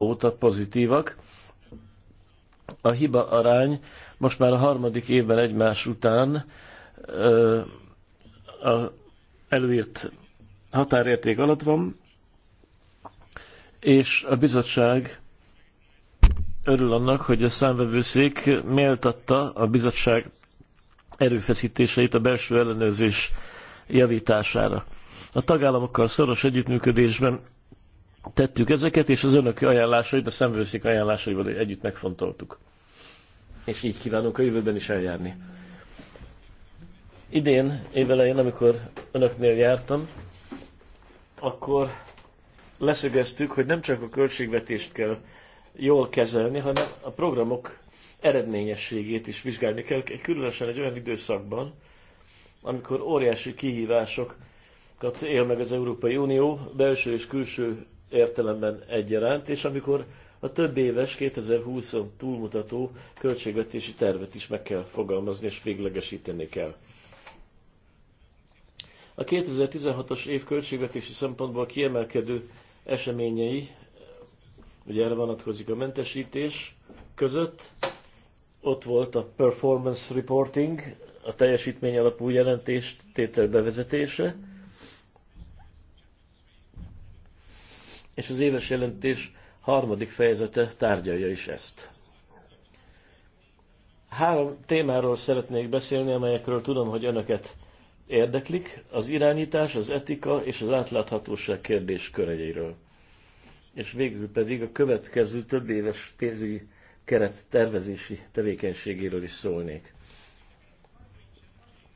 óta pozitívak. A hiba arány most már a harmadik évben egymás után ö, a előírt határérték alatt van, és a bizottság örül annak, hogy a számvevőszék méltatta a bizottság erőfeszítéseit a belső ellenőrzés javítására. A tagállamokkal szoros együttműködésben tettük ezeket, és az önök ajánlásait, a szemvőszék ajánlásaival együtt megfontoltuk. És így kívánunk a jövőben is eljárni. Idén, évelején, amikor önöknél jártam, akkor leszögeztük, hogy nem csak a költségvetést kell jól kezelni, hanem a programok eredményességét is vizsgálni kell, különösen egy olyan időszakban, amikor óriási kihívásokat él meg az Európai Unió belső és külső értelemben egyaránt, és amikor a több éves 2020 túlmutató költségvetési tervet is meg kell fogalmazni és véglegesíteni kell. A 2016-os év költségvetési szempontból kiemelkedő eseményei, ugye erre vonatkozik a mentesítés között, ott volt a performance reporting, a teljesítmény alapú jelentés tétel bevezetése, és az éves jelentés harmadik fejezete tárgyalja is ezt. Három témáról szeretnék beszélni, amelyekről tudom, hogy önöket érdeklik, az irányítás, az etika és az átláthatóság köreiről. És végül pedig a következő több éves pénzügyi keret tervezési tevékenységéről is szólnék.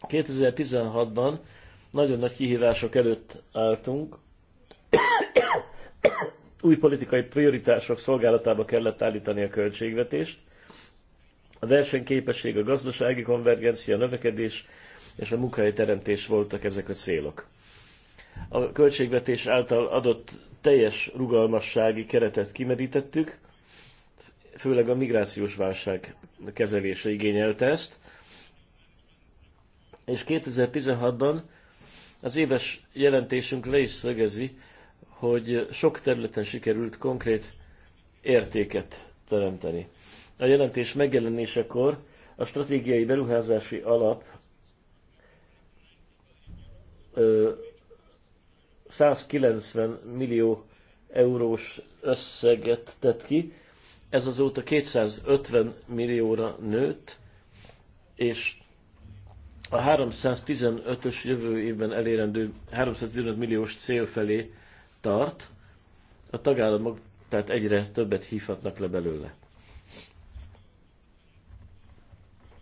2016-ban nagyon nagy kihívások előtt álltunk, új politikai prioritások szolgálatába kellett állítani a költségvetést. A versenyképesség, a gazdasági konvergencia, a növekedés és a munkahelyteremtés voltak ezek a célok. A költségvetés által adott teljes rugalmassági keretet kimerítettük, főleg a migrációs válság kezelése igényelte ezt, és 2016-ban az éves jelentésünk le is szögezi, hogy sok területen sikerült konkrét értéket teremteni. A jelentés megjelenésekor a stratégiai beruházási alap 190 millió eurós összeget tett ki, ez azóta 250 millióra nőtt, és a 315-ös jövő évben elérendő 315 milliós cél felé tart, a tagállamok tehát egyre többet hívhatnak le belőle.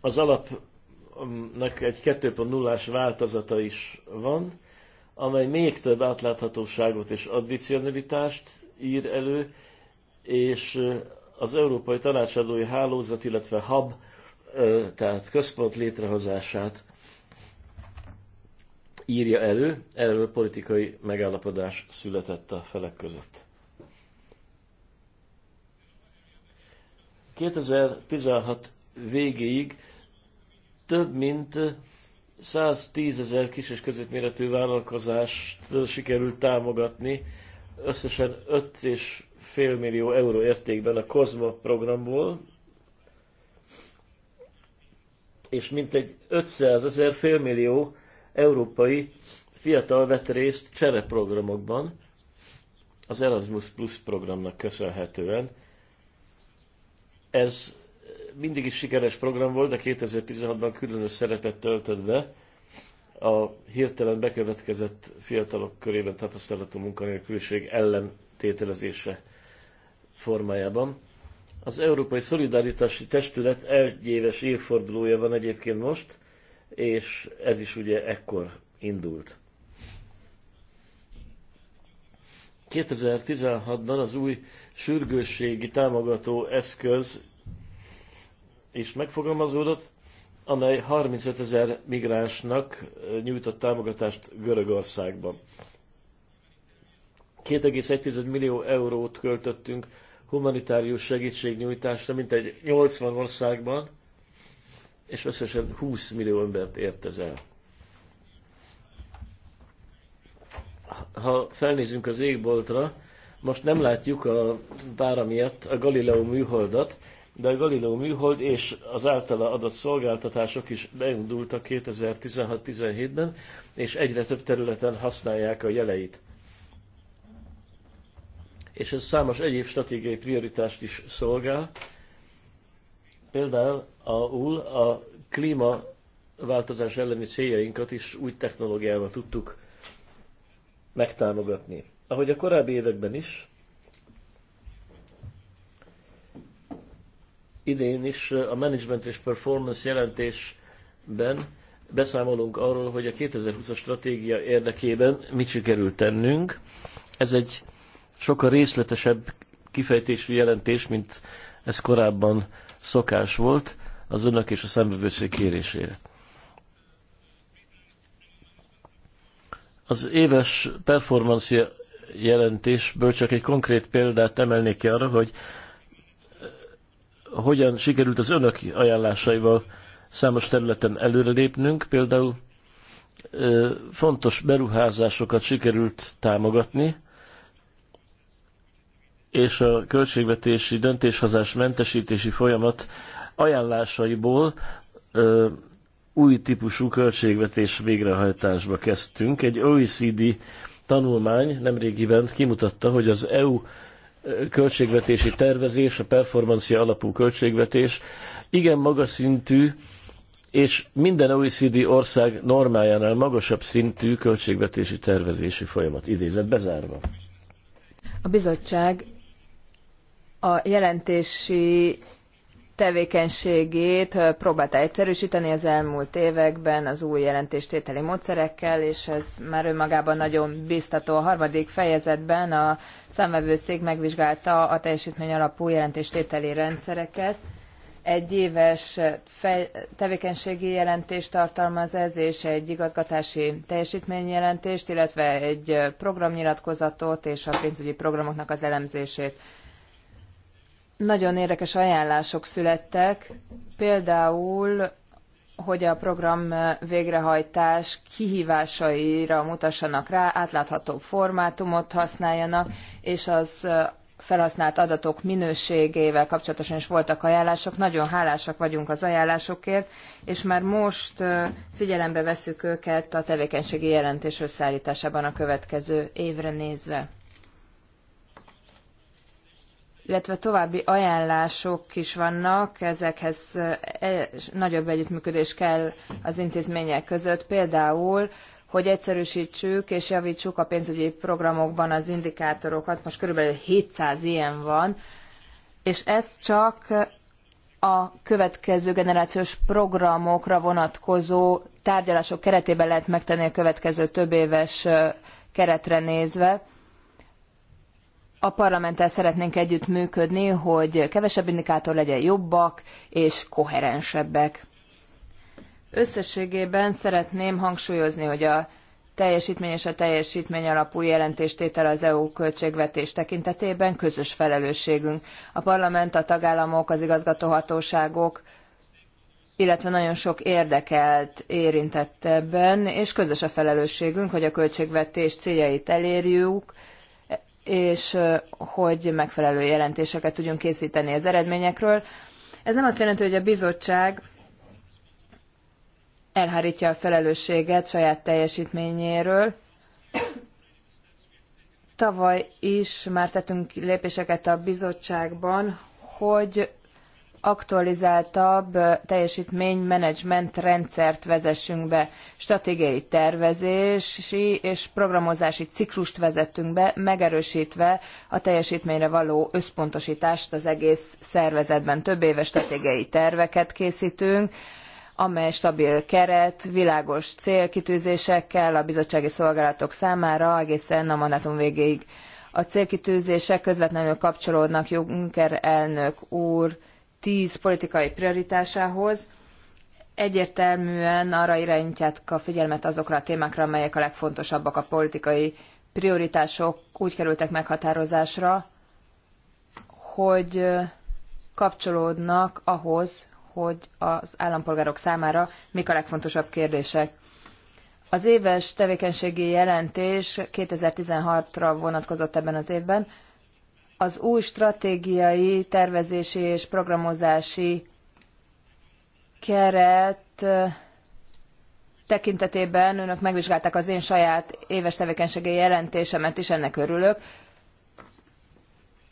Az alapnak egy 2.0-ás változata is van, amely még több átláthatóságot és addicionalitást ír elő, és az Európai Tanácsadói Hálózat, illetve HAB, tehát központ létrehozását írja elő, erről politikai megállapodás született a felek között. 2016 végéig több mint 110 ezer kis és középméretű vállalkozást sikerült támogatni, összesen 5,5 millió euró értékben a COSMA programból, és mintegy 500 ezer félmillió európai fiatal vett részt csereprogramokban, az Erasmus Plus programnak köszönhetően. Ez mindig is sikeres program volt, de 2016-ban különös szerepet töltött be a hirtelen bekövetkezett fiatalok körében tapasztalatú munkanélküliség ellen tételezése formájában. Az Európai Szolidaritási Testület egy éves évfordulója van egyébként most, és ez is ugye ekkor indult. 2016-ban az új sürgősségi támogató eszköz is megfogalmazódott, amely 35 ezer migránsnak nyújtott támogatást Görögországban. 2,1 millió eurót költöttünk humanitárius segítségnyújtásra, mint egy 80 országban, és összesen 20 millió embert ért ez el. Ha felnézünk az égboltra, most nem látjuk a tára miatt a Galileo műholdat, de a Galileo műhold és az általa adott szolgáltatások is beindultak 2016-17-ben, és egyre több területen használják a jeleit. És ez számos egyéb stratégiai prioritást is szolgál, Például a úl a klímaváltozás elleni céljainkat is új technológiával tudtuk megtámogatni. Ahogy a korábbi években is, idén is a Management és Performance jelentésben beszámolunk arról, hogy a 2020-as stratégia érdekében mit sikerült tennünk. Ez egy sokkal részletesebb kifejtésű jelentés, mint ez korábban szokás volt az önök és a szembevőszék kérésére. Az éves performance jelentésből csak egy konkrét példát emelnék ki arra, hogy eh, hogyan sikerült az önök ajánlásaival számos területen előrelépnünk, például eh, fontos beruházásokat sikerült támogatni, és a költségvetési döntéshozás mentesítési folyamat ajánlásaiból ö, új típusú költségvetés végrehajtásba kezdtünk. Egy OECD tanulmány nemrégiben kimutatta, hogy az EU költségvetési tervezés, a performancia alapú költségvetés igen magas szintű, és minden OECD ország normájánál magasabb szintű költségvetési tervezési folyamat idézett bezárva. A bizottság a jelentési tevékenységét próbálta egyszerűsíteni az elmúlt években az új jelentéstételi módszerekkel, és ez már önmagában nagyon biztató. A harmadik fejezetben a számvevőszék megvizsgálta a teljesítmény alapú jelentéstételi rendszereket. Egy éves fej, tevékenységi jelentést tartalmaz ez, és egy igazgatási teljesítményjelentést, illetve egy programnyilatkozatot és a pénzügyi programoknak az elemzését nagyon érdekes ajánlások születtek, például, hogy a program végrehajtás kihívásaira mutassanak rá, átláthatóbb formátumot használjanak, és az felhasznált adatok minőségével kapcsolatosan is voltak ajánlások. Nagyon hálásak vagyunk az ajánlásokért, és már most figyelembe vesszük őket a tevékenységi jelentés összeállításában a következő évre nézve illetve további ajánlások is vannak, ezekhez eh, nagyobb együttműködés kell az intézmények között, például hogy egyszerűsítsük és javítsuk a pénzügyi programokban az indikátorokat, most körülbelül 700 ilyen van, és ez csak a következő generációs programokra vonatkozó tárgyalások keretében lehet megtenni a következő több éves eh, keretre nézve a parlamenttel szeretnénk együttműködni, hogy kevesebb indikátor legyen jobbak és koherensebbek. Összességében szeretném hangsúlyozni, hogy a teljesítmény és a teljesítmény alapú jelentéstétel az EU költségvetés tekintetében közös felelősségünk. A parlament, a tagállamok, az igazgatóhatóságok, illetve nagyon sok érdekelt érintett ebben, és közös a felelősségünk, hogy a költségvetés céljait elérjük, és hogy megfelelő jelentéseket tudjunk készíteni az eredményekről. Ez nem azt jelenti, hogy a bizottság elhárítja a felelősséget saját teljesítményéről. Tavaly is már tettünk lépéseket a bizottságban, hogy aktualizáltabb teljesítménymenedzsment rendszert vezessünk be. Stratégiai tervezési és programozási ciklust vezettünk be, megerősítve a teljesítményre való összpontosítást az egész szervezetben. Több éves stratégiai terveket készítünk, amely stabil keret, világos célkitűzésekkel a bizottsági szolgálatok számára egészen a mandátum végéig. A célkitűzések közvetlenül kapcsolódnak Juncker elnök úr tíz politikai prioritásához, egyértelműen arra irányítják a figyelmet azokra a témákra, amelyek a legfontosabbak a politikai prioritások úgy kerültek meghatározásra, hogy kapcsolódnak ahhoz, hogy az állampolgárok számára mik a legfontosabb kérdések. Az éves tevékenységi jelentés 2016-ra vonatkozott ebben az évben, az új stratégiai tervezési és programozási keret tekintetében önök megvizsgálták az én saját éves tevékenységi jelentésemet is, ennek örülök.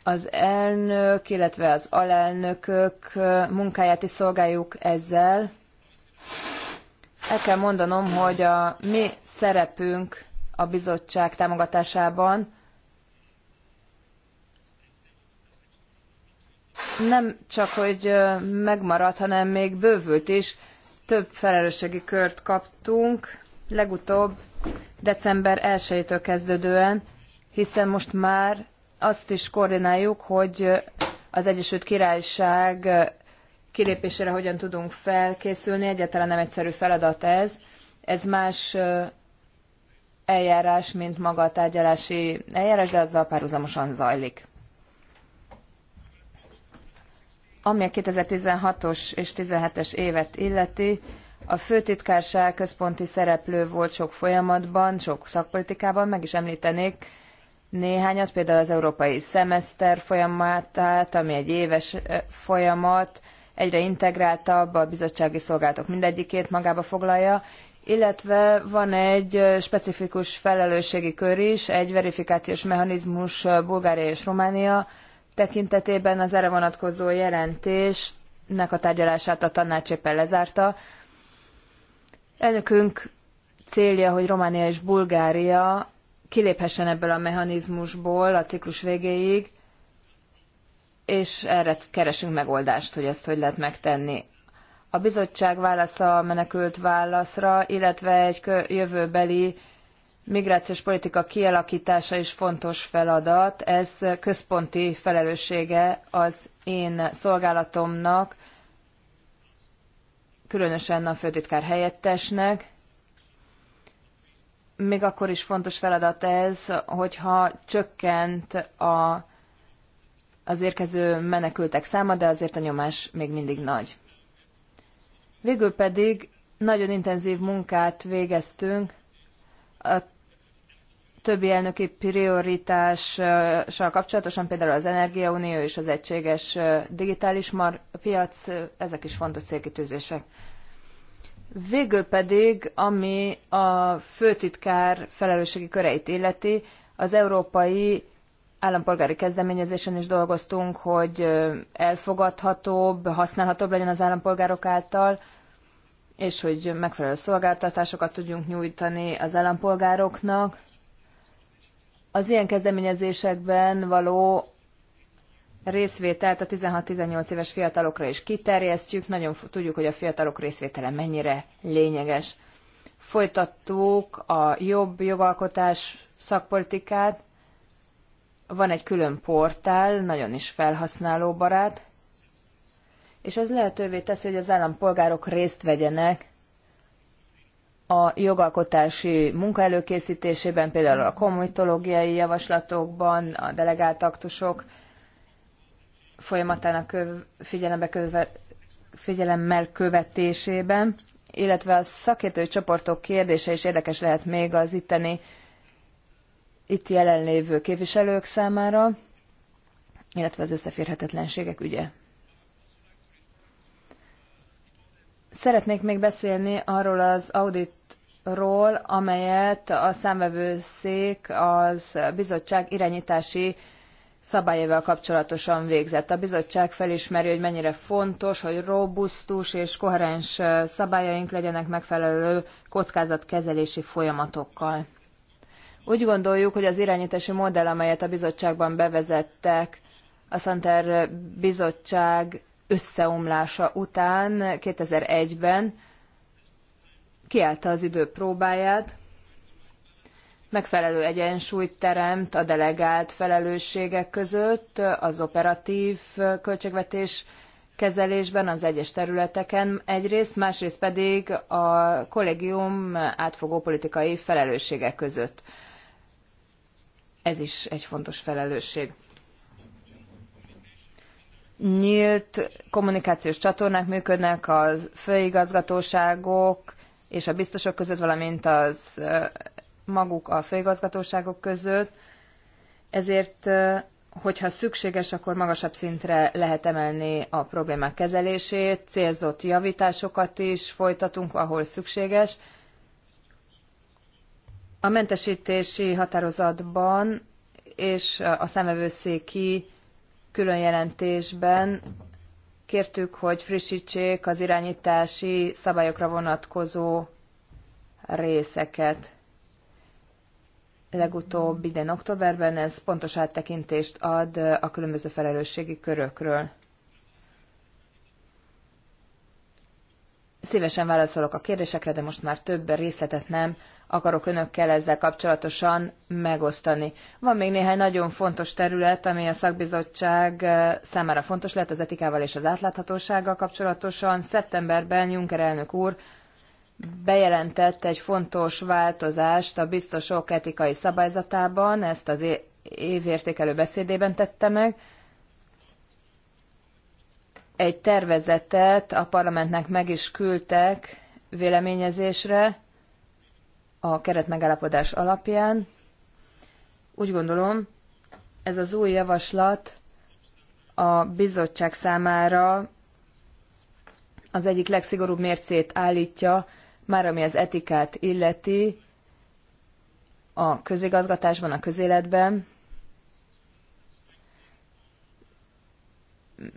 Az elnök, illetve az alelnökök munkáját is szolgáljuk ezzel. El kell mondanom, hogy a mi szerepünk a bizottság támogatásában nem csak, hogy megmaradt, hanem még bővült is. Több felelősségi kört kaptunk, legutóbb december 1-től kezdődően, hiszen most már azt is koordináljuk, hogy az Egyesült Királyság kilépésére hogyan tudunk felkészülni. Egyáltalán nem egyszerű feladat ez. Ez más eljárás, mint maga a tárgyalási eljárás, de azzal párhuzamosan zajlik. Ami a 2016-os és 17-es évet illeti, a főtitkárság központi szereplő volt sok folyamatban, sok szakpolitikában, meg is említenék néhányat, például az európai szemeszter folyamatát, ami egy éves folyamat, egyre integráltabb, a bizottsági szolgálatok mindegyikét magába foglalja, illetve van egy specifikus felelősségi kör is, egy verifikációs mechanizmus Bulgária és Románia tekintetében az erre vonatkozó jelentésnek a tárgyalását a tanács éppen lezárta. Elnökünk célja, hogy Románia és Bulgária kiléphessen ebből a mechanizmusból a ciklus végéig, és erre keresünk megoldást, hogy ezt hogy lehet megtenni. A bizottság válasza a menekült válaszra, illetve egy jövőbeli migrációs politika kialakítása is fontos feladat. Ez központi felelőssége az én szolgálatomnak, különösen a főtitkár helyettesnek. Még akkor is fontos feladat ez, hogyha csökkent a, az érkező menekültek száma, de azért a nyomás még mindig nagy. Végül pedig nagyon intenzív munkát végeztünk a többi elnöki prioritással kapcsolatosan, például az Energiaunió és az egységes digitális piac, ezek is fontos célkitűzések. Végül pedig, ami a főtitkár felelősségi köreit illeti, az európai állampolgári kezdeményezésen is dolgoztunk, hogy elfogadhatóbb, használhatóbb legyen az állampolgárok által, és hogy megfelelő szolgáltatásokat tudjunk nyújtani az állampolgároknak az ilyen kezdeményezésekben való részvételt a 16-18 éves fiatalokra is kiterjesztjük, nagyon tudjuk, hogy a fiatalok részvétele mennyire lényeges. Folytattuk a jobb jogalkotás szakpolitikát, van egy külön portál, nagyon is felhasználóbarát, és ez lehetővé teszi, hogy az állampolgárok részt vegyenek a jogalkotási munka előkészítésében, például a komitológiai javaslatokban, a delegált aktusok folyamatának figyelembe figyelemmel követésében, illetve a szakértői csoportok kérdése is érdekes lehet még az itteni itt jelenlévő képviselők számára, illetve az összeférhetetlenségek ügye. Szeretnék még beszélni arról az auditról, amelyet a számvevőszék az bizottság irányítási szabályával kapcsolatosan végzett. A bizottság felismeri, hogy mennyire fontos, hogy robusztus és koherens szabályaink legyenek megfelelő kockázatkezelési folyamatokkal. Úgy gondoljuk, hogy az irányítási modell, amelyet a bizottságban bevezettek, a Szenter Bizottság összeomlása után 2001-ben kiállta az idő próbáját, megfelelő egyensúlyt teremt a delegált felelősségek között, az operatív költségvetés kezelésben az egyes területeken egyrészt, másrészt pedig a kollégium átfogó politikai felelőssége között. Ez is egy fontos felelősség nyílt kommunikációs csatornák működnek, a főigazgatóságok és a biztosok között, valamint az maguk a főigazgatóságok között. Ezért, hogyha szükséges, akkor magasabb szintre lehet emelni a problémák kezelését, célzott javításokat is folytatunk, ahol szükséges. A mentesítési határozatban és a számvevőszéki külön jelentésben kértük, hogy frissítsék az irányítási szabályokra vonatkozó részeket. Legutóbb idén októberben ez pontos áttekintést ad a különböző felelősségi körökről. Szívesen válaszolok a kérdésekre, de most már több részletet nem akarok önökkel ezzel kapcsolatosan megosztani. Van még néhány nagyon fontos terület, ami a szakbizottság számára fontos lehet az etikával és az átláthatósággal kapcsolatosan. Szeptemberben Juncker elnök úr bejelentett egy fontos változást a biztosok etikai szabályzatában, ezt az évértékelő beszédében tette meg, egy tervezetet a parlamentnek meg is küldtek véleményezésre, a keretmegállapodás alapján. Úgy gondolom, ez az új javaslat a bizottság számára az egyik legszigorúbb mércét állítja, már ami az etikát illeti a közigazgatásban, a közéletben.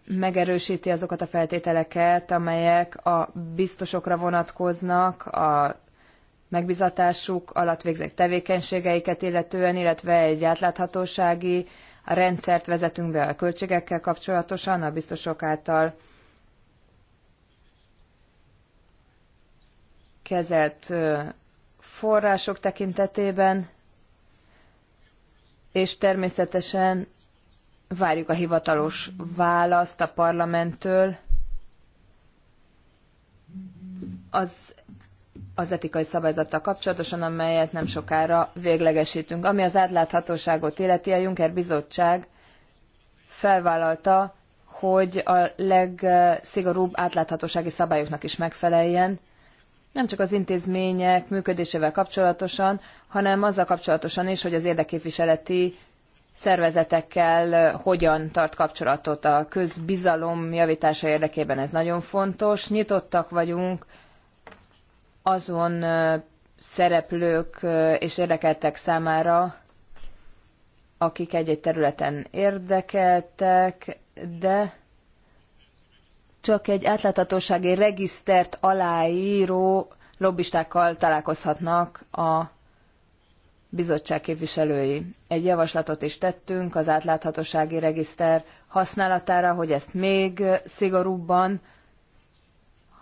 megerősíti azokat a feltételeket, amelyek a biztosokra vonatkoznak, a megbizatásuk alatt végzett tevékenységeiket illetően, illetve egy átláthatósági rendszert vezetünk be a költségekkel kapcsolatosan a biztosok által kezelt források tekintetében, és természetesen várjuk a hivatalos választ a parlamenttől az az etikai szabályzattal kapcsolatosan, amelyet nem sokára véglegesítünk. Ami az átláthatóságot illeti, a Juncker Bizottság felvállalta, hogy a legszigorúbb átláthatósági szabályoknak is megfeleljen, nem csak az intézmények működésével kapcsolatosan, hanem azzal kapcsolatosan is, hogy az érdekképviseleti szervezetekkel hogyan tart kapcsolatot a közbizalom javítása érdekében. Ez nagyon fontos. Nyitottak vagyunk azon szereplők és érdekeltek számára, akik egy-egy területen érdekeltek, de csak egy átláthatósági regisztert aláíró lobbistákkal találkozhatnak a bizottság képviselői. Egy javaslatot is tettünk az átláthatósági regiszter használatára, hogy ezt még szigorúbban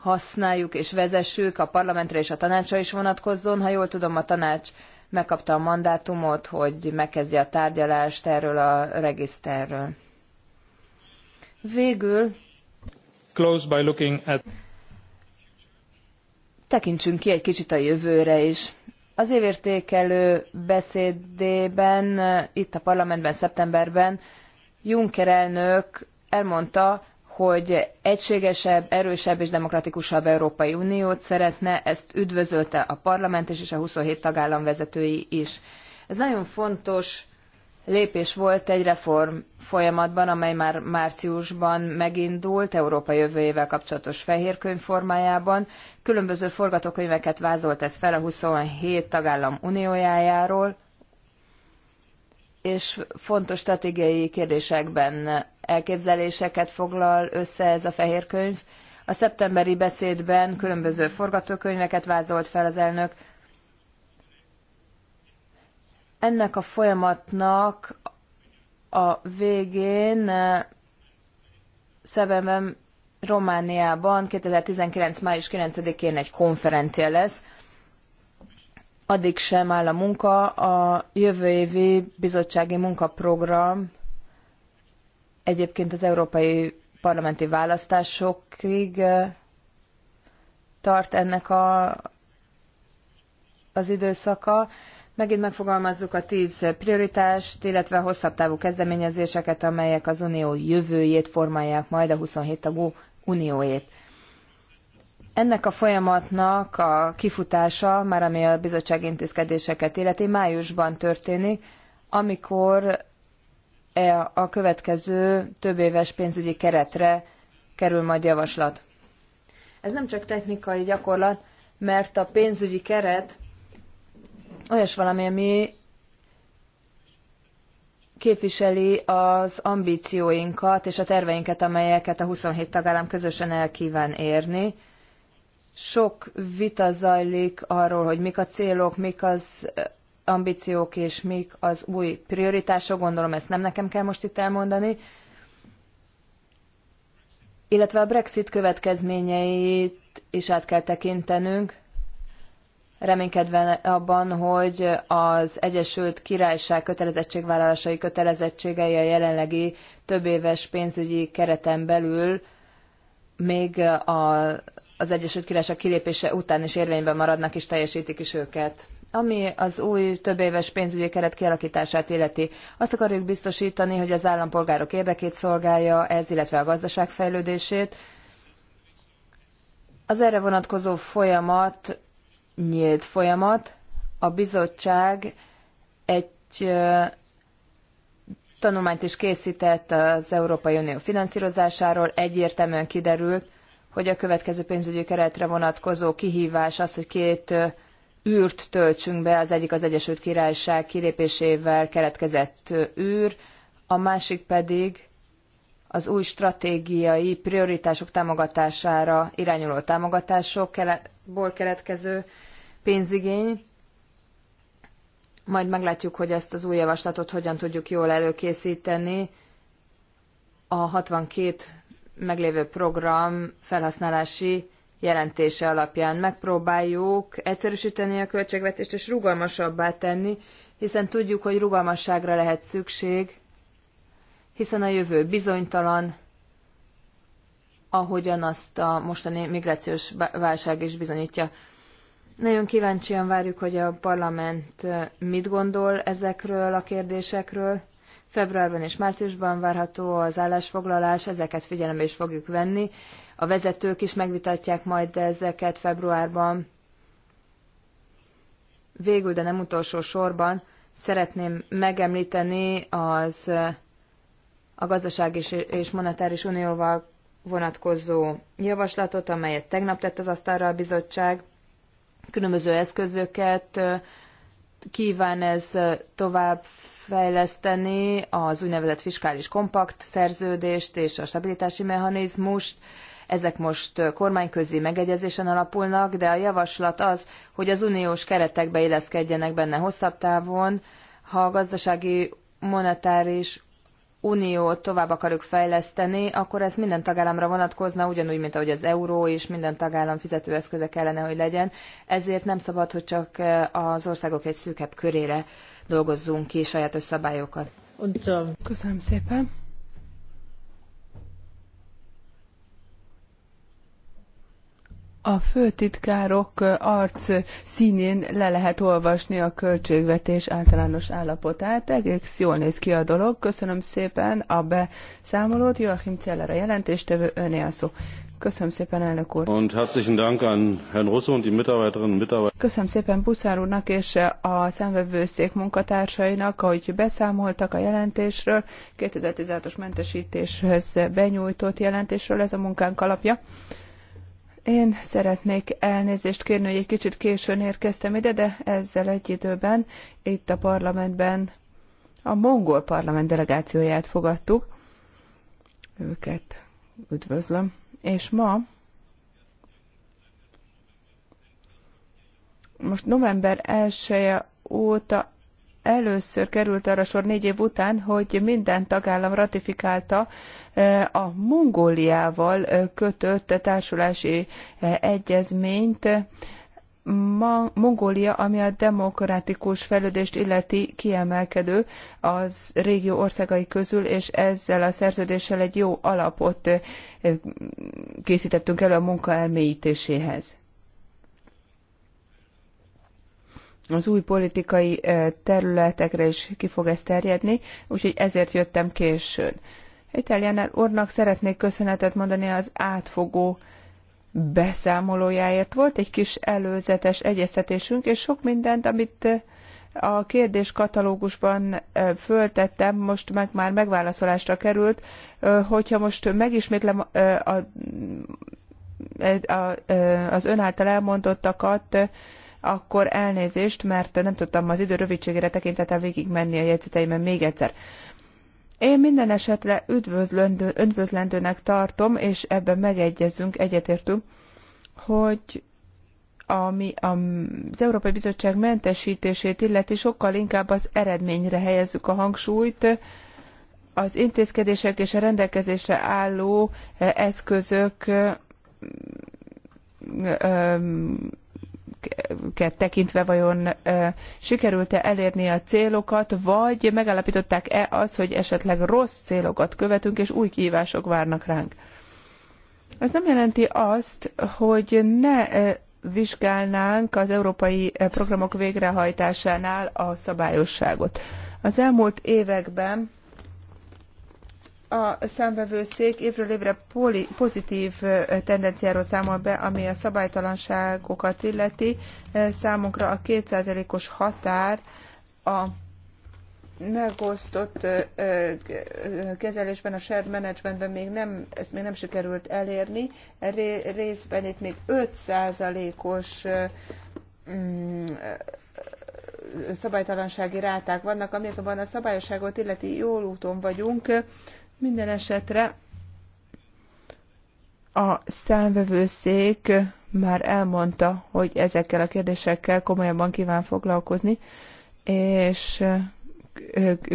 használjuk és vezessük a parlamentre és a tanácsra is vonatkozzon. Ha jól tudom, a tanács megkapta a mandátumot, hogy megkezdje a tárgyalást erről a regiszterről. Végül Close by looking at... tekintsünk ki egy kicsit a jövőre is. Az évértékelő beszédében itt a parlamentben szeptemberben Juncker elnök elmondta, hogy egységesebb, erősebb és demokratikusabb Európai Uniót szeretne, ezt üdvözölte a parlament és a 27 tagállam vezetői is. Ez nagyon fontos lépés volt egy reform folyamatban, amely már márciusban megindult Európa jövőjével kapcsolatos fehérkönyv formájában. Különböző forgatókönyveket vázolt ez fel a 27 tagállam uniójájáról, és fontos stratégiai kérdésekben elképzeléseket foglal össze ez a fehér könyv. A szeptemberi beszédben különböző forgatókönyveket vázolt fel az elnök. Ennek a folyamatnak a végén eh, Szebemben Romániában 2019. május 9-én egy konferencia lesz, addig sem áll a munka. A jövő évi bizottsági munkaprogram egyébként az európai parlamenti választásokig tart ennek a, az időszaka. Megint megfogalmazzuk a tíz prioritást, illetve hosszabb távú kezdeményezéseket, amelyek az unió jövőjét formálják majd a 27 tagú unióét. Ennek a folyamatnak a kifutása, már ami a bizottság intézkedéseket illeti, májusban történik, amikor e a következő több éves pénzügyi keretre kerül majd javaslat. Ez nem csak technikai gyakorlat, mert a pénzügyi keret olyas valami, ami képviseli az ambícióinkat és a terveinket, amelyeket a 27 tagállam közösen el kíván érni. Sok vita zajlik arról, hogy mik a célok, mik az eh, ambíciók és mik az új prioritások, gondolom ezt nem nekem kell most itt elmondani, illetve a Brexit következményeit is át kell tekintenünk, reménykedve abban, hogy az Egyesült Királyság kötelezettségvállalásai kötelezettségei a jelenlegi több éves pénzügyi kereten belül még a, az Egyesült Királyság kilépése után is érvényben maradnak és teljesítik is őket. Ami az új többéves pénzügyi keret kialakítását illeti, azt akarjuk biztosítani, hogy az állampolgárok érdekét szolgálja ez, illetve a gazdaság fejlődését. Az erre vonatkozó folyamat nyílt folyamat. A bizottság egy tanulmányt is készített az Európai Unió finanszírozásáról, egyértelműen kiderült, hogy a következő pénzügyi keretre vonatkozó kihívás az, hogy két űrt töltsünk be, az egyik az Egyesült Királyság kilépésével keletkezett űr, a másik pedig az új stratégiai prioritások támogatására irányuló támogatásokból keletkező pénzigény. Majd meglátjuk, hogy ezt az új javaslatot hogyan tudjuk jól előkészíteni. A 62 meglévő program felhasználási jelentése alapján megpróbáljuk egyszerűsíteni a költségvetést és rugalmasabbá tenni, hiszen tudjuk, hogy rugalmasságra lehet szükség, hiszen a jövő bizonytalan, ahogyan azt a mostani migrációs válság is bizonyítja. Nagyon kíváncsian várjuk, hogy a parlament mit gondol ezekről a kérdésekről. Februárban és márciusban várható az állásfoglalás, ezeket figyelembe is fogjuk venni. A vezetők is megvitatják majd ezeket februárban. Végül, de nem utolsó sorban szeretném megemlíteni az a gazdaság és monetáris unióval vonatkozó javaslatot, amelyet tegnap tett az asztalra a bizottság különböző eszközöket kíván ez tovább fejleszteni az úgynevezett fiskális kompakt szerződést és a stabilitási mechanizmust. Ezek most kormányközi megegyezésen alapulnak, de a javaslat az, hogy az uniós keretekbe illeszkedjenek benne hosszabb távon, ha a gazdasági monetáris uniót tovább akarjuk fejleszteni, akkor ez minden tagállamra vonatkozna, ugyanúgy, mint ahogy az euró is minden tagállam fizetőeszköze kellene, hogy legyen. Ezért nem szabad, hogy csak eh, az országok egy szűkebb körére dolgozzunk ki sajátos szabályokat. Köszönöm szépen. a főtitkárok arc színén le lehet olvasni a költségvetés általános állapotát. Egész jól néz ki a dolog. Köszönöm szépen a beszámolót. Joachim Celler a jelentéstevő, öné a szó. Köszönöm szépen, elnök úr. Und herzlichen Dank an Herrn Russo und die Mitarbeiterinnen Mitarbeiter. Köszönöm szépen Buszár úrnak és a szemvevőszék munkatársainak, ahogy beszámoltak a jelentésről, 2016-os mentesítéshez benyújtott jelentésről, ez a munkánk alapja. Én szeretnék elnézést kérni, hogy egy kicsit későn érkeztem ide, de ezzel egy időben itt a parlamentben a mongol parlament delegációját fogadtuk. Őket üdvözlöm. És ma most november 1 -e óta először került arra sor négy év után, hogy minden tagállam ratifikálta a Mongóliával kötött társulási egyezményt, Mongólia, ami a demokratikus fejlődést illeti kiemelkedő az régió országai közül, és ezzel a szerződéssel egy jó alapot készítettünk elő a munka elmélyítéséhez. Az új politikai területekre is ki fog ez terjedni, úgyhogy ezért jöttem későn. Italiánál úrnak szeretnék köszönetet mondani az átfogó beszámolójáért. Volt egy kis előzetes egyeztetésünk, és sok mindent, amit eh, a kérdés katalógusban eh, föltettem, most meg már megválaszolásra került, eh, hogyha most megismétlem a, a, a, az ön által elmondottakat, akkor elnézést, mert nem tudtam az idő rövidségére tekintettel végig menni a jegyzeteimen még egyszer. Én minden esetre üdvözlendő, üdvözlendőnek tartom, és ebben megegyezünk, egyetértünk, hogy ami az Európai Bizottság mentesítését illeti, sokkal inkább az eredményre helyezzük a hangsúlyt, az intézkedések és a rendelkezésre álló eh, eszközök eh, eh, tekintve vajon sikerült-e elérni a célokat, vagy megállapították-e azt, hogy esetleg rossz célokat követünk, és új kihívások várnak ránk. Ez nem jelenti azt, hogy ne vizsgálnánk az európai programok végrehajtásánál a szabályosságot. Az elmúlt években a számvevőszék évről évre poli, pozitív tendenciáról számol be, ami a szabálytalanságokat illeti. Számunkra a 2%-os határ a megosztott kezelésben, a shared managementben még nem, ezt még nem sikerült elérni. Részben itt még 5%-os mm, szabálytalansági ráták vannak, ami azonban a szabályosságot illeti jól úton vagyunk. Minden esetre a számvevőszék már elmondta, hogy ezekkel a kérdésekkel komolyabban kíván foglalkozni, és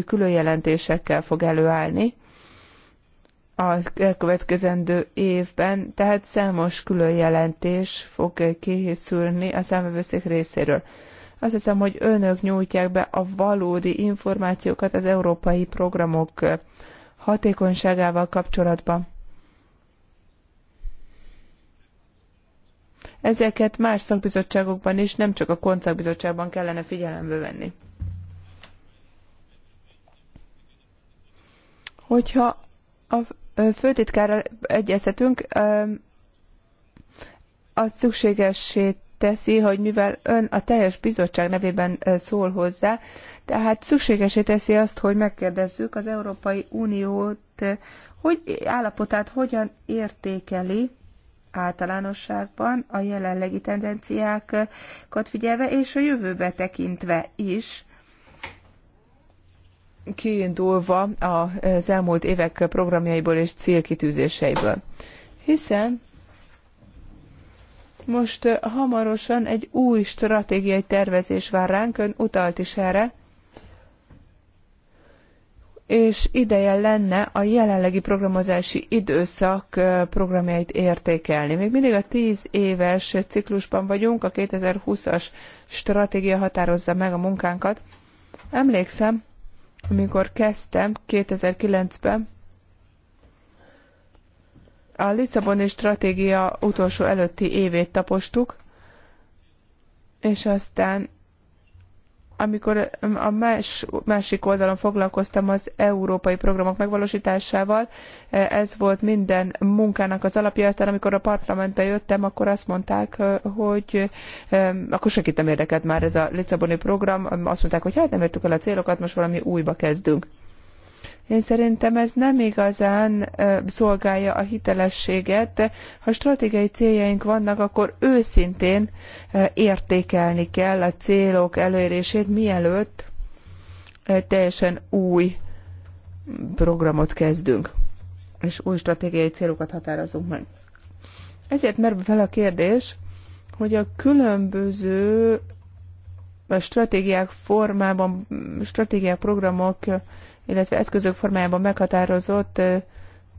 külön jelentésekkel fog előállni a következendő évben, tehát számos külön jelentés fog készülni a számvevőszék részéről. Azt hiszem, hogy önök nyújtják be a valódi információkat az európai programok hatékonyságával kapcsolatban. Ezeket más szakbizottságokban is, nem csak a koncakbizottságban kellene figyelembe venni. Hogyha a főtitkárral egyeztetünk, az szükségessé teszi, hogy mivel ön a teljes bizottság nevében szól hozzá, tehát szükségesé teszi azt, hogy megkérdezzük az Európai Uniót, hogy állapotát hogyan értékeli általánosságban a jelenlegi tendenciákat figyelve, és a jövőbe tekintve is, kiindulva az elmúlt évek programjaiból és célkitűzéseiből. Hiszen most hamarosan egy új stratégiai tervezés vár ránk, ön utalt is erre, és ideje lenne a jelenlegi programozási időszak programjait értékelni. Még mindig a 10 éves ciklusban vagyunk, a 2020-as stratégia határozza meg a munkánkat. Emlékszem, amikor kezdtem 2009-ben, a Lisszaboni stratégia utolsó előtti évét tapostuk, és aztán amikor a más, másik oldalon foglalkoztam az európai programok megvalósításával, ez volt minden munkának az alapja. Aztán amikor a parlamentbe jöttem, akkor azt mondták, hogy akkor segítem nem érdekelt már ez a Lisszaboni program. Azt mondták, hogy hát nem értük el a célokat, most valami újba kezdünk. Én szerintem ez nem igazán szolgálja a hitelességet. Ha stratégiai céljaink vannak, akkor őszintén értékelni kell a célok elérését, mielőtt teljesen új programot kezdünk, és új stratégiai célokat határozunk meg. Ezért merül fel a kérdés, hogy a különböző stratégiák formában, stratégiák, programok illetve eszközök formájában meghatározott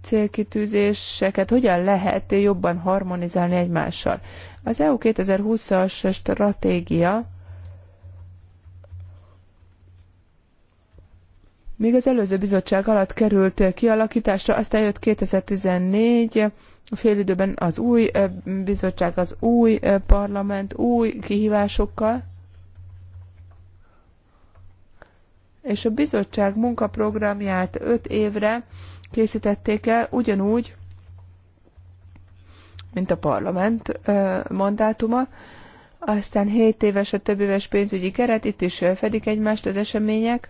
célkitűzéseket hogyan lehet jobban harmonizálni egymással. Az EU 2020-as stratégia még az előző bizottság alatt került kialakításra, aztán jött 2014, a időben az új bizottság, az új parlament új kihívásokkal, és a bizottság munkaprogramját öt évre készítették el, ugyanúgy, mint a parlament mandátuma, aztán 7 éves a több éves pénzügyi keret, itt is fedik egymást az események.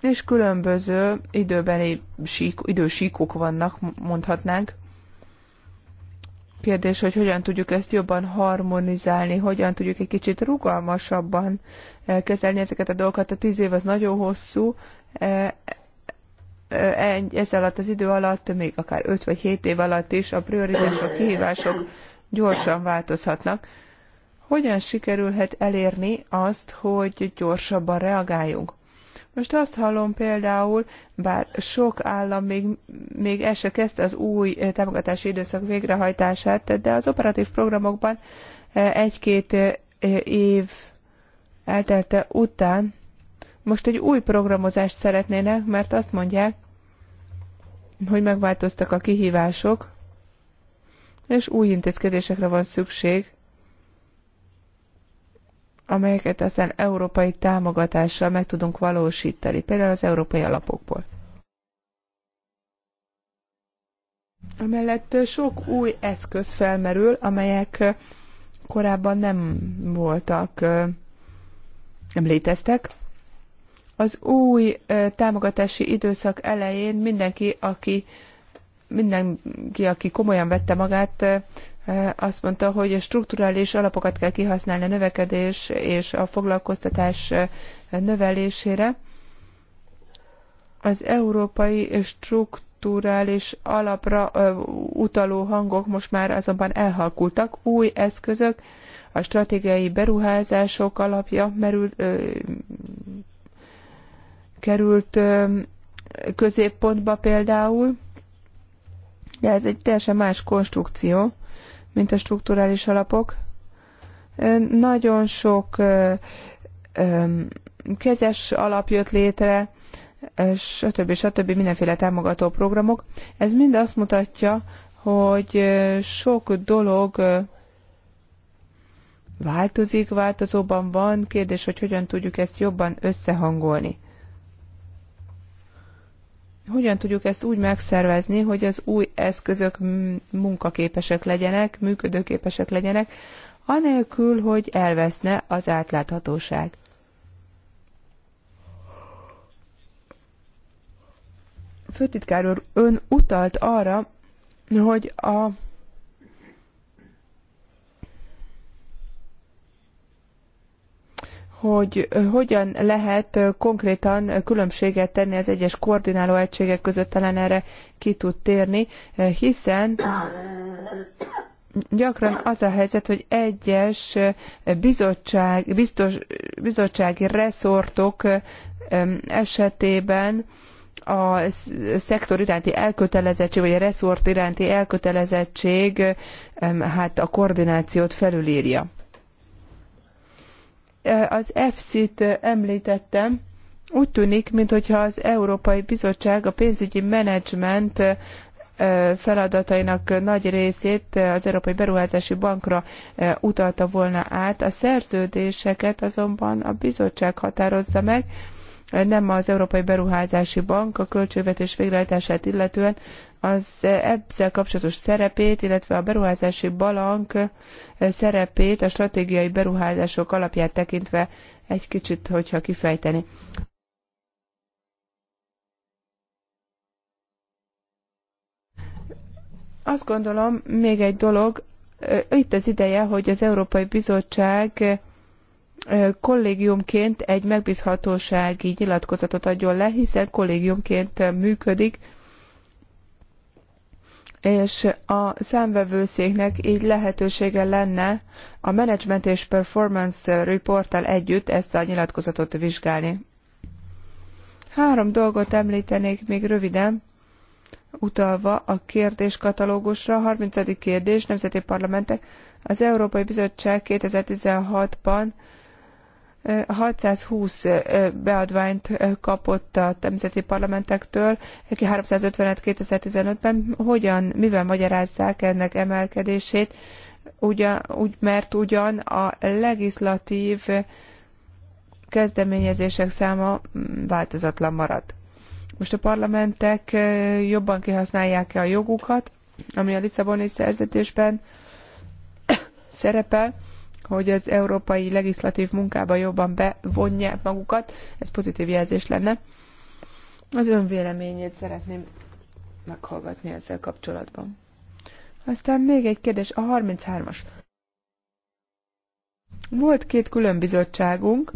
És különböző időbeli sík, idősíkok vannak, mondhatnánk. Kérdés, hogy hogyan tudjuk ezt jobban harmonizálni, hogyan tudjuk egy kicsit rugalmasabban eh, kezelni ezeket a dolgokat. A tíz év az nagyon hosszú, eh, eh, ez alatt az idő alatt, még akár öt vagy hét év alatt is a prioritások, kihívások gyorsan változhatnak. Hogyan sikerülhet elérni azt, hogy gyorsabban reagáljunk? Most azt hallom például, bár sok állam még, még el se kezdte az új eh, támogatási időszak végrehajtását, de az operatív programokban eh, egy-két eh, év eltelte után most egy új programozást szeretnének, mert azt mondják, hogy megváltoztak a kihívások, és új intézkedésekre van szükség amelyeket aztán európai támogatással meg tudunk valósítani, például az európai alapokból. Amellett sok új eszköz felmerül, amelyek korábban nem voltak, nem léteztek. Az új támogatási időszak elején mindenki, aki mindenki, aki komolyan vette magát, azt mondta, hogy strukturális alapokat kell kihasználni a növekedés és a foglalkoztatás növelésére. Az európai strukturális alapra utaló hangok most már azonban elhalkultak, új eszközök, a stratégiai beruházások alapja merült, ö, került ö, középpontba például, de ez egy teljesen más konstrukció mint a strukturális alapok. Nagyon sok kezes alap jött létre, stb. stb. mindenféle támogató programok. Ez mind azt mutatja, hogy sok dolog változik, változóban van, kérdés, hogy hogyan tudjuk ezt jobban összehangolni hogyan tudjuk ezt úgy megszervezni, hogy az új eszközök munkaképesek legyenek, működőképesek legyenek, anélkül, hogy elveszne az átláthatóság. Főtitkár úr, ön utalt arra, hogy a hogy hogyan lehet konkrétan különbséget tenni az egyes koordináló egységek között, talán erre ki tud térni, hiszen gyakran az a helyzet, hogy egyes bizottság, biztos, bizottsági reszortok esetében a szektor iránti elkötelezettség, vagy a reszort iránti elkötelezettség hát a koordinációt felülírja. Az EFSZ-t említettem, úgy tűnik, mintha az Európai Bizottság a pénzügyi menedzsment feladatainak nagy részét az Európai Beruházási Bankra utalta volna át. A szerződéseket azonban a bizottság határozza meg, nem az Európai Beruházási Bank a költségvetés végrehajtását illetően, az ezzel kapcsolatos szerepét, illetve a beruházási balank szerepét a stratégiai beruházások alapját tekintve egy kicsit, hogyha kifejteni. Azt gondolom, még egy dolog, itt az ideje, hogy az Európai Bizottság kollégiumként egy megbízhatósági nyilatkozatot adjon le, hiszen kollégiumként működik, és a számvevőszéknek így lehetősége lenne a Management és Performance Reporttal együtt ezt a nyilatkozatot vizsgálni. Három dolgot említenék még röviden, utalva a kérdéskatalógusra. 30. kérdés, Nemzeti Parlamentek. Az Európai Bizottság 2016-ban 620 beadványt kapott a nemzeti parlamentektől, aki 350-et 2015-ben. Hogyan, mivel magyarázzák ennek emelkedését? Ugyan, úgy, mert ugyan a legislatív kezdeményezések száma mm, változatlan marad. Most a parlamentek jobban kihasználják-e a jogukat, ami a Lisszaboni szerződésben szerepel, hogy az európai legislatív munkába jobban bevonják magukat, ez pozitív jelzés lenne. Az ön véleményét szeretném meghallgatni ezzel kapcsolatban. Aztán még egy kérdés, a 33-as. Volt két külön bizottságunk,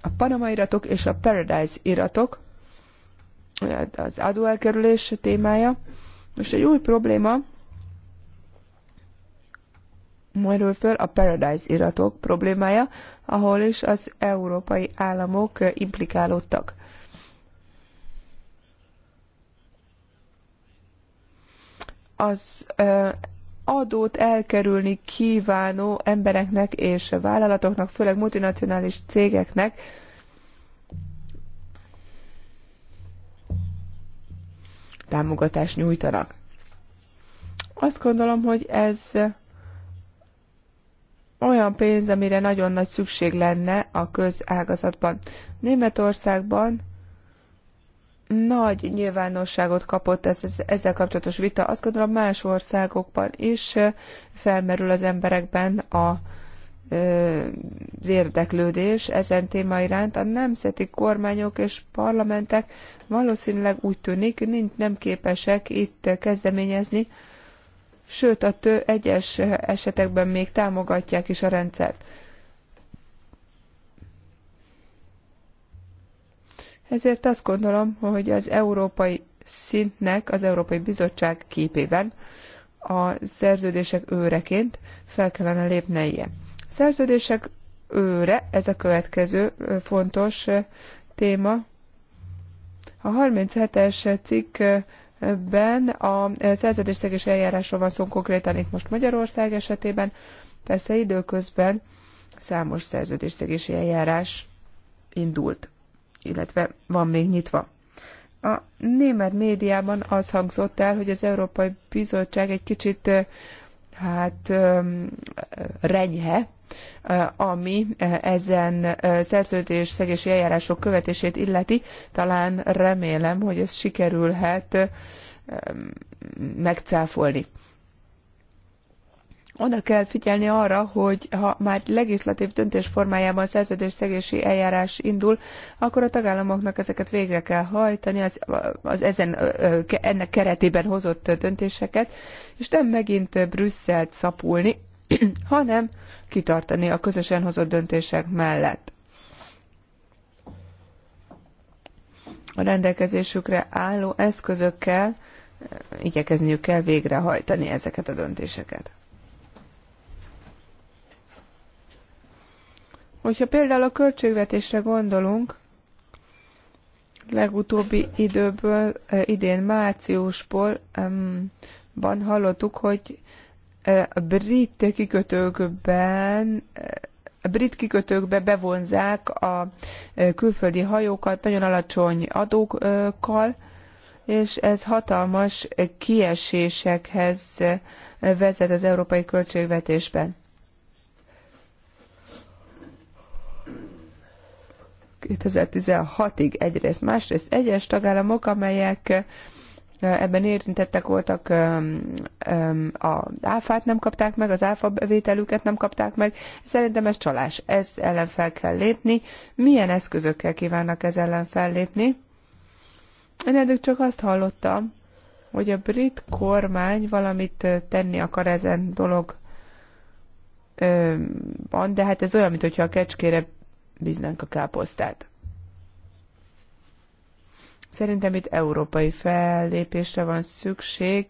a Panama iratok és a Paradise iratok, az adóelkerülés témája. Most egy új probléma, merül föl a Paradise iratok problémája, ahol is az európai államok implikálódtak. Az adót elkerülni kívánó embereknek és vállalatoknak, főleg multinacionális cégeknek, támogatást nyújtanak. Azt gondolom, hogy ez olyan pénz, amire nagyon nagy szükség lenne a közágazatban. Németországban nagy nyilvánosságot kapott ez, ez, ezzel kapcsolatos vita. Azt gondolom más országokban is felmerül az emberekben a, az érdeklődés ezen téma iránt. A nemzeti kormányok és parlamentek valószínűleg úgy tűnik, nincs, nem képesek itt kezdeményezni sőt a tő egyes esetekben még támogatják is a rendszert. Ezért azt gondolom, hogy az európai szintnek, az Európai Bizottság képében a szerződések őreként fel kellene lépnie. A szerződések őre, ez a következő fontos téma. A 37-es cikk ben a szerződésszegés eljárásról van szó konkrétan itt most Magyarország esetében, persze időközben számos szerződésszegési eljárás indult, illetve van még nyitva. A német médiában az hangzott el, hogy az Európai Bizottság egy kicsit hát renyhe ami ezen szerződés szegési eljárások követését illeti. Talán remélem, hogy ez sikerülhet megcáfolni oda kell figyelni arra, hogy ha már legislatív döntés formájában szelződés-szegési eljárás indul, akkor a tagállamoknak ezeket végre kell hajtani, az, az ezen, ennek keretében hozott döntéseket, és nem megint Brüsszelt szapulni, hanem kitartani a közösen hozott döntések mellett. A rendelkezésükre álló eszközökkel eh, igyekezniük kell végrehajtani ezeket a döntéseket. Hogyha például a költségvetésre gondolunk, legutóbbi időből, eh, idén márciusból um, hallottuk, hogy a brit kikötőkben a brit kikötőkbe bevonzák a külföldi hajókat nagyon alacsony adókkal, és ez hatalmas kiesésekhez vezet az európai költségvetésben. ...2016-ig egyrészt, másrészt egyes tagállamok, amelyek ebben érintettek voltak, a áfát nem kapták meg, az áfa bevételüket nem kapták meg. Szerintem ez csalás. Ez ellen fel kell lépni. Milyen eszközökkel kívánnak ez ellen fellépni? Én eddig csak azt hallottam, hogy a brit kormány valamit tenni akar ezen dolog van, de hát ez olyan, mintha a kecskére bíznánk a káposztát. Szerintem itt európai fellépésre van szükség.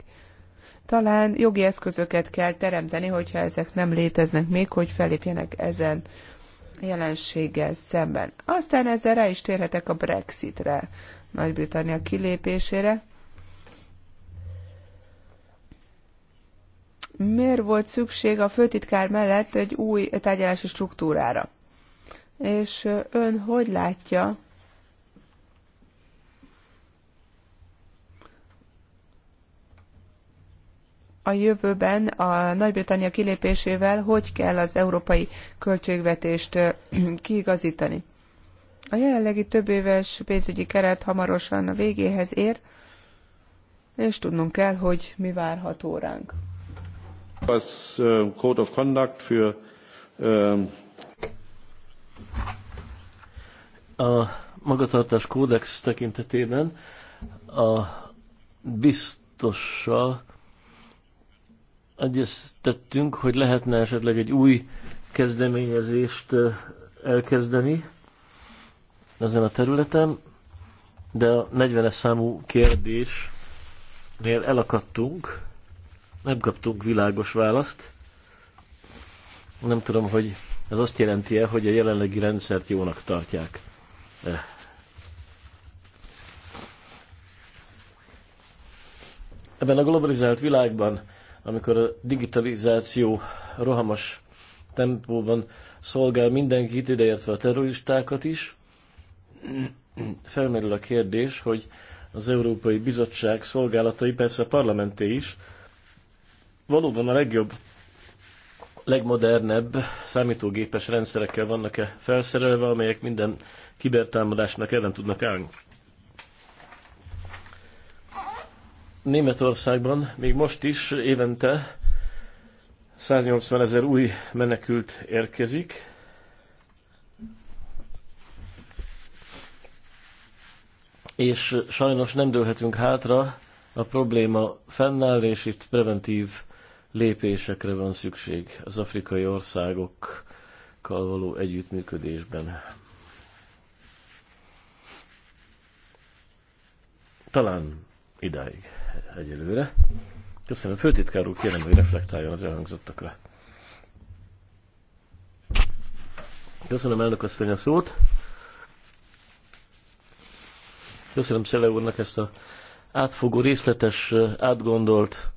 Talán jogi eszközöket kell teremteni, hogyha ezek nem léteznek még, hogy felépjenek ezen jelenséggel szemben. Aztán ezzel rá is térhetek a Brexitre, Nagy-Britannia kilépésére. Miért volt szükség a főtitkár mellett egy új tárgyalási struktúrára? És ön hogy látja a jövőben a Nagy-Britannia kilépésével hogy kell az európai költségvetést kiigazítani. A jelenlegi több éves pénzügyi keret hamarosan a végéhez ér, és tudnunk kell, hogy mi várható ránk. Az uh, Code of Conduct für a magatartás kódex tekintetében a biztossal egyeztettünk, hogy lehetne esetleg egy új kezdeményezést elkezdeni ezen a területen, de a 40-es számú kérdésnél elakadtunk, nem kaptunk világos választ. Nem tudom, hogy ez azt jelenti-e, hogy a jelenlegi rendszert jónak tartják. Ebben a globalizált világban amikor a digitalizáció rohamos tempóban szolgál mindenkit, ideértve a terroristákat is, felmerül a kérdés, hogy az Európai Bizottság szolgálatai, persze a parlamenté is, valóban a legjobb, legmodernebb számítógépes rendszerekkel vannak-e felszerelve, amelyek minden kibertámadásnak ellen tudnak állni. Németországban még most is évente 180 ezer új menekült érkezik. És sajnos nem dőlhetünk hátra, a probléma fennáll, és itt preventív lépésekre van szükség az afrikai országokkal való együttműködésben. Talán idáig egyelőre. Köszönöm. Főtitkár úr, kérem, hogy reflektáljon az elhangzottakra. Köszönöm elnök asszony a szót. Köszönöm Szele úrnak ezt a átfogó, részletes, átgondolt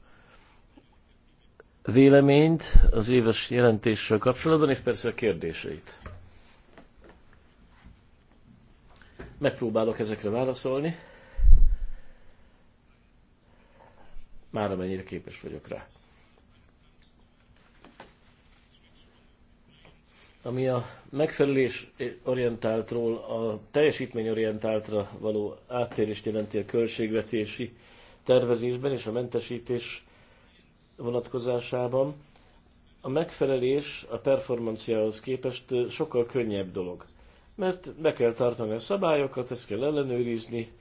véleményt az éves jelentéssel kapcsolatban, és persze a kérdéseit. Megpróbálok ezekre válaszolni. már amennyire képes vagyok rá. Ami a megfelelés orientáltról a teljesítmény orientáltra való áttérést jelenti a költségvetési tervezésben és a mentesítés vonatkozásában, a megfelelés a performanciához képest sokkal könnyebb dolog. Mert be kell tartani a szabályokat, ezt kell ellenőrizni,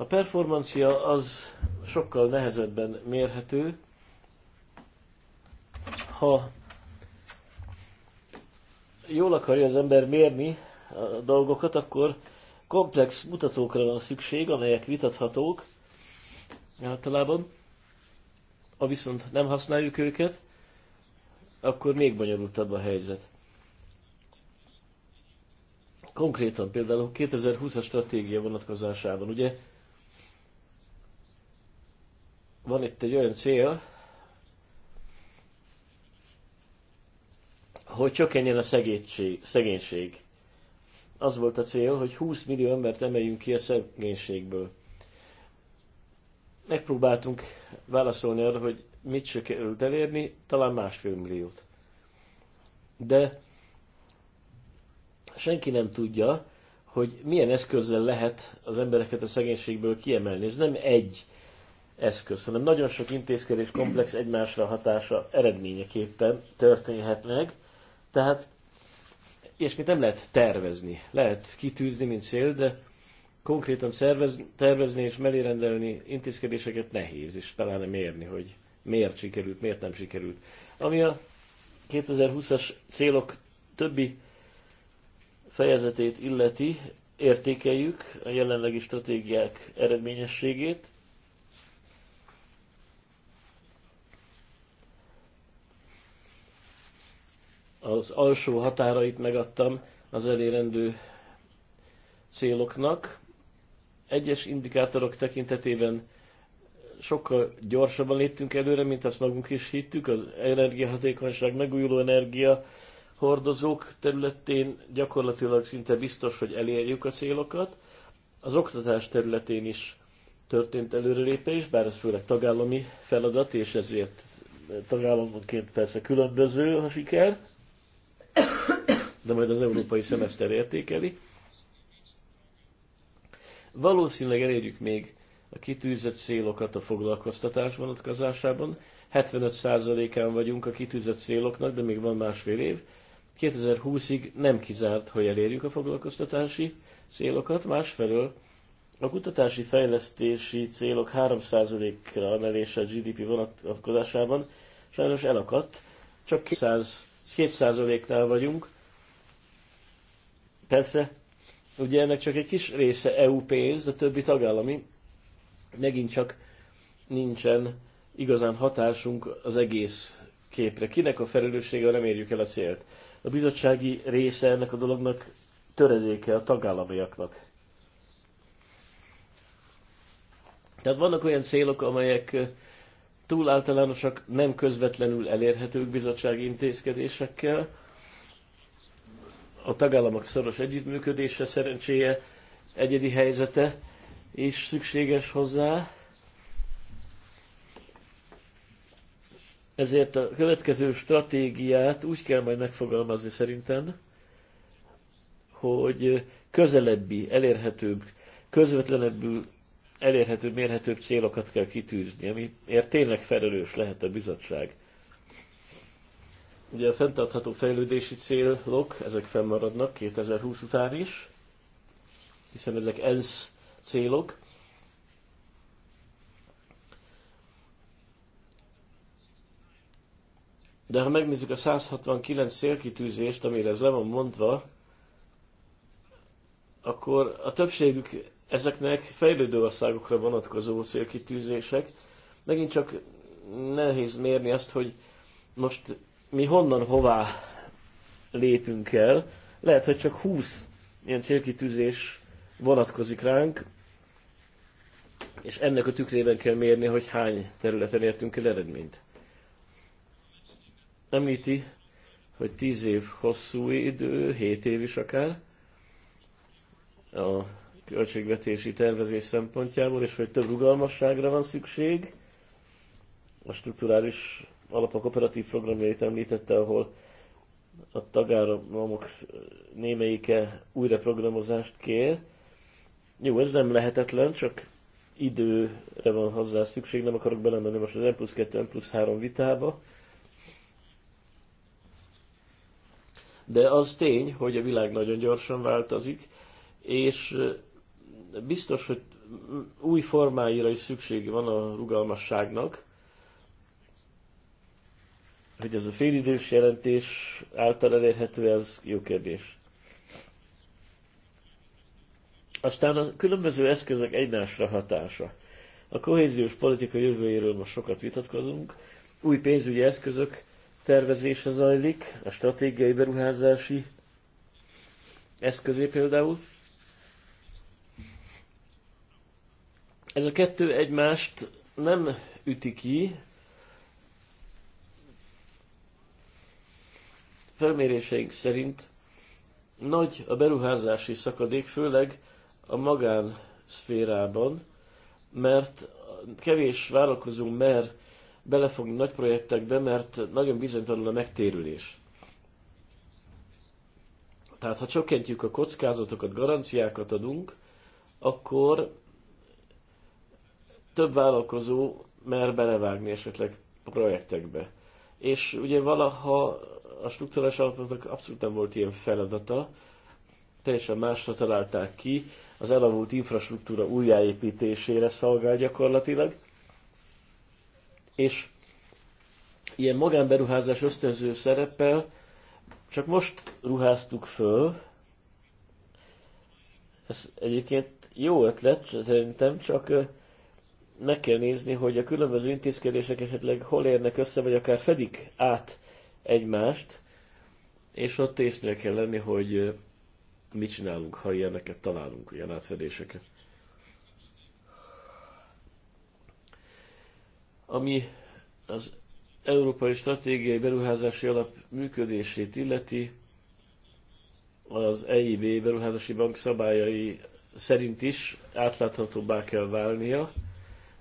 a performancia az sokkal nehezebben mérhető, ha jól akarja az ember mérni a dolgokat, akkor komplex mutatókra van szükség, amelyek vitathatók általában. Ha viszont nem használjuk őket, akkor még bonyolultabb a helyzet. Konkrétan például 2020-as stratégia vonatkozásában, ugye van itt egy olyan cél, hogy csökkenjen a szegénység. szegénység. Az volt a cél, hogy 20 millió embert emeljünk ki a szegénységből. Megpróbáltunk válaszolni arra, hogy mit sikerült elérni, talán másfél milliót. De senki nem tudja, hogy milyen eszközzel lehet az embereket a szegénységből kiemelni. Ez nem egy eszköz, hanem nagyon sok intézkedés komplex egymásra hatása eredményeképpen történhet meg, tehát ilyesmit nem lehet tervezni. Lehet kitűzni, mint cél, de konkrétan szervez, tervezni és melérendelni intézkedéseket nehéz, és talán nem érni, hogy miért sikerült, miért nem sikerült. Ami a 2020-as célok többi fejezetét illeti, értékeljük a jelenlegi stratégiák eredményességét, az alsó határait megadtam az elérendő céloknak. Egyes indikátorok tekintetében sokkal gyorsabban léptünk előre, mint azt magunk is hittük. Az energiahatékonyság, megújuló energia hordozók területén gyakorlatilag szinte biztos, hogy elérjük a célokat. Az oktatás területén is történt előrelépés, bár ez főleg tagállami feladat, és ezért tagállamonként persze különböző a siker de majd az európai szemeszter értékeli. Valószínűleg elérjük még a kitűzött célokat a foglalkoztatás vonatkozásában. 75%-án vagyunk a kitűzött céloknak, de még van másfél év. 2020-ig nem kizárt, hogy elérjük a foglalkoztatási célokat, másfelől a kutatási fejlesztési célok 3%-ra emelése a GDP vonatkozásában sajnos elakadt, csak 200 2%-nál vagyunk. Persze, ugye ennek csak egy kis része EU pénz, a többi tagállami. Megint csak nincsen igazán hatásunk az egész képre. Kinek a felelőssége, nem érjük el a célt? A bizottsági része ennek a dolognak töredéke a tagállamiaknak. Tehát vannak olyan célok, amelyek túl általánosak, nem közvetlenül elérhetők bizottsági intézkedésekkel. A tagállamok szoros együttműködése szerencséje, egyedi helyzete is szükséges hozzá. Ezért a következő stratégiát úgy kell majd megfogalmazni szerintem, hogy közelebbi, elérhetőbb, közvetlenebbül elérhető, mérhetőbb célokat kell kitűzni, amiért tényleg felelős lehet a bizottság. Ugye a fenntartható fejlődési célok, ezek fennmaradnak 2020 után is, hiszen ezek ENSZ célok. De ha megnézzük a 169 célkitűzést, amire ez le van mondva, akkor a többségük ezeknek fejlődő országokra vonatkozó célkitűzések. Megint csak nehéz mérni azt, hogy most mi honnan hová lépünk el. Lehet, hogy csak 20 ilyen célkitűzés vonatkozik ránk, és ennek a tükrében kell mérni, hogy hány területen értünk el eredményt. Említi, hogy 10 év hosszú idő, 7 év is akár, a költségvetési tervezés szempontjából, és hogy több rugalmasságra van szükség. A strukturális alapok operatív programjait említette, ahol a tagállamok némelyike újra programozást kér. Jó, ez nem lehetetlen, csak időre van hozzá szükség, nem akarok belemenni most az M plusz 2, M plusz 3 vitába. De az tény, hogy a világ nagyon gyorsan változik, és biztos, hogy új formáira is szükség van a rugalmasságnak, hogy ez a félidős jelentés által elérhető, ez jó kérdés. Aztán a különböző eszközök egymásra hatása. A kohéziós politika jövőjéről most sokat vitatkozunk. Új pénzügyi eszközök tervezése zajlik, a stratégiai beruházási eszközé például. Ez a kettő egymást nem üti ki. Felméréseink szerint nagy a beruházási szakadék, főleg a magán-szférában, mert kevés vállalkozó mer belefogni nagy projektekbe, mert nagyon bizonytalan a megtérülés. Tehát ha csökkentjük a kockázatokat, garanciákat adunk, akkor több vállalkozó mer belevágni esetleg projektekbe. És ugye valaha a struktúrás alapoknak abszolút nem volt ilyen feladata, teljesen másra találták ki, az elavult infrastruktúra újjáépítésére szolgál gyakorlatilag, és ilyen magánberuházás ösztönző szereppel csak most ruháztuk föl, ez egyébként jó ötlet, szerintem, csak meg kell nézni, hogy a különböző intézkedések esetleg hol érnek össze, vagy akár fedik át egymást, és ott észnél kell lenni, hogy mit csinálunk, ha ilyeneket találunk, ilyen átfedéseket. Ami az Európai Stratégiai Beruházási Alap működését illeti, az EIB Beruházási Bank szabályai szerint is átláthatóbbá kell válnia,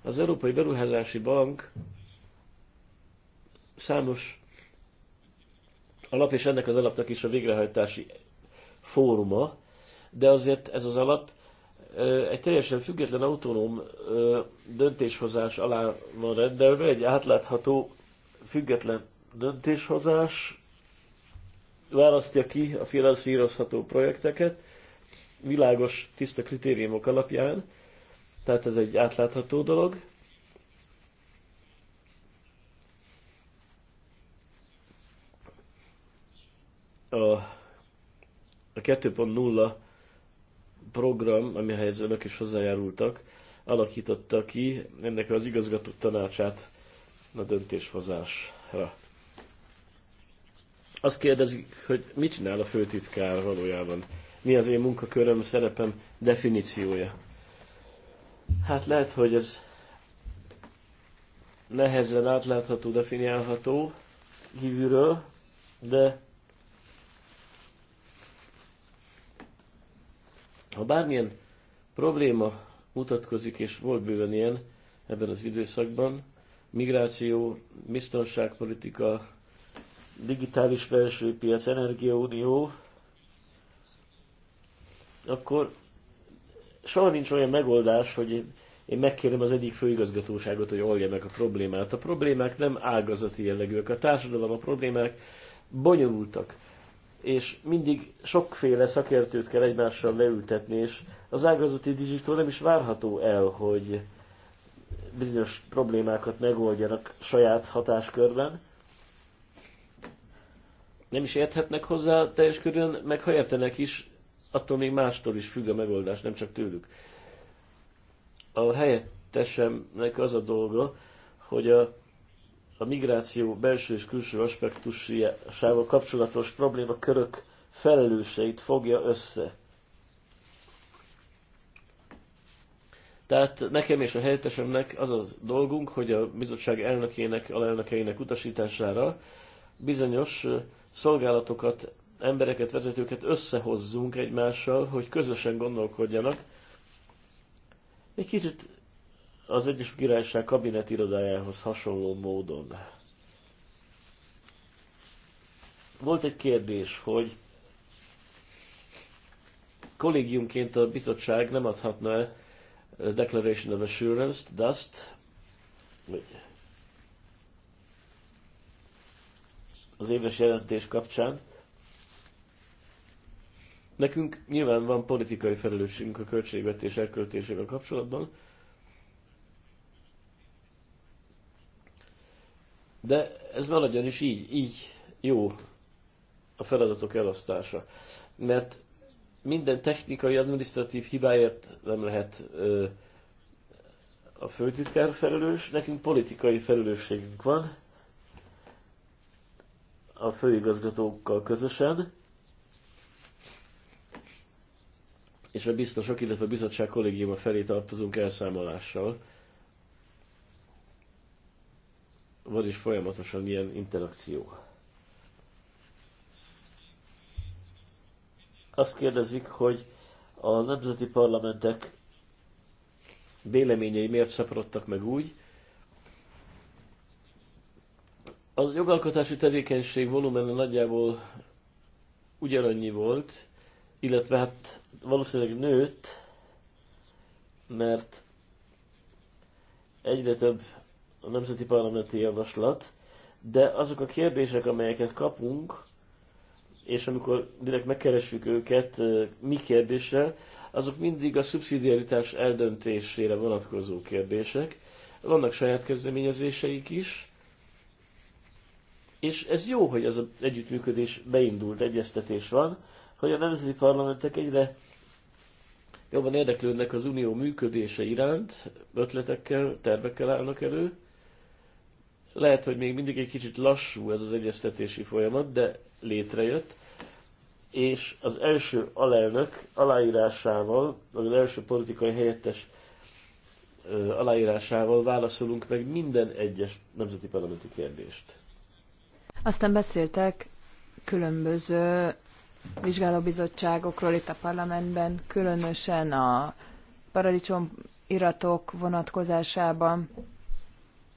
az Európai Beruházási Bank számos alap, és ennek az alapnak is a végrehajtási fóruma, de azért ez az alap egy teljesen független autonóm döntéshozás alá van rendelve, egy átlátható, független döntéshozás választja ki a finanszírozható projekteket, világos, tiszta kritériumok alapján, tehát ez egy átlátható dolog. A, a 2.0 program, amihez önök is hozzájárultak, alakította ki ennek az igazgató tanácsát a döntéshozásra. Azt kérdezik, hogy mit csinál a főtitkár valójában? Mi az én munkaköröm, szerepem definíciója? Hát lehet, hogy ez nehezen átlátható, definiálható kívülről, de ha bármilyen probléma mutatkozik, és volt bőven ilyen ebben az időszakban, migráció, biztonságpolitika, digitális belső piac, energiaunió, akkor soha nincs olyan megoldás, hogy én, én megkérem az egyik főigazgatóságot, hogy oldja meg a problémát. A problémák nem ágazati jellegűek, a társadalom a problémák bonyolultak, és mindig sokféle szakértőt kell egymással leültetni, és az ágazati digitó nem is várható el, hogy bizonyos problémákat megoldjanak saját hatáskörben. Nem is érthetnek hozzá teljes körülön, meg ha értenek is, attól még mástól is függ a megoldás, nem csak tőlük. A helyettesemnek az a dolga, hogy a, a migráció belső és külső aspektusával kapcsolatos probléma körök felelőseit fogja össze. Tehát nekem és a helyettesemnek az a dolgunk, hogy a bizottság elnökének, alelnökeinek utasítására bizonyos szolgálatokat embereket, vezetőket összehozzunk egymással, hogy közösen gondolkodjanak. Egy kicsit az Egyes Királyság kabinet irodájához hasonló módon. Volt egy kérdés, hogy kollégiumként a bizottság nem adhatna -e Declaration of Assurance, DUST, vagy az éves jelentés kapcsán. Nekünk nyilván van politikai felelősségünk a költségvetés elköltésével kapcsolatban, de ez maradjon is így, így jó a feladatok elosztása. Mert minden technikai, administratív hibáért nem lehet ö, a főtitkár felelős, nekünk politikai felelősségünk van a főigazgatókkal közösen, és a biztosok, illetve a bizottság kollégiuma felé tartozunk elszámolással. Vagyis folyamatosan ilyen interakció. Azt kérdezik, hogy a nemzeti parlamentek véleményei miért szaporodtak meg úgy, az jogalkotási tevékenység volumen nagyjából ugyanannyi volt, illetve hát valószínűleg nőtt, mert egyre több a nemzeti parlamenti javaslat, de azok a kérdések, amelyeket kapunk, és amikor direkt megkeressük őket mi kérdéssel, azok mindig a szubszidiaritás eldöntésére vonatkozó kérdések. Vannak saját kezdeményezéseik is, és ez jó, hogy az együttműködés beindult, egyeztetés van, hogy a nemzeti parlamentek egyre jobban érdeklődnek az unió működése iránt, ötletekkel, tervekkel állnak elő. Lehet, hogy még mindig egy kicsit lassú ez az egyeztetési folyamat, de létrejött. És az első alelnök aláírásával, vagy az első politikai helyettes aláírásával válaszolunk meg minden egyes nemzeti parlamenti kérdést. Aztán beszéltek különböző vizsgálóbizottságokról itt a parlamentben, különösen a paradicsom iratok vonatkozásában,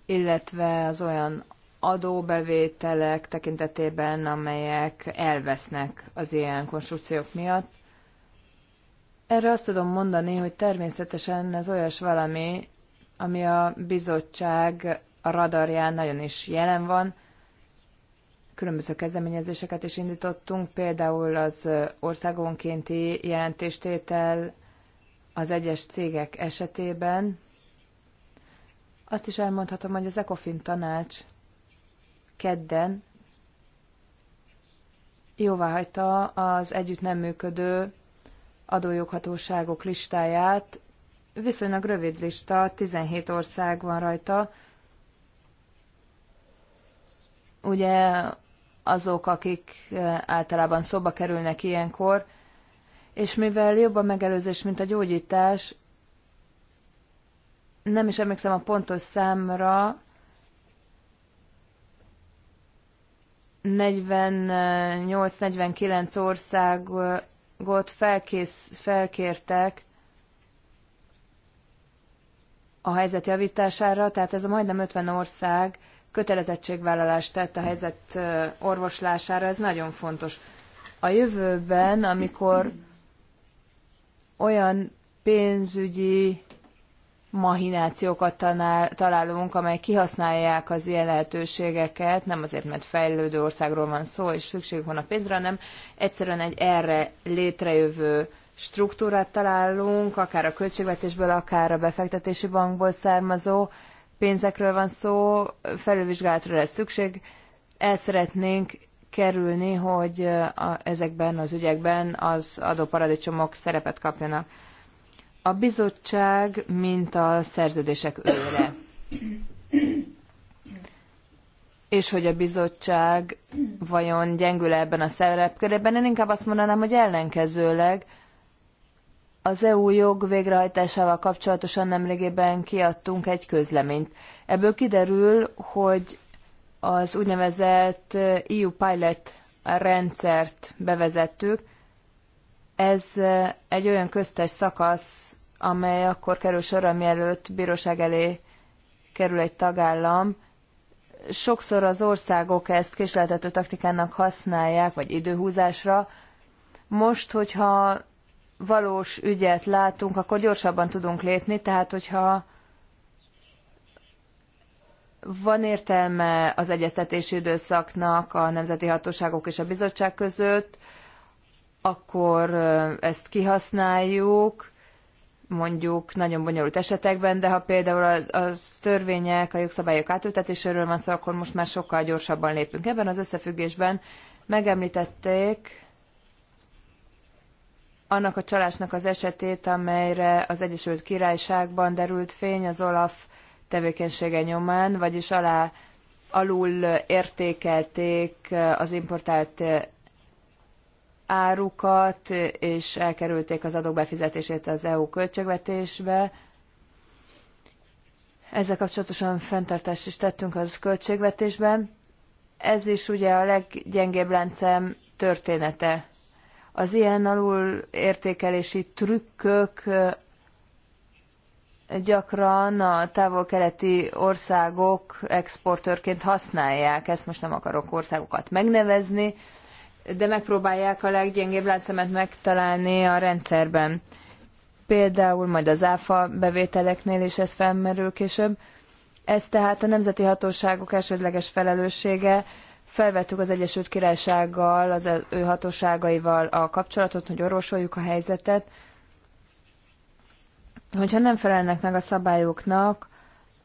illetve az olyan adóbevételek tekintetében, amelyek elvesznek az ilyen konstrukciók miatt. Erre azt tudom mondani, hogy természetesen ez olyas valami, ami a bizottság a radarján nagyon is jelen van, különböző kezdeményezéseket is indítottunk, például az országonkénti jelentéstétel az egyes cégek esetében. Azt is elmondhatom, hogy az ECOFIN tanács kedden jóváhagyta az együtt nem működő adójoghatóságok listáját. Viszonylag rövid lista, 17 ország van rajta. Ugye azok, akik eh, általában szóba kerülnek ilyenkor, és mivel jobb a megelőzés, mint a gyógyítás, nem is emlékszem a pontos számra, 48-49 országot felkész, felkértek a helyzet javítására, tehát ez a majdnem 50 ország, kötelezettségvállalást tett a helyzet orvoslására, ez nagyon fontos. A jövőben, amikor olyan pénzügyi mahinációkat tanál, találunk, amely kihasználják az ilyen lehetőségeket, nem azért, mert fejlődő országról van szó, és szükségük van a pénzre, hanem egyszerűen egy erre létrejövő struktúrát találunk, akár a költségvetésből, akár a befektetési bankból származó, pénzekről van szó, felülvizsgálatra lesz szükség. El szeretnénk kerülni, hogy a, ezekben az ügyekben az adóparadicsomok szerepet kapjanak. A bizottság, mint a szerződések őre. És hogy a bizottság vajon gyengül ebben a szerepkörében, én inkább azt mondanám, hogy ellenkezőleg, az EU jog végrehajtásával kapcsolatosan nemrégében kiadtunk egy közleményt. Ebből kiderül, hogy az úgynevezett EU Pilot rendszert bevezettük. Ez egy olyan köztes szakasz, amely akkor kerül sorra, mielőtt bíróság elé kerül egy tagállam. Sokszor az országok ezt késleltető taktikának használják, vagy időhúzásra. Most, hogyha valós ügyet látunk, akkor gyorsabban tudunk lépni, tehát hogyha van értelme az egyeztetési időszaknak a nemzeti hatóságok és a bizottság között, akkor ezt kihasználjuk, mondjuk nagyon bonyolult esetekben, de ha például a, a törvények, a jogszabályok átültetéséről van szó, akkor most már sokkal gyorsabban lépünk. Ebben az összefüggésben megemlítették annak a csalásnak az esetét, amelyre az Egyesült Királyságban derült fény az Olaf tevékenysége nyomán, vagyis alá alul értékelték az importált árukat, és elkerülték az adók befizetését az EU költségvetésbe. Ezzel kapcsolatosan fenntartást is tettünk az költségvetésben. Ez is ugye a leggyengébb láncem története. Az ilyen alul értékelési trükkök eh, gyakran a távol-keleti országok exportőrként használják. Ezt most nem akarok országokat megnevezni, de megpróbálják a leggyengébb láncszemet megtalálni a rendszerben. Például majd az áfa bevételeknél is ez felmerül később. Ez tehát a nemzeti hatóságok elsődleges felelőssége, Felvettük az Egyesült Királysággal, az ő hatóságaival a kapcsolatot, hogy orvosoljuk a helyzetet. Hogyha nem felelnek meg a szabályoknak,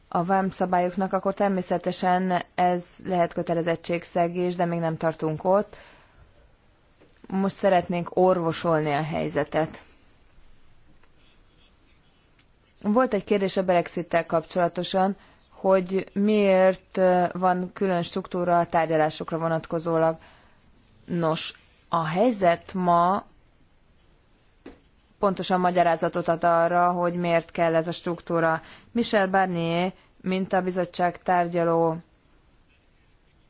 a VAM szabályoknak, akkor természetesen ez lehet kötelezettségszegés, de még nem tartunk ott. Most szeretnénk orvosolni a helyzetet. Volt egy kérdés a Brexit-tel kapcsolatosan hogy miért van külön struktúra a tárgyalásokra vonatkozólag. Nos, a helyzet ma pontosan magyarázatot ad arra, hogy miért kell ez a struktúra. Michel Barnier, mint a bizottság tárgyaló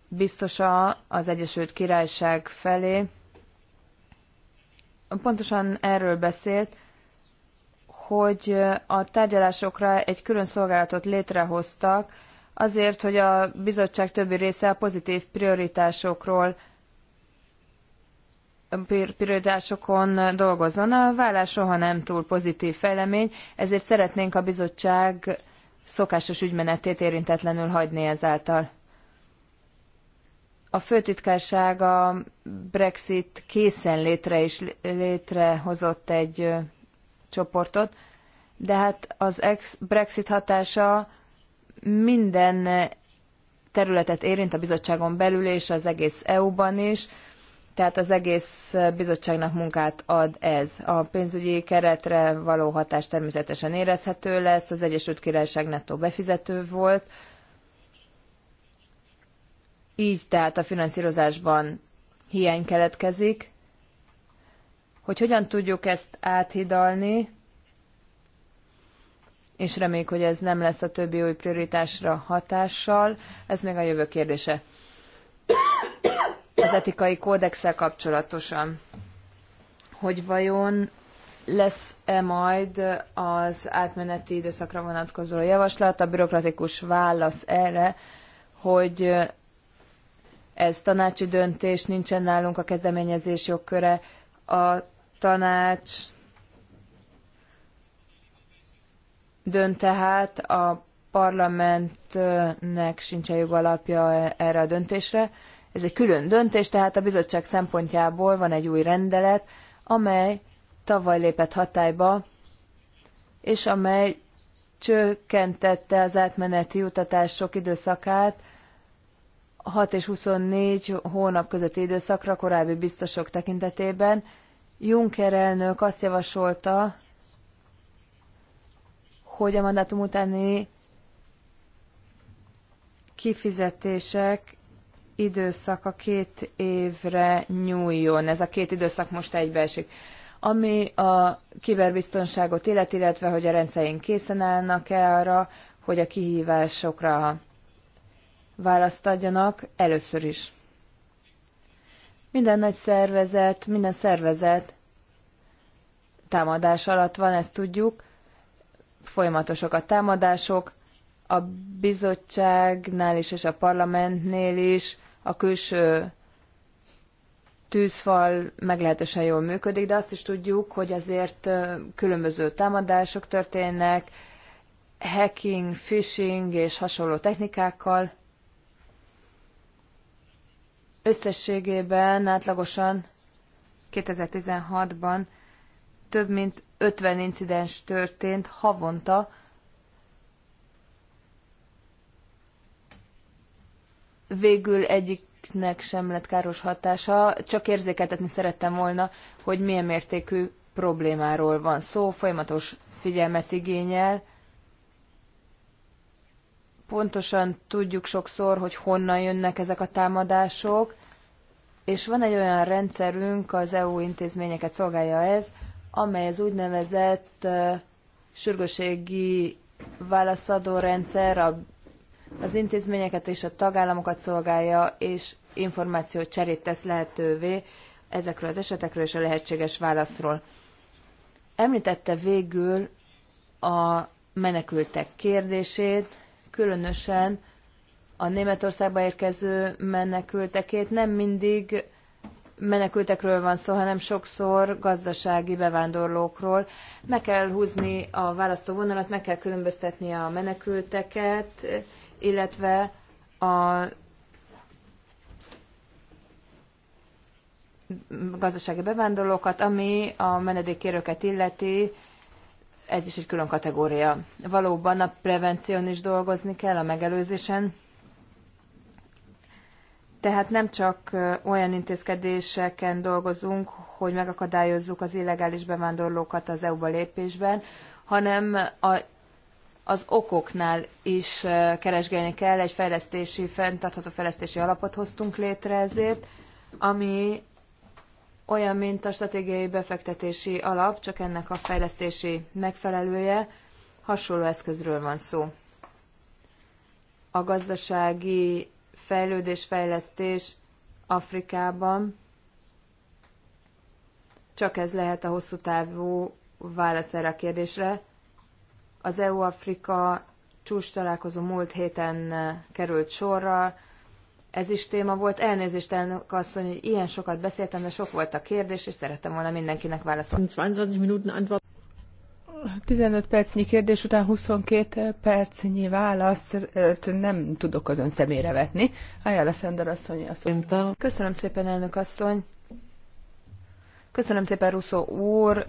biztosa az Egyesült Királyság felé, pontosan erről beszélt, hogy a tárgyalásokra egy külön szolgálatot létrehoztak, azért, hogy a bizottság többi része a pozitív prioritásokról prioritásokon dolgozzon. A vállás soha nem túl pozitív fejlemény, ezért szeretnénk a bizottság szokásos ügymenetét érintetlenül hagyni ezáltal. A főtitkárság a Brexit készen létre is létrehozott egy csoportot, de hát az ex-Brexit hatása minden területet érint a bizottságon belül és az egész EU-ban is, tehát az egész bizottságnak munkát ad ez. A pénzügyi keretre való hatás természetesen érezhető lesz, az Egyesült Királyság nettó befizető volt, így tehát a finanszírozásban hiány keletkezik, hogy hogyan tudjuk ezt áthidalni, és reméljük, hogy ez nem lesz a többi új prioritásra hatással. Ez még a jövő kérdése. Az etikai kódexel kapcsolatosan, hogy vajon lesz-e majd az átmeneti időszakra vonatkozó javaslat, a bürokratikus válasz erre, hogy ez tanácsi döntés, nincsen nálunk a kezdeményezés jogköre, a tanács dönt tehát, a parlamentnek jog jogalapja erre a döntésre. Ez egy külön döntés, tehát a bizottság szempontjából van egy új rendelet, amely tavaly lépett hatályba, és amely csökkentette az átmeneti utatások időszakát 6 és 24 hónap közötti időszakra korábbi biztosok tekintetében, Juncker elnök azt javasolta, hogy a mandátum utáni kifizetések időszaka két évre nyúljon. Ez a két időszak most egybeesik. Ami a kiberbiztonságot illet, illetve hogy a rendszerén készen állnak-e arra, hogy a kihívásokra választ adjanak először is. Minden nagy szervezet, minden szervezet támadás alatt van, ezt tudjuk. Folyamatosak a támadások, a bizottságnál is és a parlamentnél is a külső tűzfal meglehetősen jól működik, de azt is tudjuk, hogy azért különböző támadások történnek, hacking, phishing és hasonló technikákkal. Összességében átlagosan 2016-ban több mint 50 incidens történt havonta, végül egyiknek sem lett káros hatása, csak érzékeltetni szerettem volna, hogy milyen mértékű problémáról van szó, folyamatos figyelmet igényel, pontosan tudjuk sokszor, hogy honnan jönnek ezek a támadások, és van egy olyan rendszerünk, az EU intézményeket szolgálja ez, amely az úgynevezett sürgőségi válaszadó rendszer a az intézményeket és a tagállamokat szolgálja, és információ cserét tesz lehetővé ezekről az esetekről és a lehetséges válaszról. Említette végül a menekültek kérdését, különösen a Németországba érkező menekültekét nem mindig menekültekről van szó, hanem sokszor gazdasági bevándorlókról. Meg kell húzni a választóvonalat, meg kell különböztetni a menekülteket, illetve a gazdasági bevándorlókat, ami a menedékkérőket illeti, ez is egy külön kategória. Valóban a prevención is dolgozni kell, a megelőzésen. Tehát nem csak olyan intézkedéseken dolgozunk, hogy megakadályozzuk az illegális bevándorlókat az EU-ba lépésben, hanem a, az okoknál is keresgélni kell. Egy fejlesztési, fenntartható fejlesztési alapot hoztunk létre ezért, ami olyan, mint a stratégiai befektetési alap, csak ennek a fejlesztési megfelelője, hasonló eszközről van szó. A gazdasági fejlődés-fejlesztés Afrikában csak ez lehet a hosszú távú válasz erre a kérdésre. Az EU-Afrika csúcs találkozó múlt héten került sorra, ez is téma volt. Elnézést, elnök asszony, hogy ilyen sokat beszéltem, de sok volt a kérdés, és szerettem volna mindenkinek válaszolni. 15 percnyi kérdés után 22 percnyi választ nem tudok az ön szemére vetni. Ajánl a Szender asszony Köszönöm szépen, elnök asszony. Köszönöm szépen, Ruszó úr,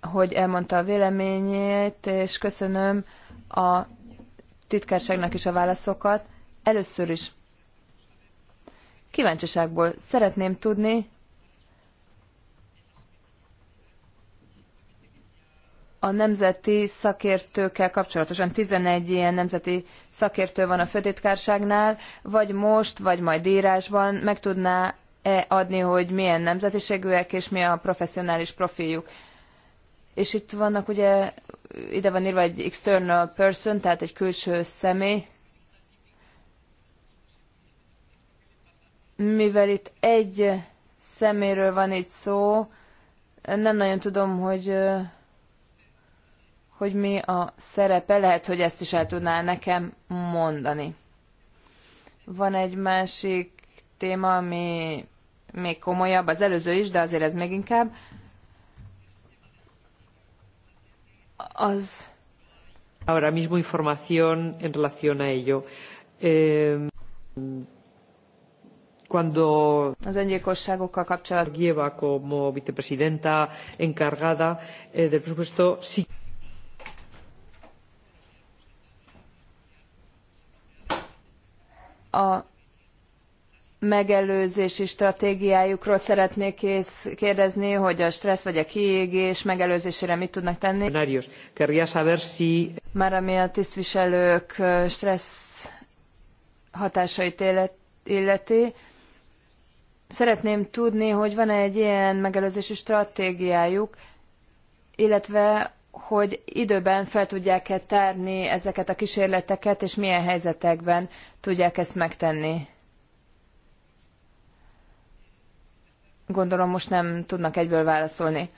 hogy elmondta a véleményét, és köszönöm a titkárságnak is a válaszokat. Először is kíváncsiságból szeretném tudni, a nemzeti szakértőkkel kapcsolatosan 11 ilyen nemzeti szakértő van a főtitkárságnál, vagy most, vagy majd írásban meg tudná -e adni, hogy milyen nemzetiségűek és mi a professzionális profiljuk. És itt vannak ugye, ide van írva egy external person, tehát egy külső személy, mivel itt egy szeméről van itt szó, nem nagyon tudom, hogy hogy mi a szerepe, lehet, hogy ezt is el tudná nekem mondani. Van egy másik téma, ami még komolyabb, az előző is, de azért ez még inkább. Az... Ahora mismo información en relación a ello. Eh cuando az öngyilkosságokkal kapcsolatban lleva como vicepresidenta encargada eh, del presupuesto sí a megelőzési stratégiájukról szeretnék kész kérdezni, hogy a stressz vagy a kiégés megelőzésére mit tudnak tenni. Saber si... Már ami a tisztviselők eh, stressz hatásait illeti, Szeretném tudni, hogy van-e egy ilyen megelőzési stratégiájuk, illetve hogy időben fel tudják-e tárni ezeket a kísérleteket, és milyen helyzetekben tudják ezt megtenni. Gondolom most nem tudnak egyből válaszolni.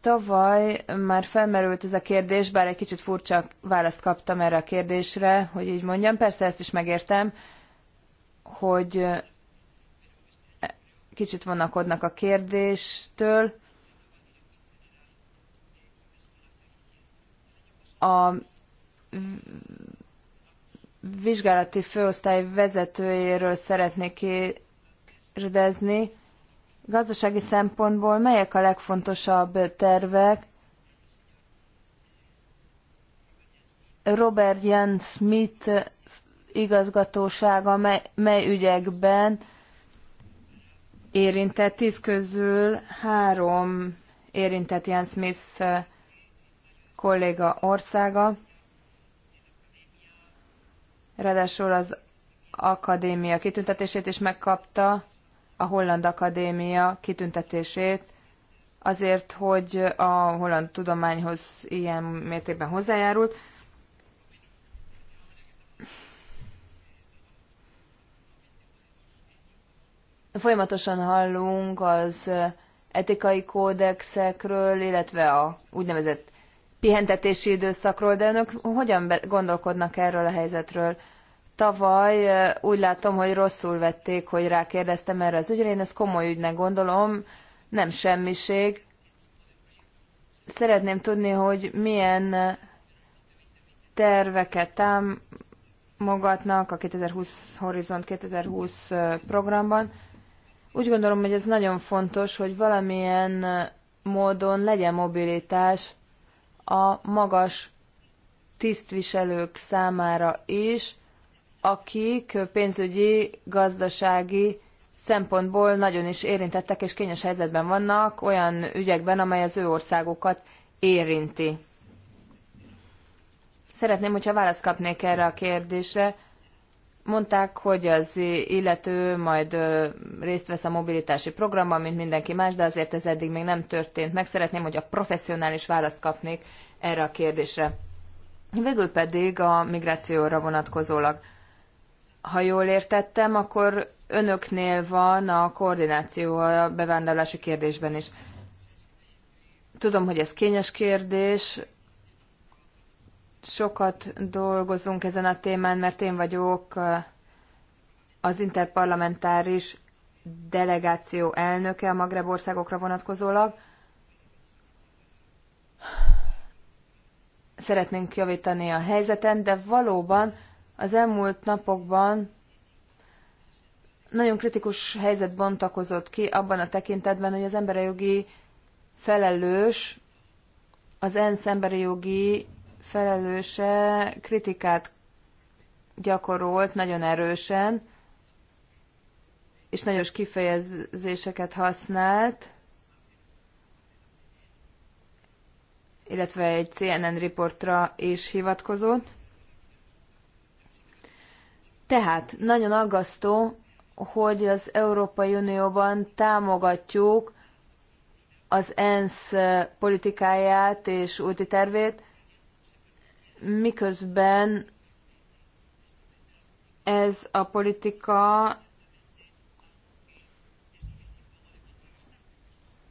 Tavaly már felmerült ez a kérdés, bár egy kicsit furcsa választ kaptam erre a kérdésre, hogy így mondjam. Persze ezt is megértem, hogy kicsit vonakodnak a kérdéstől. A vizsgálati főosztály vezetőjéről szeretnék kérdezni. Gazdasági szempontból melyek a legfontosabb tervek? Robert Jan Smith igazgatósága mely, mely ügyekben érintett, tíz közül három érintett Jan Smith kolléga országa. Ráadásul az akadémia kitüntetését is megkapta, a Holland Akadémia kitüntetését, azért, hogy a holland tudományhoz ilyen mértékben hozzájárult. Folyamatosan hallunk az etikai kódexekről, illetve a úgynevezett pihentetési időszakról, de önök hogyan gondolkodnak erről a helyzetről? Tavaly úgy látom, hogy rosszul vették, hogy rákérdeztem erre az ügyre, én ezt komoly ügynek gondolom, nem semmiség. Szeretném tudni, hogy milyen terveket támogatnak a 2020 Horizont 2020 programban. Úgy gondolom, hogy ez nagyon fontos, hogy valamilyen módon legyen mobilitás a magas tisztviselők számára is, akik pénzügyi, gazdasági szempontból nagyon is érintettek és kényes helyzetben vannak olyan ügyekben, amely az ő országukat érinti. Szeretném, hogyha választ kapnék erre a kérdésre, Mondták, hogy az illető majd részt vesz a mobilitási programban, mint mindenki más, de azért ez eddig még nem történt. Meg szeretném, hogy a professzionális választ kapnék erre a kérdésre. Végül pedig a migrációra vonatkozólag. Ha jól értettem, akkor önöknél van a koordináció a bevándorlási kérdésben is. Tudom, hogy ez kényes kérdés, sokat dolgozunk ezen a témán, mert én vagyok az interparlamentáris delegáció elnöke a Magreb országokra vonatkozólag. Szeretnénk javítani a helyzeten, de valóban az elmúlt napokban nagyon kritikus helyzet bontakozott ki abban a tekintetben, hogy az emberi jogi felelős az ENSZ emberi jogi felelőse kritikát gyakorolt nagyon erősen, és nagyon kifejezéseket használt, illetve egy CNN riportra is hivatkozott. Tehát nagyon aggasztó, hogy az Európai Unióban támogatjuk az ENSZ politikáját és úti tervét, miközben ez a politika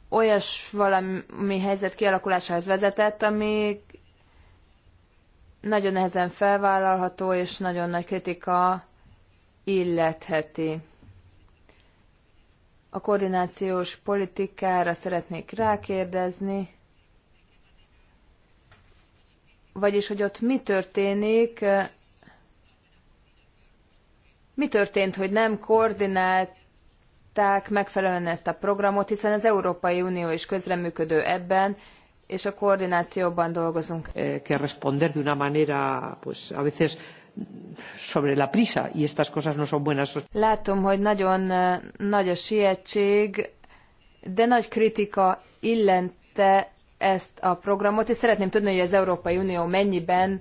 olyas valami helyzet kialakulásához vezetett, ami nagyon nehezen felvállalható, és nagyon nagy kritika illetheti. A koordinációs politikára szeretnék rákérdezni vagyis hogy ott mi történik, mi történt, hogy nem koordinálták megfelelően ezt a programot, hiszen az Európai Unió is közreműködő ebben, és a koordinációban dolgozunk. Eh, que responder de una manera, pues a veces sobre la prisa, y estas cosas no son buenas. Látom, hogy nagyon nagy a sietség, de nagy kritika illente ezt a programot, és szeretném tudni, hogy az Európai Unió mennyiben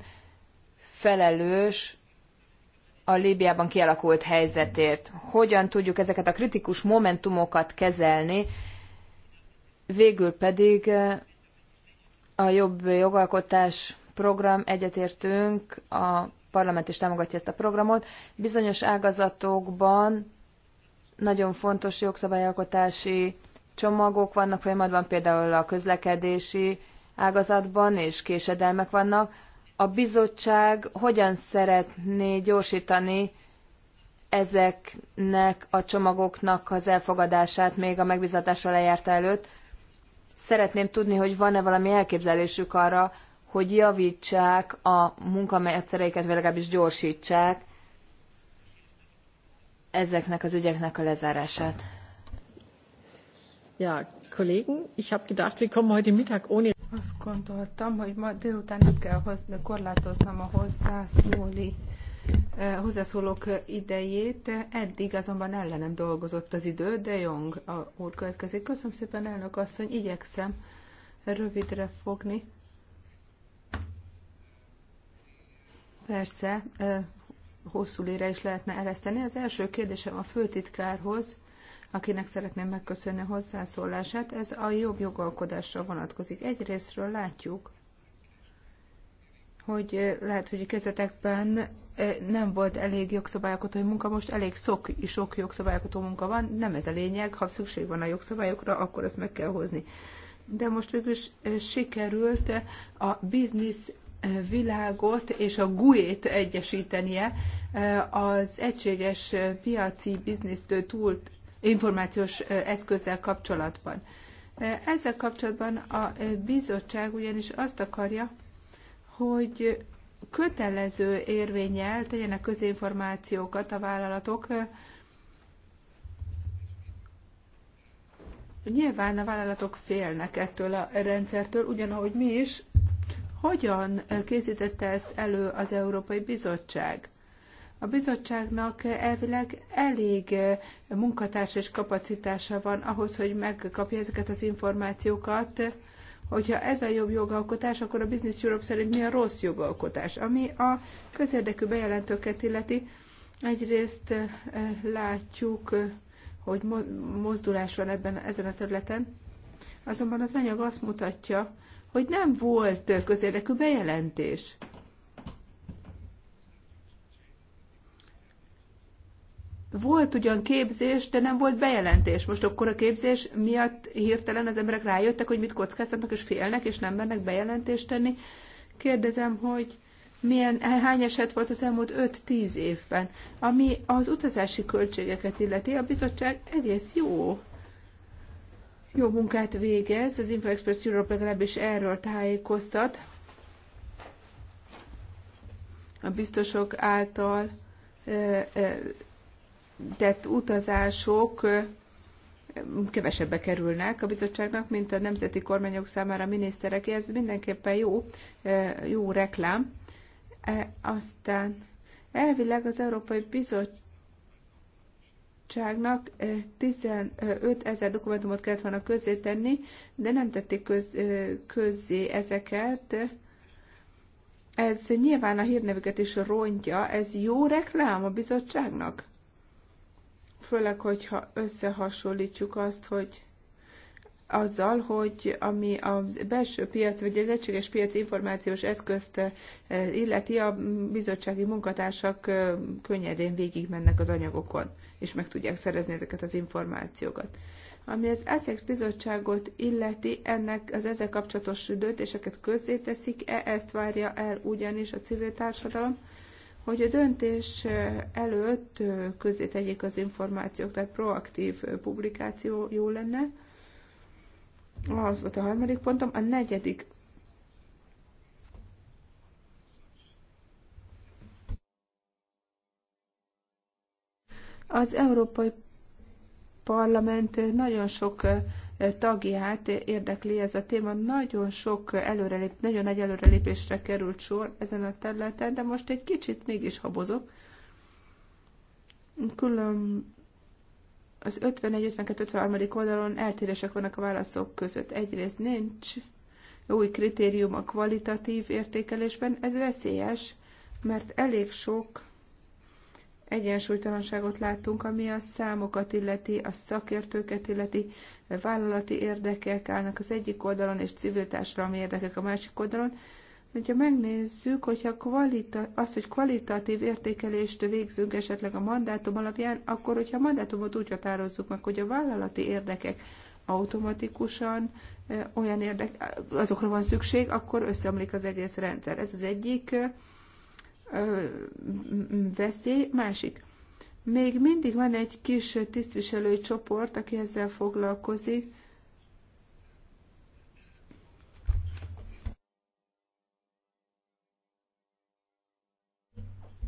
felelős a Líbiában kialakult helyzetért. Hogyan tudjuk ezeket a kritikus momentumokat kezelni, végül pedig eh, a jobb jogalkotás program egyetértünk, a parlament is támogatja ezt a programot. Bizonyos ágazatokban nagyon fontos jogszabályalkotási csomagok vannak folyamatban, például a közlekedési ágazatban, és késedelmek vannak. A bizottság hogyan szeretné gyorsítani ezeknek a csomagoknak az elfogadását még a megbizatásra lejárta előtt? Szeretném tudni, hogy van-e valami elképzelésük arra, hogy javítsák a munkamegyszereiket, vagy legalábbis gyorsítsák ezeknek az ügyeknek a lezárását. Ja, Kollegen, ich habe gedacht, wir kommen heute Mittag ohne. Azt gondoltam, hogy ma délután nem kell hozni, korlátoznom a hozzászóli, eh, hozzászólók idejét. Eddig azonban ellenem dolgozott az idő, de Jong a úr következik. Köszönöm szépen, elnök asszony, igyekszem rövidre fogni. Persze, eh, hosszú lére is lehetne ereszteni. Az első kérdésem a főtitkárhoz akinek szeretném megköszönni a hozzászólását. Ez a jobb jogalkodásra vonatkozik. Egyrésztről látjuk, hogy eh, lehet, hogy a kezetekben eh, nem volt elég jogszabályokató munka, most elég sok, sok jogszabályokató munka van, nem ez a lényeg, ha szükség van a jogszabályokra, akkor ezt meg kell hozni. De most végül is eh, sikerült a biznisz világot és a GUE-t egyesítenie az egységes piaci biznisztől túl információs eszközzel kapcsolatban. Ezzel kapcsolatban a bizottság ugyanis azt akarja, hogy kötelező érvényel tegyenek közinformációkat a vállalatok. Nyilván a vállalatok félnek ettől a rendszertől, ugyanahogy mi is. Hogyan készítette ezt elő az Európai Bizottság? A bizottságnak elvileg elég eh, munkatárs és kapacitása van ahhoz, hogy megkapja ezeket az információkat, hogyha ez a jobb jogalkotás, akkor a Business Europe szerint mi a rossz jogalkotás, ami a közérdekű bejelentőket illeti. Egyrészt eh, látjuk, eh, hogy mozdulás van ebben, ezen a területen, azonban az anyag azt mutatja, hogy nem volt közérdekű bejelentés. Volt ugyan képzés, de nem volt bejelentés. Most akkor a képzés miatt hirtelen az emberek rájöttek, hogy mit kockáztatnak, és félnek, és nem mernek bejelentést tenni. Kérdezem, hogy milyen, hány eset volt az elmúlt 5-10 évben, ami az utazási költségeket illeti, a bizottság egész jó jó munkát végez, az InfoExpress Europe legalábbis erről tájékoztat. A biztosok által tett utazások kevesebbe kerülnek a bizottságnak, mint a nemzeti kormányok számára a miniszterek. Ez mindenképpen jó, jó reklám. E, aztán elvileg az Európai Bizottságnak 15 ezer dokumentumot kellett volna tenni, de nem tették köz, közzé ezeket. Ez nyilván a hírnevüket is rontja. Ez jó reklám a bizottságnak? főleg, hogyha összehasonlítjuk azt, hogy azzal, hogy ami a belső piac, vagy az egységes piac információs eszközt eh, illeti, a bizottsági munkatársak eh, könnyedén végigmennek az anyagokon, és meg tudják szerezni ezeket az információkat. Ami az ESZEX bizottságot illeti, ennek az ezzel kapcsolatos döntéseket közzéteszik-e, ezt várja el ugyanis a civil társadalom, hogy a döntés előtt közé tegyék az információk, tehát proaktív publikáció jó lenne. Az volt a harmadik pontom. A negyedik Az Európai Parlament nagyon sok tagját érdekli ez a téma. Nagyon sok előrelép, nagyon nagy előrelépésre került sor ezen a területen, de most egy kicsit mégis habozok. Külön az 51-52-53. oldalon eltérések vannak a válaszok között. Egyrészt nincs új kritérium a kvalitatív értékelésben, ez veszélyes, mert elég sok egyensúlytalanságot láttunk, ami a számokat illeti, a szakértőket illeti, vállalati érdekek állnak az egyik oldalon, és civil társadalmi érdekek a másik oldalon. Hogyha megnézzük, hogyha kvalita, azt, hogy kvalitatív értékelést végzünk esetleg a mandátum alapján, akkor hogyha a mandátumot úgy határozzuk meg, hogy a vállalati érdekek automatikusan eh, olyan érdek, azokra van szükség, akkor összeomlik az egész rendszer. Ez az egyik eh, veszély, másik. Még mindig van egy kis tisztviselői csoport, aki ezzel foglalkozik,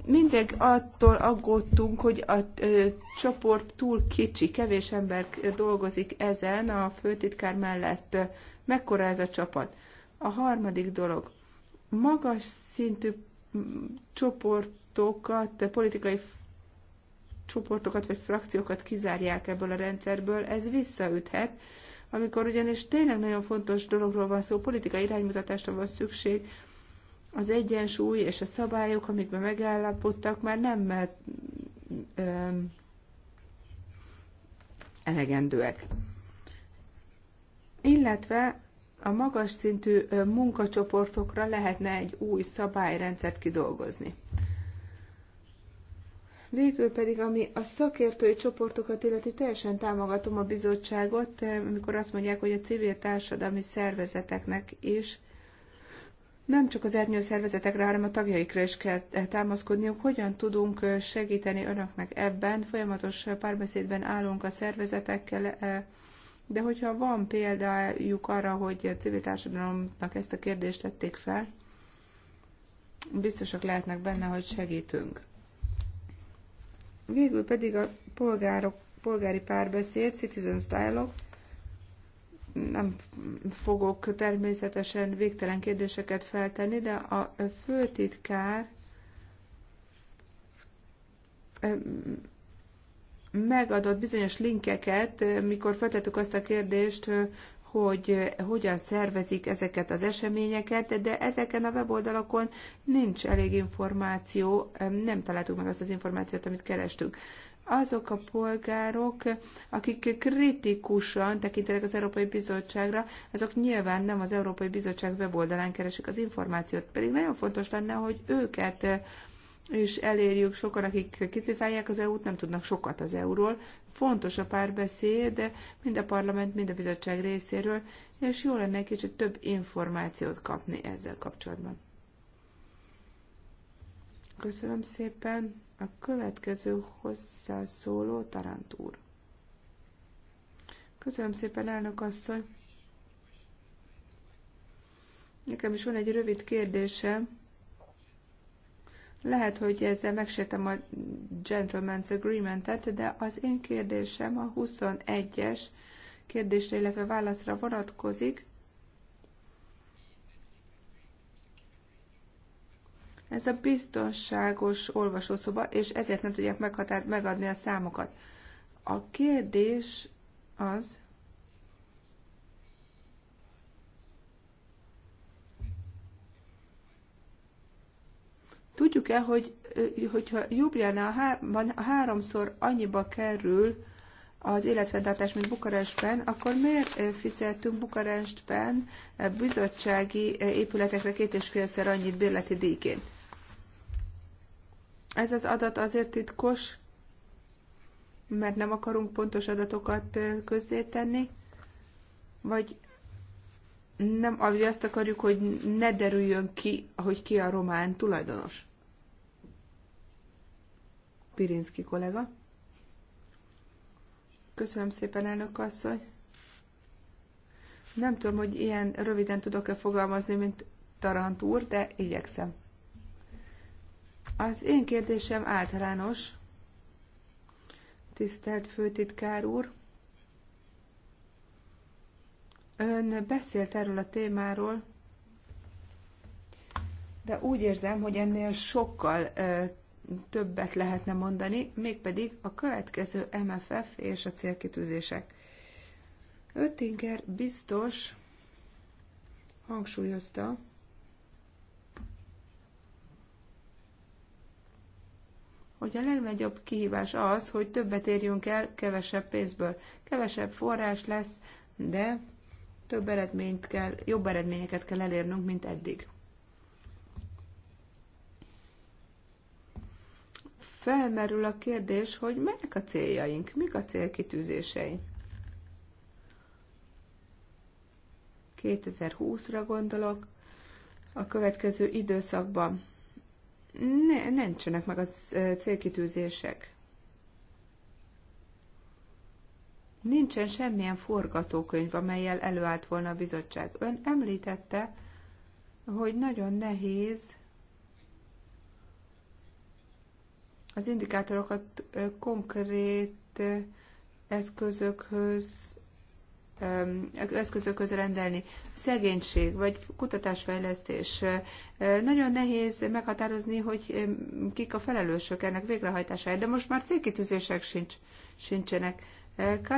mindig attól aggódtunk, hogy a ö, csoport túl kicsi, kevés ember dolgozik ezen a főtitkár mellett. Mekkora ez a csapat? A harmadik dolog. Magas szintű csoportokat, politikai csoportokat vagy frakciókat kizárják ebből a rendszerből, ez visszaüthet, amikor ugyanis tényleg nagyon fontos dologról van szó, politikai iránymutatásra van szükség, az egyensúly és a szabályok, amikben megállapodtak, már nem mert, öm, elegendőek. Illetve a magas szintű munkacsoportokra lehetne egy új szabályrendszert kidolgozni. Végül pedig, ami a szakértői csoportokat illeti, teljesen támogatom a bizottságot, amikor azt mondják, hogy a civil társadalmi szervezeteknek is nem csak az ernyő szervezetekre, hanem a tagjaikra is kell eh, támaszkodniuk. Hogyan tudunk segíteni önöknek ebben? Folyamatos párbeszédben állunk a szervezetekkel, eh, de hogyha van példájuk arra, hogy a civil társadalomnak ezt a kérdést tették fel, biztosak lehetnek benne, hogy segítünk. Végül pedig a polgárok, polgári párbeszéd, Citizen Style-ok, nem fogok természetesen végtelen kérdéseket feltenni, de a főtitkár megadott bizonyos linkeket, eh, mikor feltettük azt a kérdést, eh, hogy eh, hogyan szervezik ezeket az eseményeket, de ezeken a weboldalakon nincs elég információ, nem találtuk meg azt az információt, amit kerestünk. Azok a polgárok, akik kritikusan tekintenek az Európai Bizottságra, azok nyilván nem az Európai Bizottság weboldalán keresik az információt, pedig nagyon fontos lenne, hogy őket és elérjük sokan, akik kritizálják az EU-t, nem tudnak sokat az EU-ról. Fontos a párbeszéd, mind a parlament, mind a bizottság részéről, és jó lenne egy kicsit több információt kapni ezzel kapcsolatban. Köszönöm szépen. A következő hozzászóló Tarant úr. Köszönöm szépen, elnök asszony. Nekem is van egy rövid kérdésem lehet, hogy ezzel megsértem a Gentleman's Agreement-et, de az én kérdésem a 21-es kérdésre, illetve válaszra vonatkozik. Ez a biztonságos olvasószoba, és ezért nem tudják meghatár, megadni a számokat. A kérdés az, Tudjuk-e, hogy hogyha Ljubljana há- háromszor annyiba kerül az életfenntartás, mint Bukarestben, akkor miért fizettünk Bukarestben bizottsági épületekre két és félszer annyit bérleti díjként? Ez az adat azért titkos, mert nem akarunk pontos adatokat közzétenni, vagy nem, vagy azt akarjuk, hogy ne derüljön ki, hogy ki a román tulajdonos. Pirinski kollega. Köszönöm szépen, elnök asszony. Nem tudom, hogy ilyen röviden tudok-e fogalmazni, mint Tarant úr, de igyekszem. Az én kérdésem általános. Tisztelt főtitkár úr, Ön beszélt erről a témáról, de úgy érzem, hogy ennél sokkal többet lehetne mondani, mégpedig a következő MFF és a célkitűzések. Öttinger biztos hangsúlyozta, hogy a legnagyobb kihívás az, hogy többet érjünk el kevesebb pénzből. Kevesebb forrás lesz, de több eredményt kell, jobb eredményeket kell elérnünk, mint eddig. Felmerül a kérdés, hogy melyek a céljaink, mik a célkitűzései. 2020-ra gondolok, a következő időszakban ne, nincsenek meg a célkitűzések. Nincsen semmilyen forgatókönyv, amelyel előállt volna a bizottság. Ön említette, hogy nagyon nehéz az indikátorokat konkrét eszközökhöz eszközökhöz rendelni. Szegénység vagy kutatásfejlesztés. Nagyon nehéz meghatározni, hogy kik a felelősök ennek végrehajtásáért, de most már célkitűzések sincs, sincsenek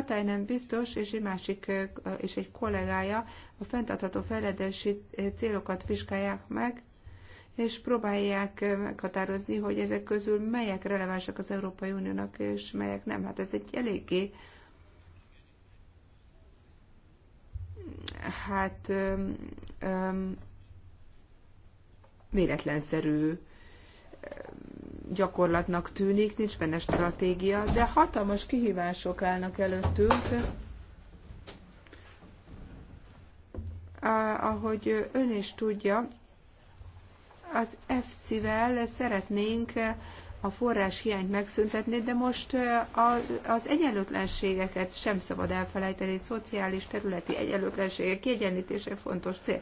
nem biztos és egy másik és egy kollégája a fenntartható fejledési célokat vizsgálják meg, és próbálják meghatározni, hogy ezek közül melyek relevánsak az Európai Uniónak, és melyek nem. Hát ez egy eléggé hát öm, öm, véletlenszerű gyakorlatnak tűnik, nincs benne stratégia, de hatalmas kihívások állnak előttünk. Ahogy ön is tudja, az EFSZ-vel szeretnénk a forrás hiányt megszüntetni, de most az egyenlőtlenségeket sem szabad elfelejteni, szociális területi egyenlőtlenségek kiegyenlítése fontos cél.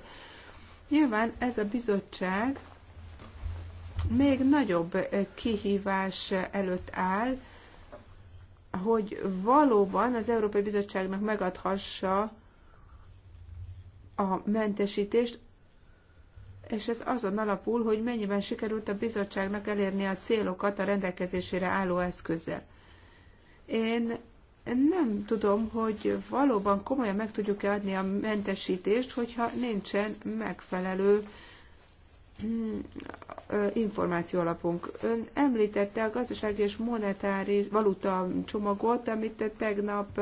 Nyilván ez a bizottság még nagyobb eh, kihívás eh, előtt áll, hogy valóban az Európai Bizottságnak megadhassa a mentesítést, és ez azon alapul, hogy mennyiben sikerült a bizottságnak elérni a célokat a rendelkezésére álló eszközzel. Én nem tudom, hogy valóban komolyan meg tudjuk-e adni a mentesítést, hogyha nincsen megfelelő Mm, információ alapunk. Ön említette a gazdasági és monetáris valuta csomagot, amit tegnap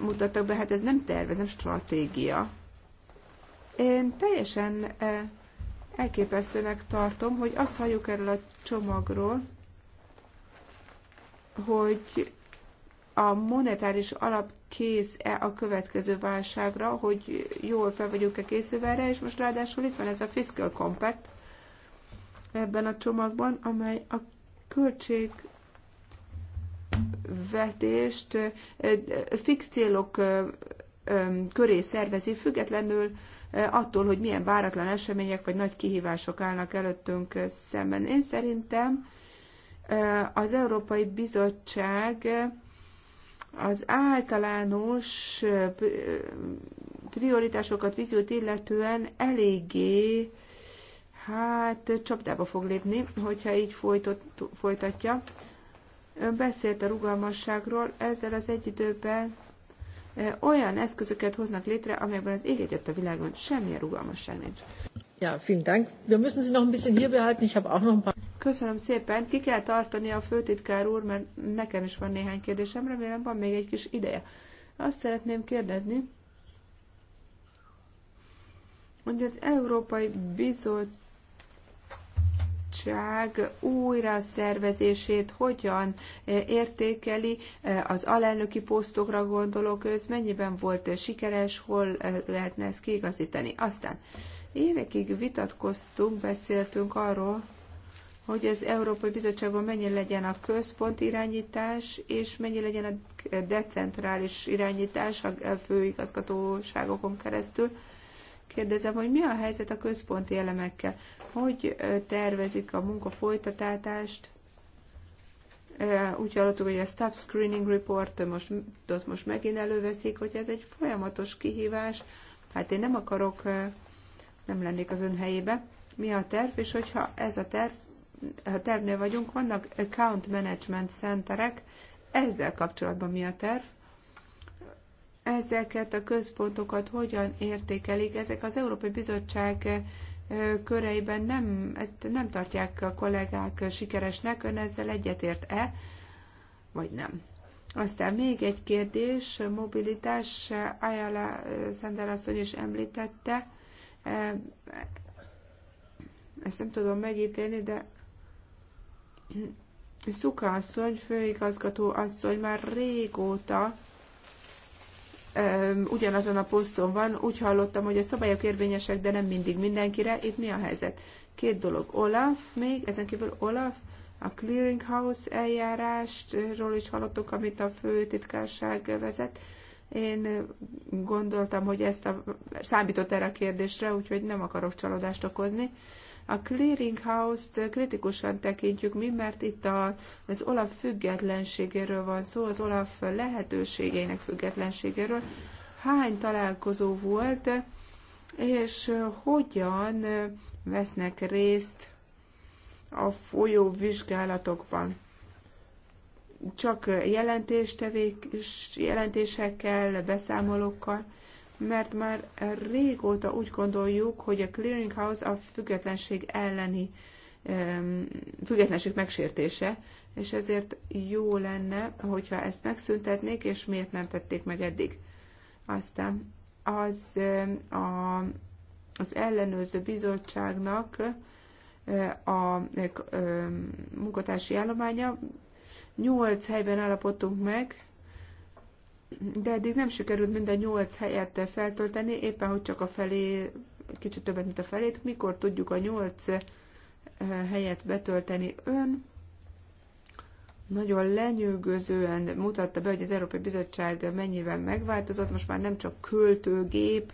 mutattak be, hát ez nem tervez, nem stratégia. Én teljesen elképesztőnek tartom, hogy azt halljuk erről a csomagról, hogy a monetáris alap kész-e a következő válságra, hogy jól fel vagyunk-e készülve erre, és most ráadásul itt van ez a Fiscal Compact ebben a csomagban, amely a költség vetést fix célok köré szervezi, függetlenül attól, hogy milyen váratlan események vagy nagy kihívások állnak előttünk szemben. Én szerintem az Európai Bizottság az általános prioritásokat, víziót illetően eléggé hát csapdába fog lépni, hogyha így folytott, folytatja. Ön beszélt a rugalmasságról, ezzel az egy időben olyan eszközöket hoznak létre, amelyekben az ég a világon semmilyen rugalmasság nincs. Ja, vielen Dank. Wir müssen Sie noch ein bisschen hier behalten. Ich habe auch noch ein paar... Köszönöm szépen. Ki kell tartani a főtitkár úr, mert nekem is van néhány kérdésem, remélem van még egy kis ideje. Azt szeretném kérdezni, hogy az Európai Bizottság újra szervezését hogyan e, értékeli, e, az alelnöki posztokra gondolok, ez mennyiben volt sikeres, hol e, lehetne ezt kiigazítani. Aztán évekig vitatkoztunk, beszéltünk arról, hogy az Európai Bizottságban mennyi legyen a központ irányítás, és mennyi legyen a decentrális irányítás a főigazgatóságokon keresztül. Kérdezem, hogy mi a helyzet a központi elemekkel? Hogy tervezik a munka folytatást? Úgy hallottuk, hogy a Staff Screening Report most, ott most megint előveszik, hogy ez egy folyamatos kihívás. Hát én nem akarok, nem lennék az ön helyébe. Mi a terv, és hogyha ez a terv ha tervnél vagyunk, vannak account management centerek, ezzel kapcsolatban mi a terv? Ezeket a központokat hogyan értékelik? Ezek az Európai Bizottság eh, köreiben nem, ezt nem tartják a kollégák sikeresnek, ön ezzel egyetért-e, vagy nem? Aztán még egy kérdés, mobilitás, Ayala Szender asszony is említette, eh, ezt nem tudom megítélni, de Szuka asszony, főigazgató asszony már régóta öm, ugyanazon a poszton van. Úgy hallottam, hogy a szabályok érvényesek, de nem mindig mindenkire. Itt mi a helyzet? Két dolog. Olaf, még ezen kívül Olaf, a clearinghouse eljárástról is hallottuk, amit a főtitkárság vezet. Én gondoltam, hogy ezt a, számított erre a kérdésre, úgyhogy nem akarok csalódást okozni. A clearinghouse-t kritikusan tekintjük mi, mert itt a, az Olaf függetlenségéről van szó, az Olaf lehetőségeinek függetlenségéről. Hány találkozó volt, és hogyan vesznek részt a folyó vizsgálatokban? Csak jelentéstevék jelentésekkel, beszámolókkal mert már régóta úgy gondoljuk, hogy a clearinghouse a függetlenség elleni függetlenség megsértése, és ezért jó lenne, hogyha ezt megszüntetnék, és miért nem tették meg eddig. Aztán az, a, az ellenőrző bizottságnak eh, a munkatársi állománya. Nyolc helyben állapodtunk meg, de eddig nem sikerült minden nyolc helyet feltölteni, éppen hogy csak a felé, kicsit többet, mint a felét, mikor tudjuk a nyolc eh, helyet betölteni ön. Nagyon lenyűgözően mutatta be, hogy az Európai Bizottság mennyivel megváltozott, most már nem csak költőgép,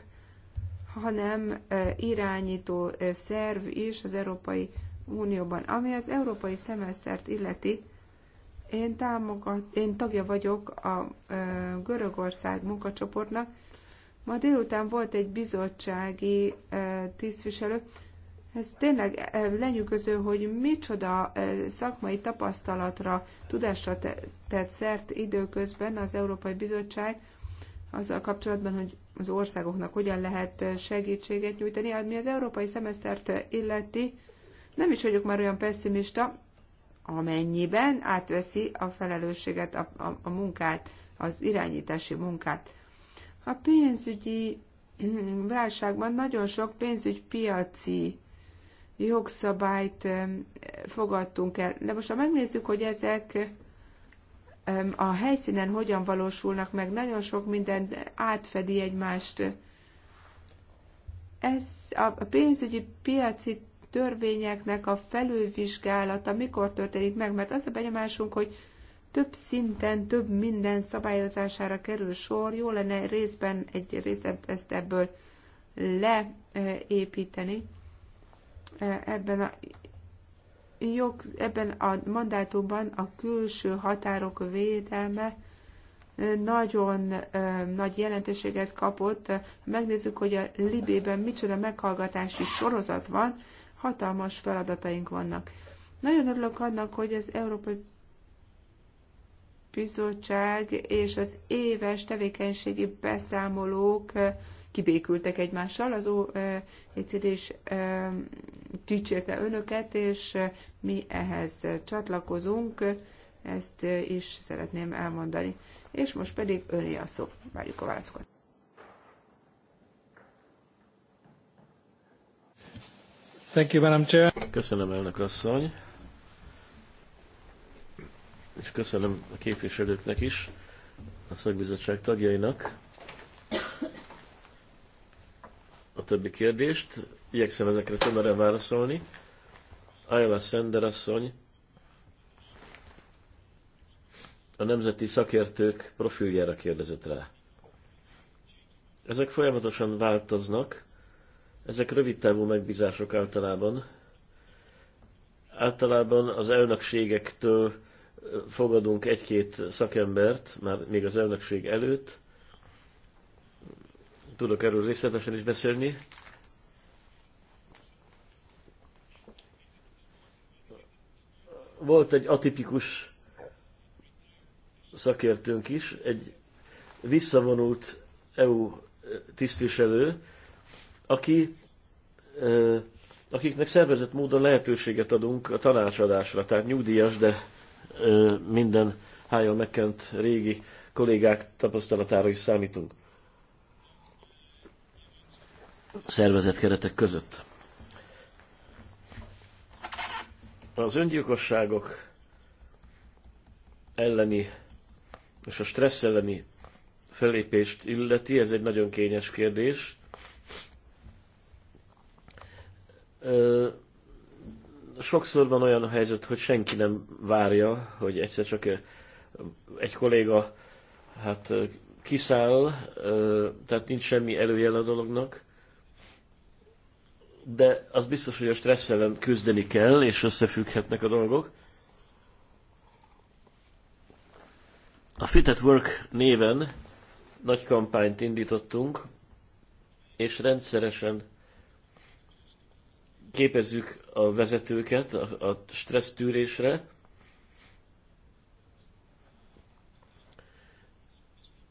hanem eh, irányító eh, szerv is az Európai Unióban. Ami az európai Szemeszert illeti, én, támogat, én tagja vagyok a Görögország munkacsoportnak. Ma délután volt egy bizottsági tisztviselő. Ez tényleg lenyűgöző, hogy micsoda szakmai tapasztalatra, tudásra tett szert időközben az Európai Bizottság azzal kapcsolatban, hogy az országoknak hogyan lehet segítséget nyújtani. ami hát, az európai szemesztert illeti, nem is vagyok már olyan pessimista, amennyiben átveszi a felelősséget, a, a, a munkát, az irányítási munkát. A pénzügyi válságban nagyon sok pénzügypiaci jogszabályt fogadtunk el. De most ha megnézzük, hogy ezek a helyszínen hogyan valósulnak meg, nagyon sok minden átfedi egymást. Ez a pénzügyi piaci törvényeknek a felülvizsgálata mikor történik meg, mert az a benyomásunk, hogy több szinten, több minden szabályozására kerül sor, jó lenne részben egy részlet ezt ebből leépíteni. Ebben a jog, ebben a mandátumban a külső határok védelme nagyon nagy jelentőséget kapott. Megnézzük, hogy a Libében micsoda meghallgatási sorozat van, hatalmas feladataink vannak. Nagyon örülök annak, hogy az Európai Bizottság és az éves tevékenységi beszámolók kibékültek egymással. Az OECD is dicsérte önöket, és mi ehhez csatlakozunk. Ezt is szeretném elmondani. És most pedig öné a szó. Várjuk a válaszokat. Thank you, Madam Chair. Köszönöm, elnök asszony. És köszönöm a képviselőknek is, a szakbizottság tagjainak a többi kérdést. Igyekszem ezekre tömören válaszolni. Ayala Sender asszony a nemzeti szakértők profiljára kérdezett rá. Ezek folyamatosan változnak, ezek rövid távú megbízások általában. Általában az elnökségektől fogadunk egy-két szakembert, már még az elnökség előtt. Tudok erről részletesen is beszélni. Volt egy atipikus szakértőnk is, egy visszavonult EU tisztviselő, aki, akiknek szervezett módon lehetőséget adunk a tanácsadásra, tehát nyugdíjas, de minden Hájon megkent régi kollégák tapasztalatára is számítunk. Szervezett keretek között. Az öngyilkosságok elleni és a stressz elleni fellépést illeti, ez egy nagyon kényes kérdés. sokszor van olyan a helyzet, hogy senki nem várja, hogy egyszer csak egy kolléga hát kiszáll, tehát nincs semmi előjel a dolognak, de az biztos, hogy a stressz ellen küzdeni kell, és összefügghetnek a dolgok. A Fit at Work néven nagy kampányt indítottunk, és rendszeresen képezzük a vezetőket a, a stressztűrésre,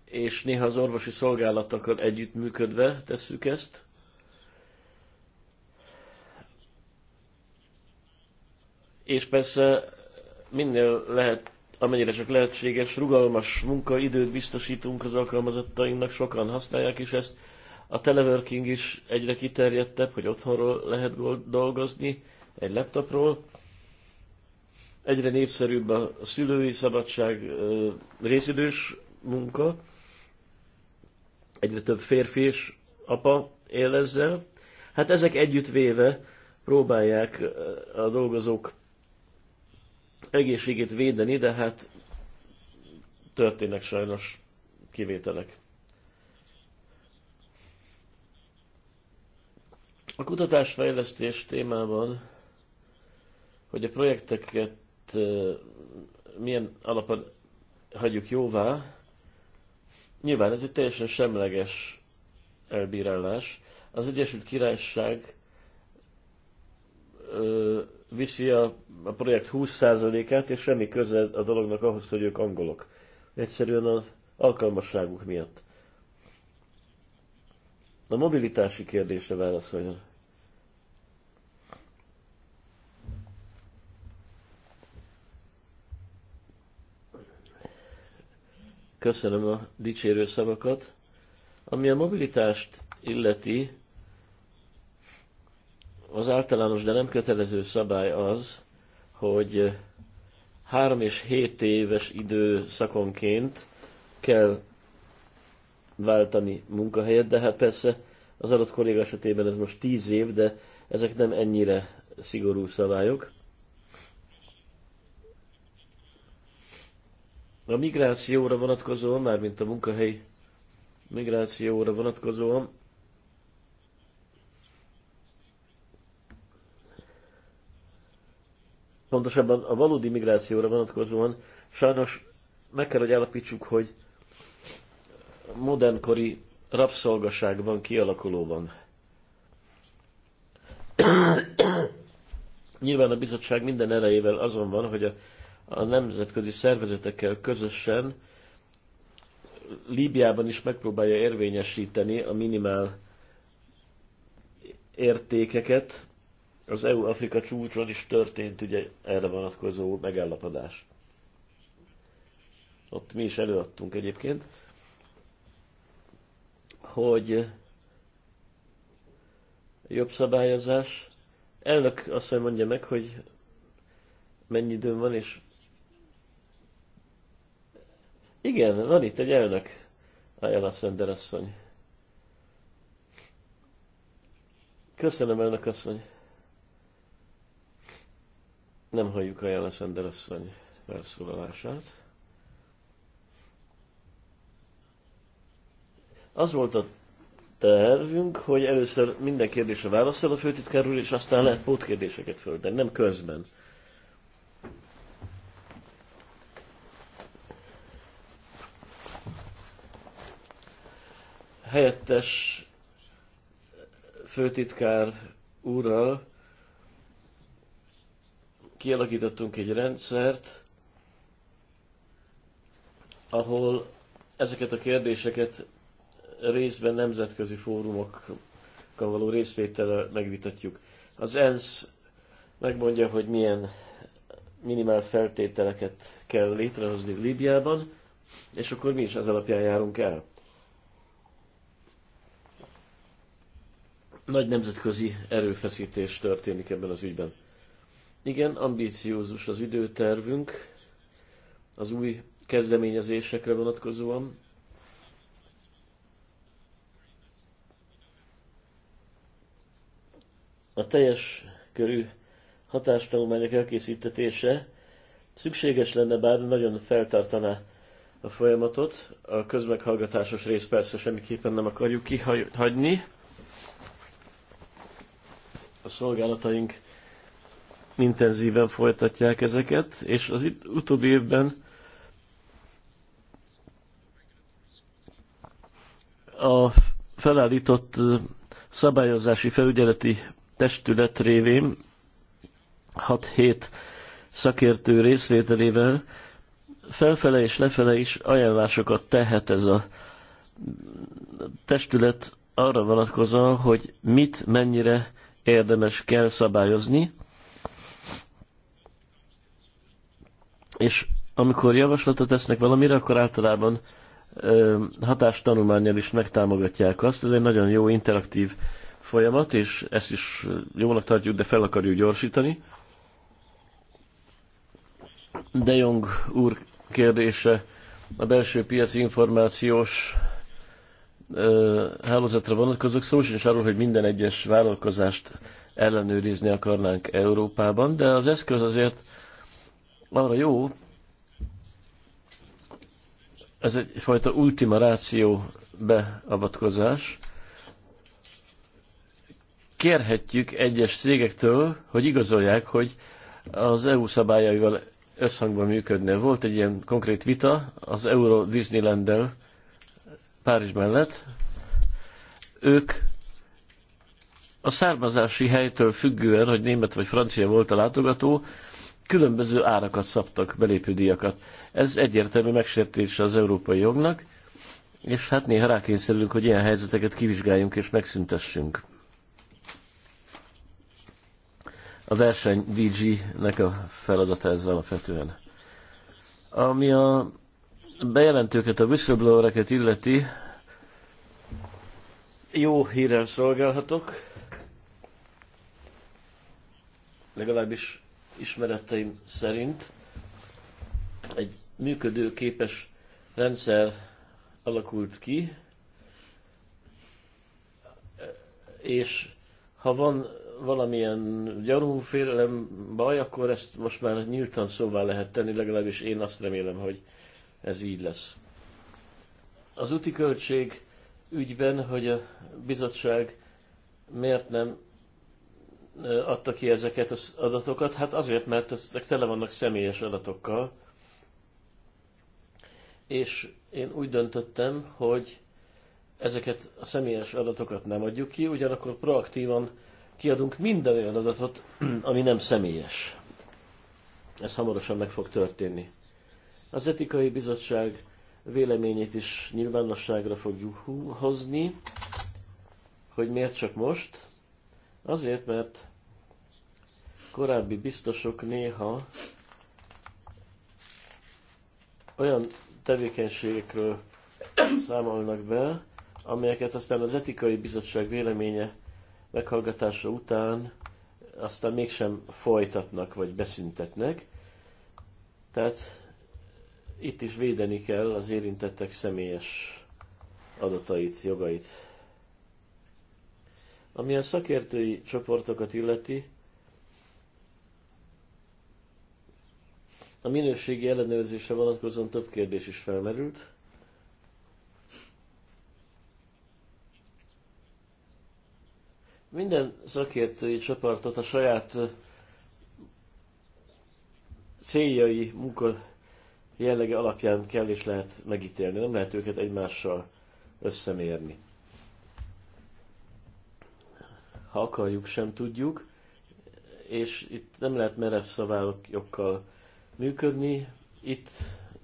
és néha az orvosi szolgálatokkal együttműködve tesszük ezt. És persze minél lehet, amennyire csak lehetséges, rugalmas munkaidőt biztosítunk az alkalmazottainknak, sokan használják is ezt, a teleworking is egyre kiterjedtebb, hogy otthonról lehet dolgozni, egy laptopról. Egyre népszerűbb a szülői szabadság, részidős munka. Egyre több férfi és apa él ezzel. Hát ezek együttvéve próbálják a dolgozók egészségét védeni, de hát történnek sajnos kivételek. A kutatásfejlesztés témában, hogy a projekteket milyen alapon hagyjuk jóvá, nyilván ez egy teljesen semleges elbírálás. Az Egyesült Királyság viszi a, a projekt 20%-át, és semmi köze a dolognak ahhoz, hogy ők angolok. Egyszerűen az alkalmasságuk miatt. A mobilitási kérdésre válaszoljon. Köszönöm a dicsérő szavakat. Ami a mobilitást illeti, az általános, de nem kötelező szabály az, hogy 3 és 7 éves időszakonként kell váltani munkahelyet, de hát persze az adott kolléga esetében ez most 10 év, de ezek nem ennyire szigorú szabályok. A migrációra vonatkozóan, mármint a munkahely migrációra vonatkozóan, pontosabban a valódi migrációra vonatkozóan sajnos meg kell, hogy állapítsuk, hogy modernkori rabszolgaságban van kialakulóban. Nyilván a bizottság minden erejével azon van, hogy a a nemzetközi szervezetekkel közösen Líbiában is megpróbálja érvényesíteni a minimál értékeket. Az EU-Afrika csúcson is történt ugye erre vonatkozó megállapodás. Ott mi is előadtunk egyébként, hogy jobb szabályozás. Elnök azt mondja meg, hogy mennyi időm van, és igen, van itt egy elnök, Ajala Szender asszony. Köszönöm, elnök asszony. Nem halljuk Ajala Szender asszony felszólalását. Az volt a tervünk, hogy először minden kérdésre válaszol a főtitkár úr, és aztán lehet pótkérdéseket de nem közben. helyettes főtitkár úrral kialakítottunk egy rendszert, ahol ezeket a kérdéseket részben nemzetközi fórumokkal való részvétellel megvitatjuk. Az ENSZ megmondja, hogy milyen minimál feltételeket kell létrehozni Líbiában, és akkor mi is az alapján járunk el. Nagy nemzetközi erőfeszítés történik ebben az ügyben. Igen, ambíciózus az időtervünk az új kezdeményezésekre vonatkozóan. A teljes körű hatástanulmányok elkészítetése szükséges lenne, bár nagyon feltartaná a folyamatot. A közmeghallgatásos rész persze semmiképpen nem akarjuk kihagyni szolgálataink intenzíven folytatják ezeket, és az itt utóbbi évben a felállított szabályozási felügyeleti testület révén 6-7 szakértő részvételével felfele és lefele is ajánlásokat tehet ez a testület arra vonatkozóan, hogy mit mennyire érdemes kell szabályozni, és amikor javaslatot tesznek valamire, akkor általában ö, hatástanulmányjal is megtámogatják azt. Ez egy nagyon jó interaktív folyamat, és ezt is jónak tartjuk, de fel akarjuk gyorsítani. De Jong úr kérdése a belső piaci információs hálózatra vonatkozók, szó sincs arról, hogy minden egyes vállalkozást ellenőrizni akarnánk Európában, de az eszköz azért arra jó, ez egyfajta ultima ráció beavatkozás. Kérhetjük egyes cégektől, hogy igazolják, hogy az EU szabályaival összhangban működne. Volt egy ilyen konkrét vita az Euro Disneyland-del Párizs mellett, ők a származási helytől függően, hogy német vagy francia volt a látogató, különböző árakat szabtak, belépődíjakat. Ez egyértelmű megsértése az európai jognak, és hát néha rákényszerülünk, hogy ilyen helyzeteket kivizsgáljunk és megszüntessünk. A verseny DG-nek a feladata ez fetően. Ami a bejelentőket, a whistleblowereket illeti, jó hírrel szolgálhatok. Legalábbis ismereteim szerint egy működő képes rendszer alakult ki, és ha van valamilyen gyanú, félelem, baj, akkor ezt most már nyíltan szóvá lehet tenni, legalábbis én azt remélem, hogy ez így lesz. Az úti költség ügyben, hogy a bizottság miért nem adta ki ezeket az adatokat? Hát azért, mert ezek tele vannak személyes adatokkal. És én úgy döntöttem, hogy ezeket a személyes adatokat nem adjuk ki, ugyanakkor proaktívan kiadunk minden olyan adatot, ami nem személyes. Ez hamarosan meg fog történni. Az etikai bizottság véleményét is nyilvánosságra fogjuk hozni, hogy miért csak most. Azért, mert korábbi biztosok néha olyan tevékenységekről számolnak be, amelyeket aztán az etikai bizottság véleménye meghallgatása után aztán mégsem folytatnak vagy beszüntetnek. Tehát itt is védeni kell az érintettek személyes adatait, jogait. Ami a szakértői csoportokat illeti, a minőségi ellenőrzésre vonatkozóan több kérdés is felmerült. Minden szakértői csoportot a saját céljai, munka jellege alapján kell és lehet megítélni, nem lehet őket egymással összemérni. Ha akarjuk, sem tudjuk, és itt nem lehet merev szabályokkal működni, itt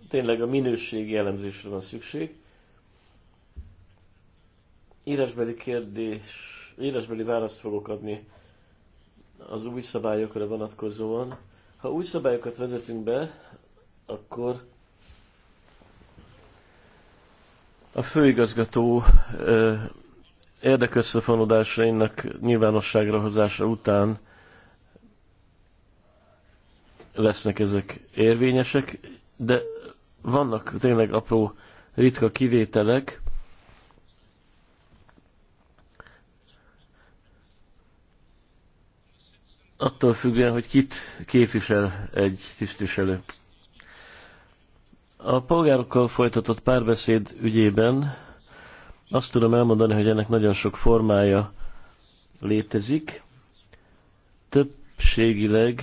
tényleg a minőségi elemzésre van szükség. Írásbeli kérdés, írásbeli választ fogok adni az új szabályokra vonatkozóan. Ha új szabályokat vezetünk be, akkor a főigazgató érdekösszefonódásainak nyilvánosságra hozása után lesznek ezek érvényesek, de vannak tényleg apró, ritka kivételek, attól függően, hogy kit képvisel egy tisztviselő. A polgárokkal folytatott párbeszéd ügyében azt tudom elmondani, hogy ennek nagyon sok formája létezik. Többségileg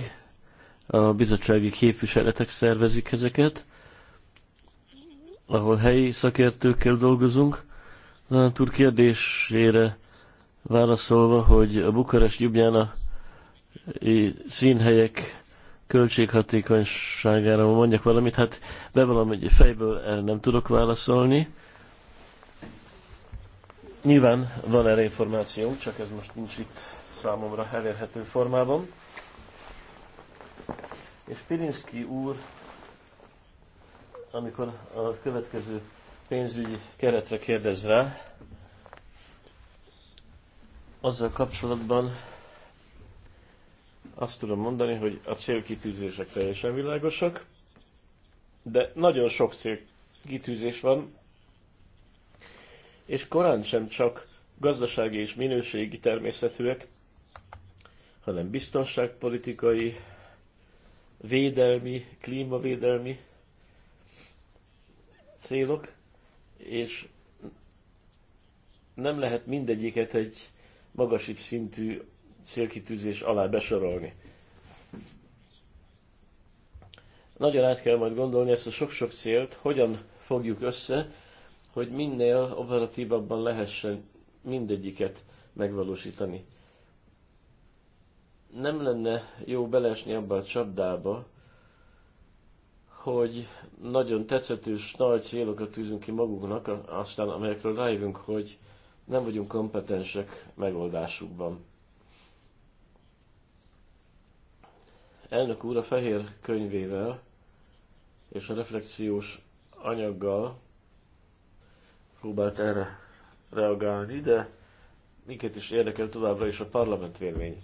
a bizottsági képviseletek szervezik ezeket, ahol helyi szakértőkkel dolgozunk. A túl kérdésére válaszolva, hogy a Bukarest a színhelyek költséghatékonyságára mondjak valamit, hát bevallom, hogy fejből erre nem tudok válaszolni. Nyilván van erre információ, csak ez most nincs itt számomra elérhető formában. És Pirinszki úr, amikor a következő pénzügyi keretre kérdez rá, azzal kapcsolatban azt tudom mondani, hogy a célkitűzések teljesen világosak, de nagyon sok célkitűzés van, és korán sem csak gazdasági és minőségi természetűek, hanem biztonságpolitikai, védelmi, klímavédelmi célok, és nem lehet mindegyiket egy magasabb szintű célkitűzés alá besorolni. Nagyon át kell majd gondolni ezt a sok-sok célt, hogyan fogjuk össze, hogy minél operatívabban lehessen mindegyiket megvalósítani. Nem lenne jó belesni abba a csapdába, hogy nagyon tetszetős nagy célokat tűzünk ki magunknak, aztán amelyekről rájövünk, hogy nem vagyunk kompetensek megoldásukban. elnök úr a fehér könyvével és a reflexiós anyaggal próbált erre reagálni, de minket is érdekel továbbra is a parlament vélemény.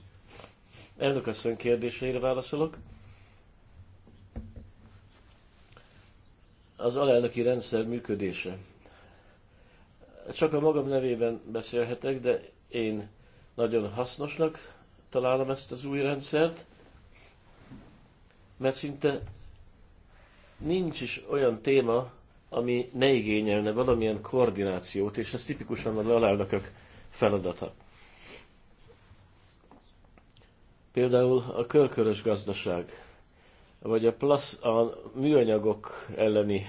Elnök asszony kérdéseire válaszolok. Az alelnöki rendszer működése. Csak a magam nevében beszélhetek, de én nagyon hasznosnak találom ezt az új rendszert mert szinte nincs is olyan téma, ami ne igényelne valamilyen koordinációt, és ez tipikusan az alelnökök feladata. Például a körkörös gazdaság, vagy a, plusz a műanyagok elleni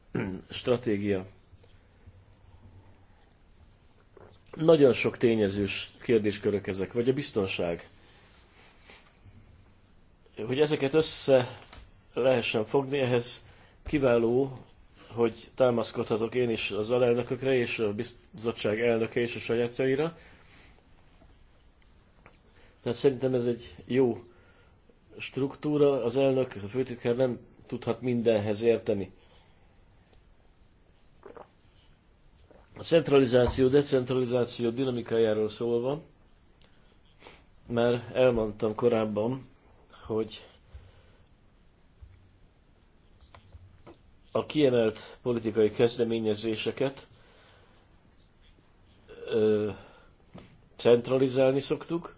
stratégia. Nagyon sok tényezős kérdéskörök ezek, vagy a biztonság. Hogy ezeket össze lehessen fogni, ehhez kiváló, hogy támaszkodhatok én is az alelnökökre és a bizottság elnöke és a sajátjaira. Tehát szerintem ez egy jó struktúra, az elnök, a főtitkár nem tudhat mindenhez érteni. A centralizáció, decentralizáció dinamikájáról szólva, mert elmondtam korábban, hogy a kiemelt politikai kezdeményezéseket ö, centralizálni szoktuk,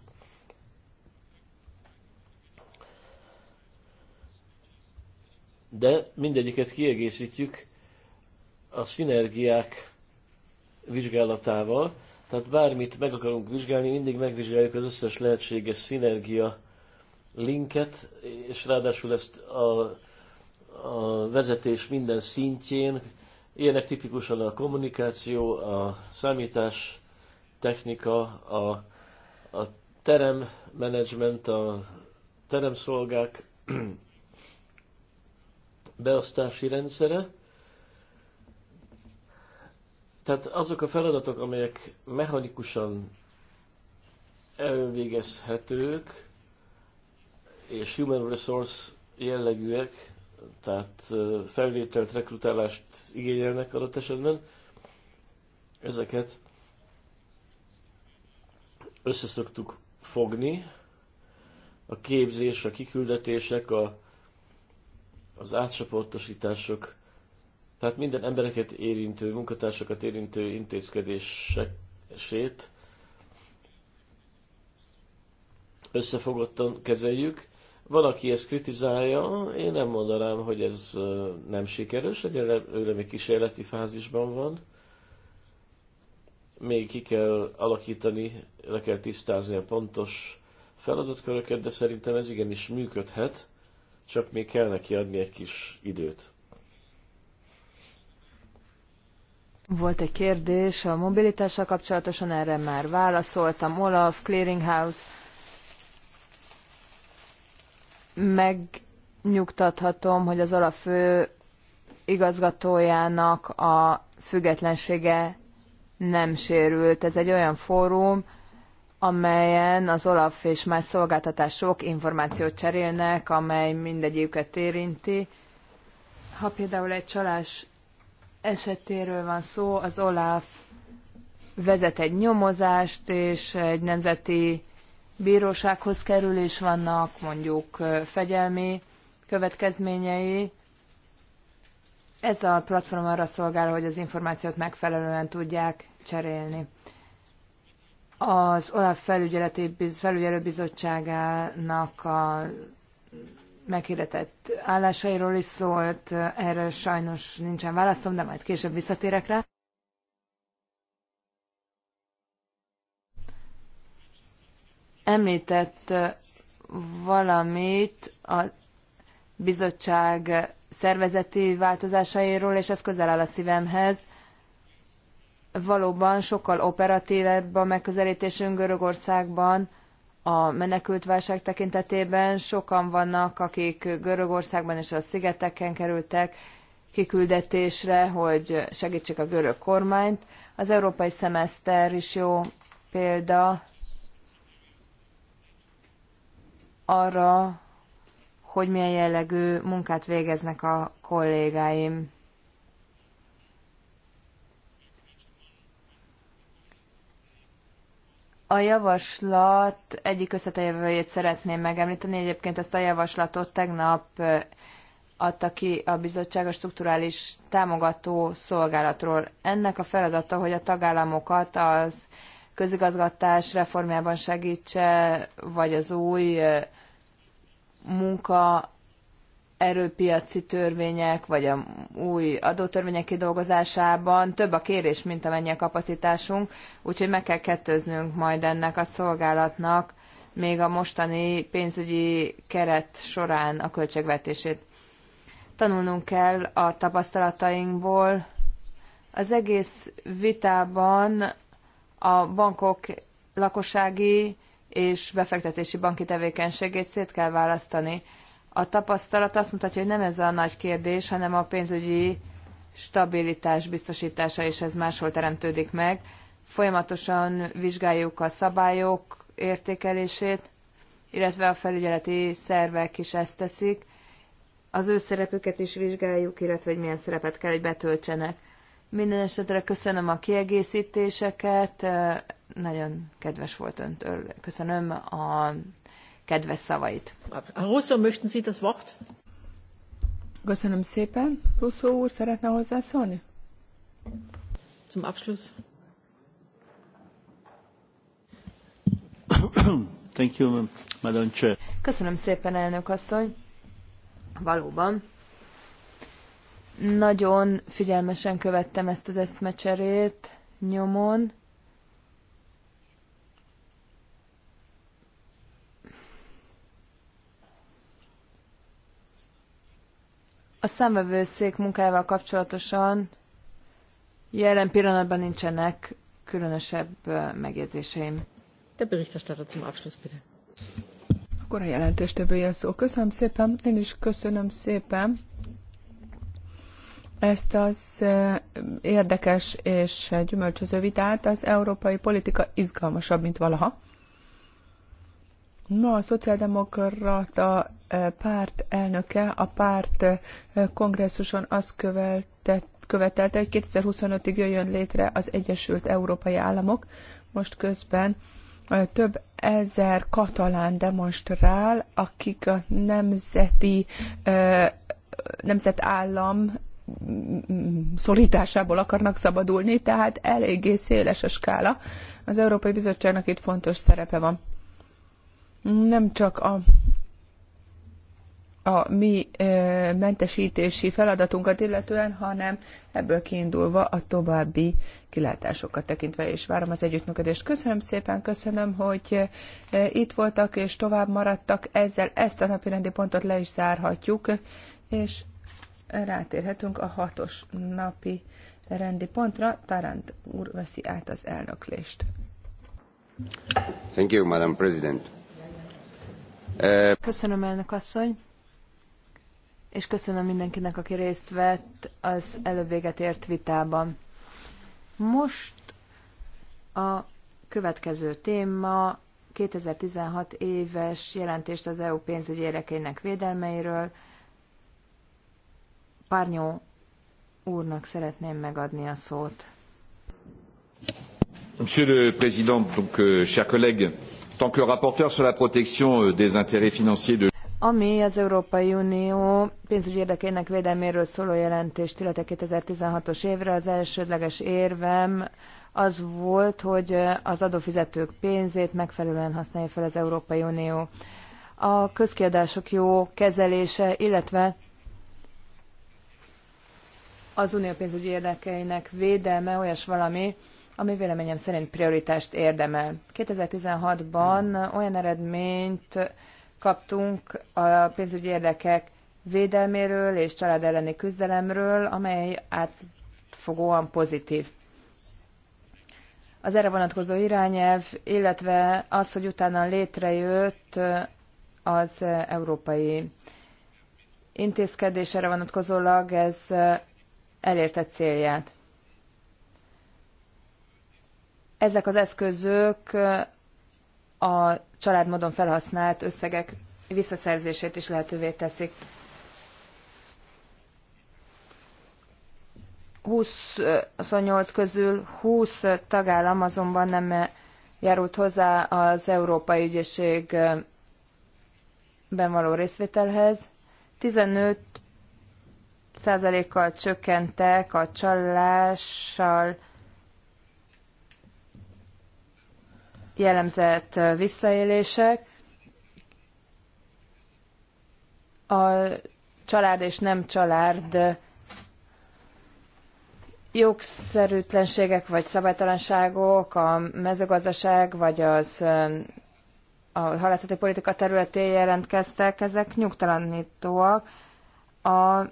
de mindegyiket kiegészítjük a szinergiák vizsgálatával, tehát bármit meg akarunk vizsgálni, mindig megvizsgáljuk az összes lehetséges szinergia linket, és ráadásul ezt a, a vezetés minden szintjén, ilyenek tipikusan a kommunikáció, a számítás, technika, a, a terem menedzsment, a teremszolgák beosztási rendszere. Tehát azok a feladatok, amelyek mechanikusan elvégezhetők, és human resource jellegűek, tehát felvételt, rekrutálást igényelnek adott esetben, ezeket összeszoktuk fogni. A képzés, a kiküldetések, a, az átcsoportosítások, tehát minden embereket érintő, munkatársakat érintő intézkedését összefogottan kezeljük, valaki ezt kritizálja, én nem mondanám, hogy ez nem sikeres, egyelőre még kísérleti fázisban van. Még ki kell alakítani, le kell tisztázni a pontos feladatköröket, de szerintem ez igenis működhet, csak még kell neki adni egy kis időt. Volt egy kérdés a mobilitással kapcsolatosan, erre már válaszoltam. Olaf, Clearinghouse, megnyugtathatom, hogy az alapfő igazgatójának a függetlensége nem sérült. Ez egy olyan fórum, amelyen az OLAF és más szolgáltatások információt cserélnek, amely mindegyiküket érinti. Ha például egy csalás esetéről van szó, az OLAF vezet egy nyomozást, és egy nemzeti bírósághoz kerül, és vannak mondjuk fegyelmi következményei. Ez a platform arra szolgál, hogy az információt megfelelően tudják cserélni. Az OLAF felügyeleti felügyelőbizottságának a meghirdetett állásairól is szólt, erre sajnos nincsen válaszom, de majd később visszatérek rá. említett valamit a bizottság szervezeti változásairól, és ez közel áll a szívemhez. Valóban sokkal operatívebb a megközelítésünk Görögországban, a menekültválság tekintetében sokan vannak, akik Görögországban és a szigeteken kerültek kiküldetésre, hogy segítsék a görög kormányt. Az európai szemeszter is jó példa arra, hogy milyen jellegű munkát végeznek a kollégáim. A javaslat egyik összetevőjét szeretném megemlíteni. Egyébként ezt a javaslatot tegnap adta ki a bizottság a strukturális támogató szolgálatról. Ennek a feladata, hogy a tagállamokat az közigazgatás reformjában segítse, vagy az új munka erőpiaci törvények, vagy a új adótörvények kidolgozásában több a kérés, mint amennyi a kapacitásunk, úgyhogy meg kell kettőznünk majd ennek a szolgálatnak még a mostani pénzügyi keret során a költségvetését. Tanulnunk kell a tapasztalatainkból. Az egész vitában a bankok lakossági és befektetési banki tevékenységét szét kell választani. A tapasztalat azt mutatja, hogy nem ez a nagy kérdés, hanem a pénzügyi stabilitás biztosítása, és ez máshol teremtődik meg. Folyamatosan vizsgáljuk a szabályok értékelését, illetve a felügyeleti szervek is ezt teszik. Az ő szerepüket is vizsgáljuk, illetve hogy milyen szerepet kell, hogy betöltsenek. Minden esetre köszönöm a kiegészítéseket, nagyon kedves volt öntől. Köszönöm a kedves szavait. Russo, möchten Sie das Wort? Köszönöm szépen. Russo úr szeretne hozzászólni? Zum Abschluss. Thank you, Madam Chair. Köszönöm szépen, elnök asszony. Valóban, nagyon figyelmesen követtem ezt az eszmecserét nyomon. A számvevőszék munkájával kapcsolatosan jelen pillanatban nincsenek különösebb megjegyzéseim. De Berichterstatter zum Abschluss bitte. Akkor a jelentéstevője szó. Köszönöm szépen, én is köszönöm szépen ezt az érdekes és gyümölcsöző vitát. Az európai politika izgalmasabb, mint valaha. Ma a szociáldemokrata párt elnöke a párt kongresszuson azt követelte, hogy 2025-ig jöjjön létre az Egyesült Európai Államok. Most közben több ezer katalán demonstrál, akik a nemzeti nemzetállam szorításából akarnak szabadulni, tehát eléggé széles a skála. Az Európai Bizottságnak itt fontos szerepe van. Nem csak a a mi e, mentesítési feladatunkat illetően, hanem ebből kiindulva a további kilátásokat tekintve, és várom az együttműködést. Köszönöm szépen, köszönöm, hogy itt voltak és tovább maradtak. Ezzel ezt a napi rendi pontot le is zárhatjuk, és rátérhetünk a hatos napi rendi pontra. Tarant úr veszi át az elnöklést. Thank you, Madam President. Eh, köszönöm, elnök asszony, és köszönöm mindenkinek, aki részt vett az előbb véget ért vitában. Most a következő téma 2016 éves jelentést az EU pénzügyi érdekeinek védelmeiről, Párnyó úrnak szeretném megadni a szót. Monsieur le Président, donc, euh, chers collègues, tant que rapporteur sur la protection euh, des intérêts financiers de ami az Európai Unió pénzügyi érdekének védelméről szóló jelentést illetve 2016-os évre, az elsődleges érvem az volt, hogy az adófizetők pénzét megfelelően használja fel az Európai Unió. A közkiadások jó kezelése, illetve az unió pénzügyi érdekeinek védelme olyas valami, ami véleményem szerint prioritást érdemel. 2016-ban olyan eredményt kaptunk a pénzügyi érdekek védelméről és család elleni küzdelemről, amely átfogóan pozitív. Az erre vonatkozó irányelv, illetve az, hogy utána létrejött az európai intézkedés erre vonatkozólag, ez elérte célját. Ezek az eszközök a családmódon felhasznált összegek visszaszerzését is lehetővé teszik. 28 közül 20 tagállam azonban nem járult hozzá az Európai Ügyészségben való részvételhez. 15 százalékkal csökkentek a csalással jellemzett visszaélések. A család és nem család jogszerűtlenségek vagy szabálytalanságok a mezőgazdaság vagy az a halászati politika területén jelentkeztek, ezek nyugtalanítóak. A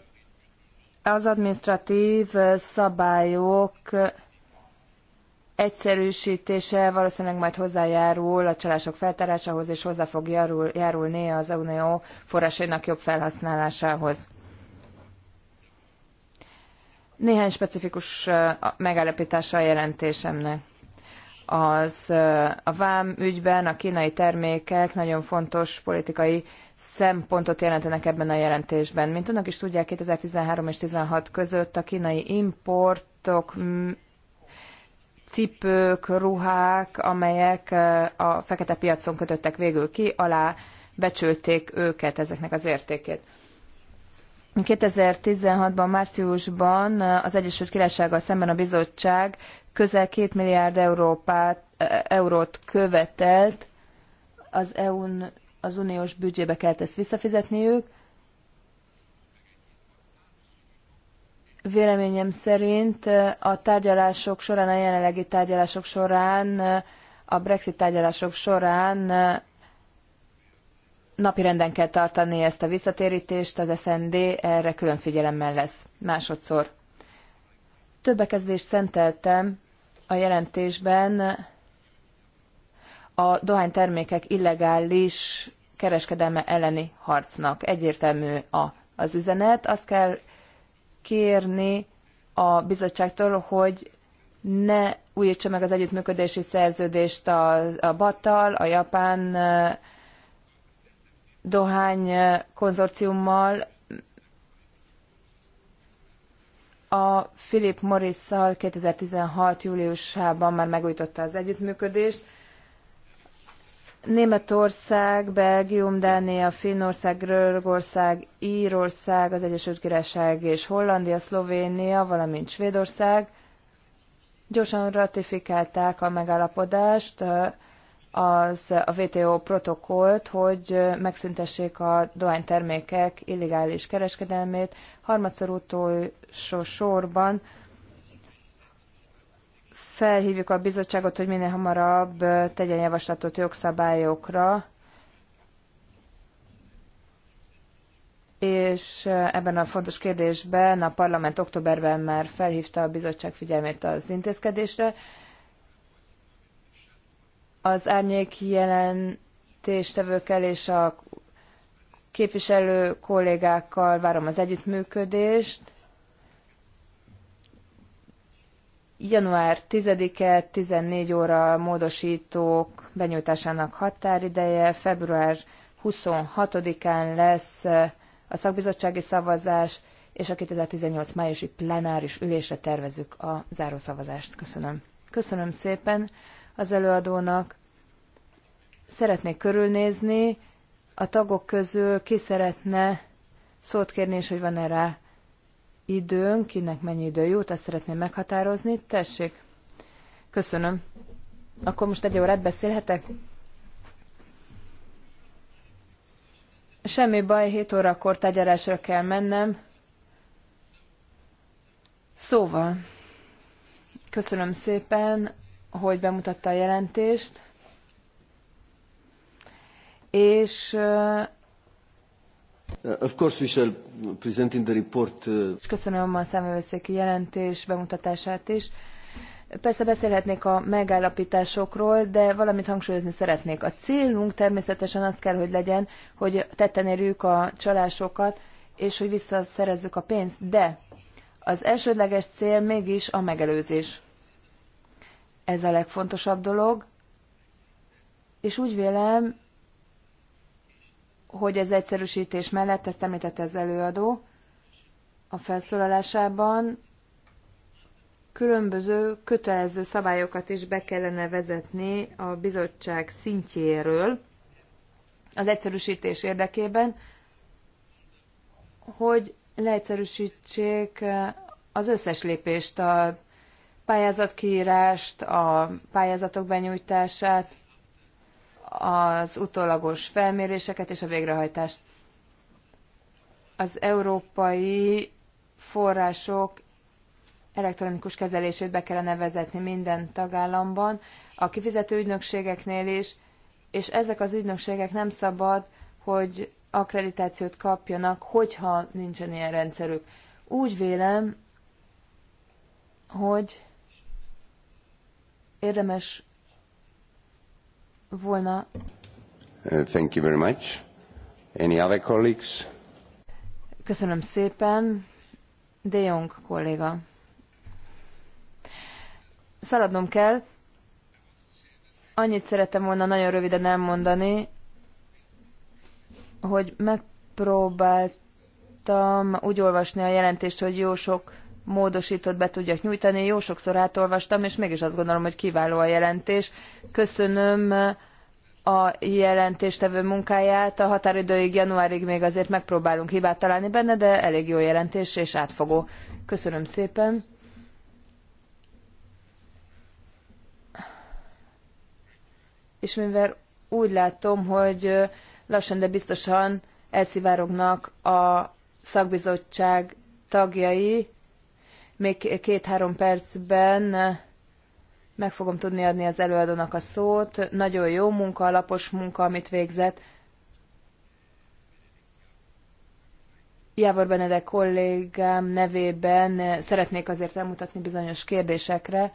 az administratív szabályok egyszerűsítése valószínűleg majd hozzájárul a csalások feltárásához, és hozzá fog járul, járulni az unió forrásainak jobb felhasználásához. Néhány specifikus megállapítása a jelentésemnek. Az a vám ügyben a kínai termékek nagyon fontos politikai szempontot jelentenek ebben a jelentésben. Mint önök is tudják, 2013 és 2016 között a kínai importok cipők, ruhák, amelyek a fekete piacon kötöttek végül ki, alá becsülték őket, ezeknek az értékét. 2016-ban, márciusban az Egyesült Királysággal szemben a bizottság közel 2 milliárd európát, eurót követelt az EU-n az uniós büdzsébe kell ezt visszafizetniük. Véleményem szerint a tárgyalások során, a jelenlegi tárgyalások során, a Brexit tárgyalások során napirenden kell tartani ezt a visszatérítést, az SND erre külön figyelemmel lesz. Másodszor. Több bekezdést szenteltem a jelentésben a dohánytermékek illegális kereskedelme elleni harcnak. Egyértelmű a, az üzenet. Azt kell kérni a bizottságtól, hogy ne újítsa meg az együttműködési szerződést a, a Battal, a Japán dohány konzorciummal, a Philip Morris-szal 2016. júliusában már megújtotta az együttműködést, Németország, Belgium, Dánia, Finnország, Görögország, Írország, az Egyesült Királyság és Hollandia, Szlovénia, valamint Svédország gyorsan ratifikálták a megállapodást, az, a WTO protokollt, hogy megszüntessék a dohánytermékek illegális kereskedelmét. Harmadszor utolsó sorban felhívjuk a bizottságot, hogy minél hamarabb tegyen javaslatot jogszabályokra, és ebben a fontos kérdésben a parlament októberben már felhívta a bizottság figyelmét az intézkedésre. Az árnyék jelentéstevőkkel és a képviselő kollégákkal várom az együttműködést Január 10-e 14 óra módosítók benyújtásának határideje, február 26-án lesz a szakbizottsági szavazás, és a 2018 májusi plenáris ülésre tervezük a zárószavazást. Köszönöm. Köszönöm szépen az előadónak. Szeretnék körülnézni, a tagok közül ki szeretne szót kérni, és hogy van-e rá időn, kinek mennyi idő jut, ezt szeretném meghatározni. Tessék. Köszönöm. Akkor most egy órát beszélhetek? Semmi baj, 7 órakor tegyelásra kell mennem. Szóval, köszönöm szépen, hogy bemutatta a jelentést, és Uh, of course we shall present in the report. Uh, és köszönöm a számövőszéki jelentés bemutatását is. Persze beszélhetnék a megállapításokról, de valamit hangsúlyozni szeretnék. A célunk természetesen az kell, hogy legyen, hogy tetten érjük a csalásokat, és hogy visszaszerezzük a pénzt, de az elsődleges cél mégis a megelőzés. Ez a legfontosabb dolog, és úgy vélem, hogy ez egyszerűsítés mellett, ezt említette az előadó a felszólalásában, különböző kötelező szabályokat is be kellene vezetni a bizottság szintjéről az egyszerűsítés érdekében, hogy leegyszerűsítsék az összes lépést, a pályázatkiírást, a pályázatok benyújtását, az utólagos felméréseket és a végrehajtást. Az európai források elektronikus kezelését be kellene vezetni minden tagállamban, a kifizető ügynökségeknél is, és ezek az ügynökségek nem szabad, hogy akkreditációt kapjanak, hogyha nincsen ilyen rendszerük. Úgy vélem, hogy érdemes volna. Uh, thank you very much. Any other colleagues? Köszönöm szépen. De Jong kolléga. Szaladnom kell. Annyit szerettem volna nagyon röviden elmondani, hogy megpróbáltam úgy olvasni a jelentést, hogy jó sok módosított be tudjak nyújtani. Jó sokszor átolvastam, és mégis azt gondolom, hogy kiváló a jelentés. Köszönöm a jelentéstevő munkáját. A határidőig januárig még azért megpróbálunk hibát találni benne, de elég jó jelentés és átfogó. Köszönöm szépen. És mivel úgy látom, hogy lassan, de biztosan elszivárognak a szakbizottság tagjai, még két-három percben eh, meg fogom tudni adni az előadónak a szót. Nagyon jó munka, alapos munka, amit végzett. Jávor Benedek kollégám nevében eh, szeretnék azért elmutatni bizonyos kérdésekre,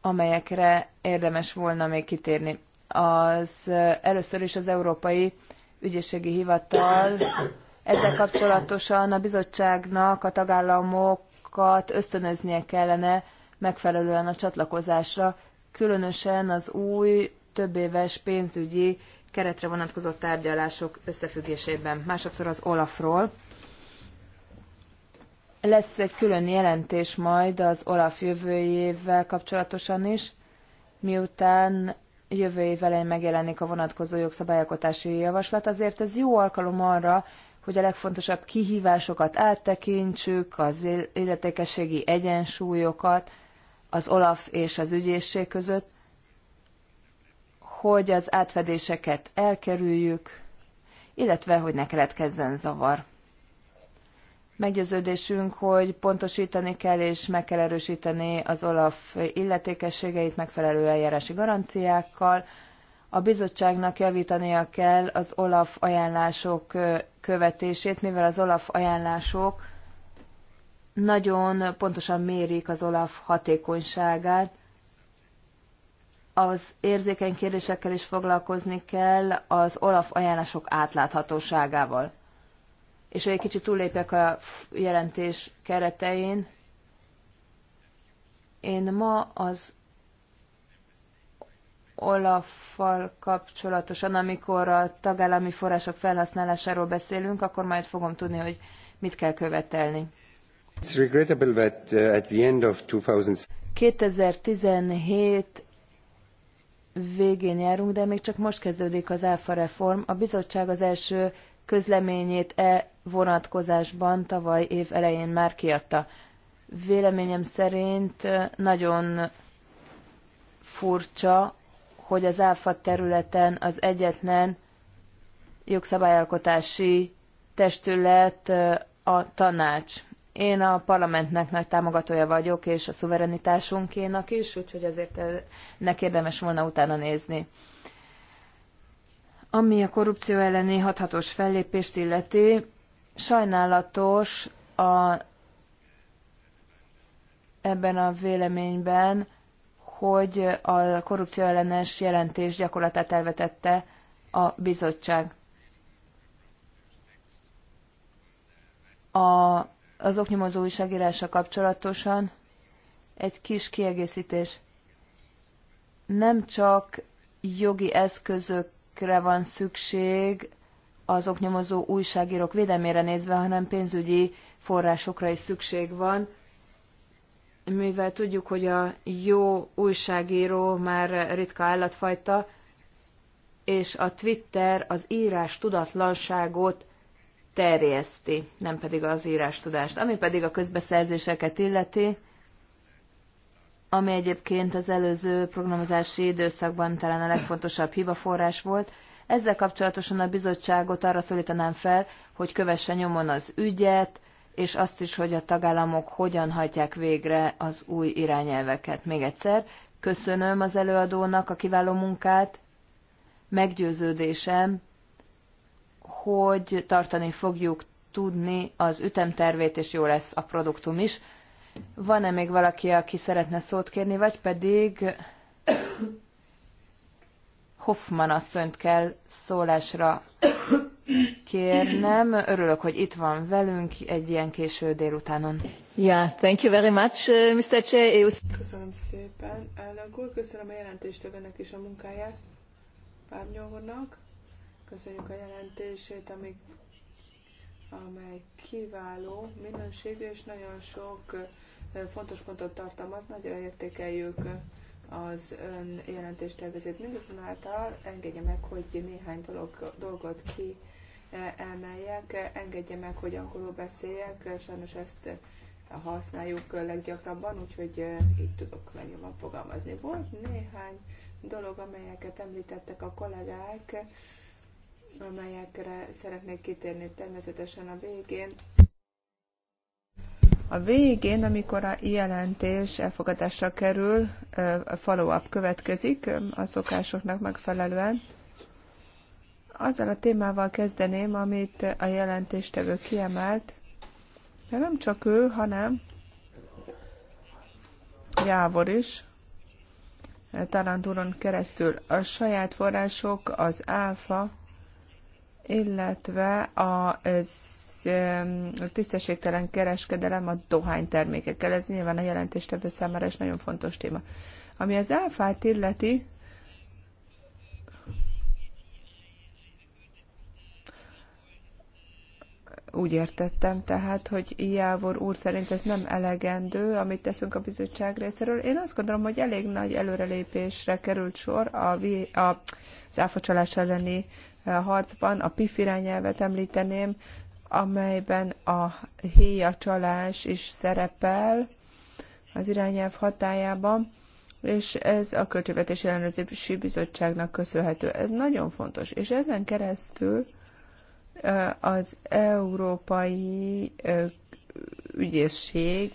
amelyekre érdemes volna még kitérni. Az eh, először is az Európai Ügyészségi Hivatal ezzel kapcsolatosan a bizottságnak a tagállamok országokat ösztönöznie kellene megfelelően a csatlakozásra, különösen az új többéves pénzügyi keretre vonatkozó tárgyalások összefüggésében. Másodszor az Olafról. Lesz egy külön jelentés majd az Olaf jövőjével kapcsolatosan is, miután jövő év elején megjelenik a vonatkozó jogszabályalkotási javaslat, azért ez jó alkalom arra, hogy a legfontosabb kihívásokat áttekintsük, az illetékességi egyensúlyokat az OLAF és az ügyészség között, hogy az átfedéseket elkerüljük, illetve hogy ne keletkezzen zavar. Meggyőződésünk, hogy pontosítani kell és meg kell erősíteni az OLAF illetékességeit megfelelő eljárási garanciákkal, a bizottságnak javítania kell az OLAF ajánlások követését, mivel az OLAF ajánlások nagyon pontosan mérik az OLAF hatékonyságát. Az érzékeny kérdésekkel is foglalkozni kell az OLAF ajánlások átláthatóságával. És hogy egy kicsit túllépjek a jelentés keretein, én ma az Olaffal kapcsolatosan, amikor a tagállami források felhasználásáról beszélünk, akkor majd fogom tudni, hogy mit kell követelni. 2017 uh, végén járunk, de még csak most kezdődik az áfa reform. A bizottság az első közleményét e vonatkozásban tavaly év elején már kiadta. Véleményem szerint uh, nagyon furcsa hogy az áfa területen az egyetlen jogszabályalkotási testület a tanács. Én a parlamentnek nagy támogatója vagyok, és a szuverenitásunkénak is, úgyhogy ezért ennek érdemes volna utána nézni. Ami a korrupció elleni hathatós fellépést illeti, sajnálatos a, ebben a véleményben hogy a korrupció ellenes jelentés gyakorlatát elvetette a bizottság. A, az oknyomozó újságírása kapcsolatosan egy kis kiegészítés. Nem csak jogi eszközökre van szükség az oknyomozó újságírók védelmére nézve, hanem pénzügyi forrásokra is szükség van, mivel tudjuk, hogy a jó újságíró már ritka állatfajta, és a Twitter az írás tudatlanságot terjeszti, nem pedig az írás tudást. Ami pedig a közbeszerzéseket illeti, ami egyébként az előző programozási időszakban talán a legfontosabb hibaforrás volt, ezzel kapcsolatosan a bizottságot arra szólítanám fel, hogy kövesse nyomon az ügyet, és azt is, hogy a tagállamok hogyan hajtják végre az új irányelveket. Még egyszer, köszönöm az előadónak a kiváló munkát, meggyőződésem, hogy tartani fogjuk tudni az ütemtervét, és jó lesz a produktum is. Van-e még valaki, aki szeretne szót kérni, vagy pedig Hoffman asszonyt kell szólásra kérnem. Örülök, hogy itt van velünk egy ilyen késő délutánon. Yeah, thank you very much, uh, Mr. Che. Köszönöm szépen, elnök úr. Köszönöm a jelentéstevőnek is a munkáját, Párnyolvonnak. Köszönjük a jelentését, amik, amely kiváló minőségű és nagyon sok uh, fontos pontot tartalmaz. Nagyra értékeljük uh, az ön jelentéstervezét mindazonáltal engedje meg, hogy néhány dolog, dolgot ki emeljek. Engedje meg, hogy angolul beszéljek, sajnos ezt használjuk leggyakrabban, úgyhogy eh, így tudok legjobban fogalmazni. Volt néhány dolog, amelyeket említettek a kollégák, amelyekre szeretnék kitérni természetesen a végén. A végén, amikor a jelentés elfogadásra kerül, eh, a follow-up következik eh, a szokásoknak megfelelően azzal a témával kezdeném, amit a jelentéstevő kiemelt, de nem csak ő, hanem Jávor is, Taranturon keresztül a saját források, az áfa, illetve a tisztességtelen kereskedelem a dohánytermékekkel. Ez nyilván a jelentéstevő számára is nagyon fontos téma. Ami az áfát illeti, Úgy értettem tehát, hogy Jávor úr szerint ez nem elegendő, amit teszünk a bizottság részéről. Én azt gondolom, hogy elég nagy előrelépésre került sor a, a, az áfacsalás elleni eh, harcban. A PIF irányelvet említeném, amelyben a csalás is szerepel az irányelv hatájában és ez a Költségvetési Ellenőrzési Bizottságnak köszönhető. Ez nagyon fontos, és ezen keresztül az Európai Ügyészség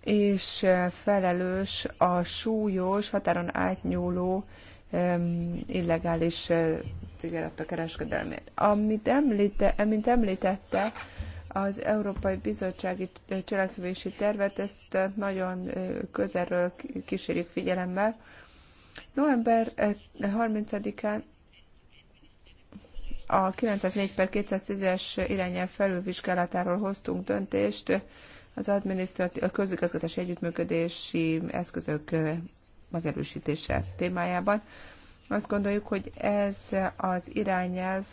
és felelős a súlyos, határon átnyúló illegális cigarettakereskedelmért. Amit, említe, amit említette, az Európai Bizottsági Cselekvési Tervet, ezt nagyon közelről kísérjük figyelemmel. November 30-án a 904 per 210-es irányel felülvizsgálatáról hoztunk döntést az adminisztratív, a közigazgatási együttműködési eszközök megerősítése témájában. Azt gondoljuk, hogy ez az irányelv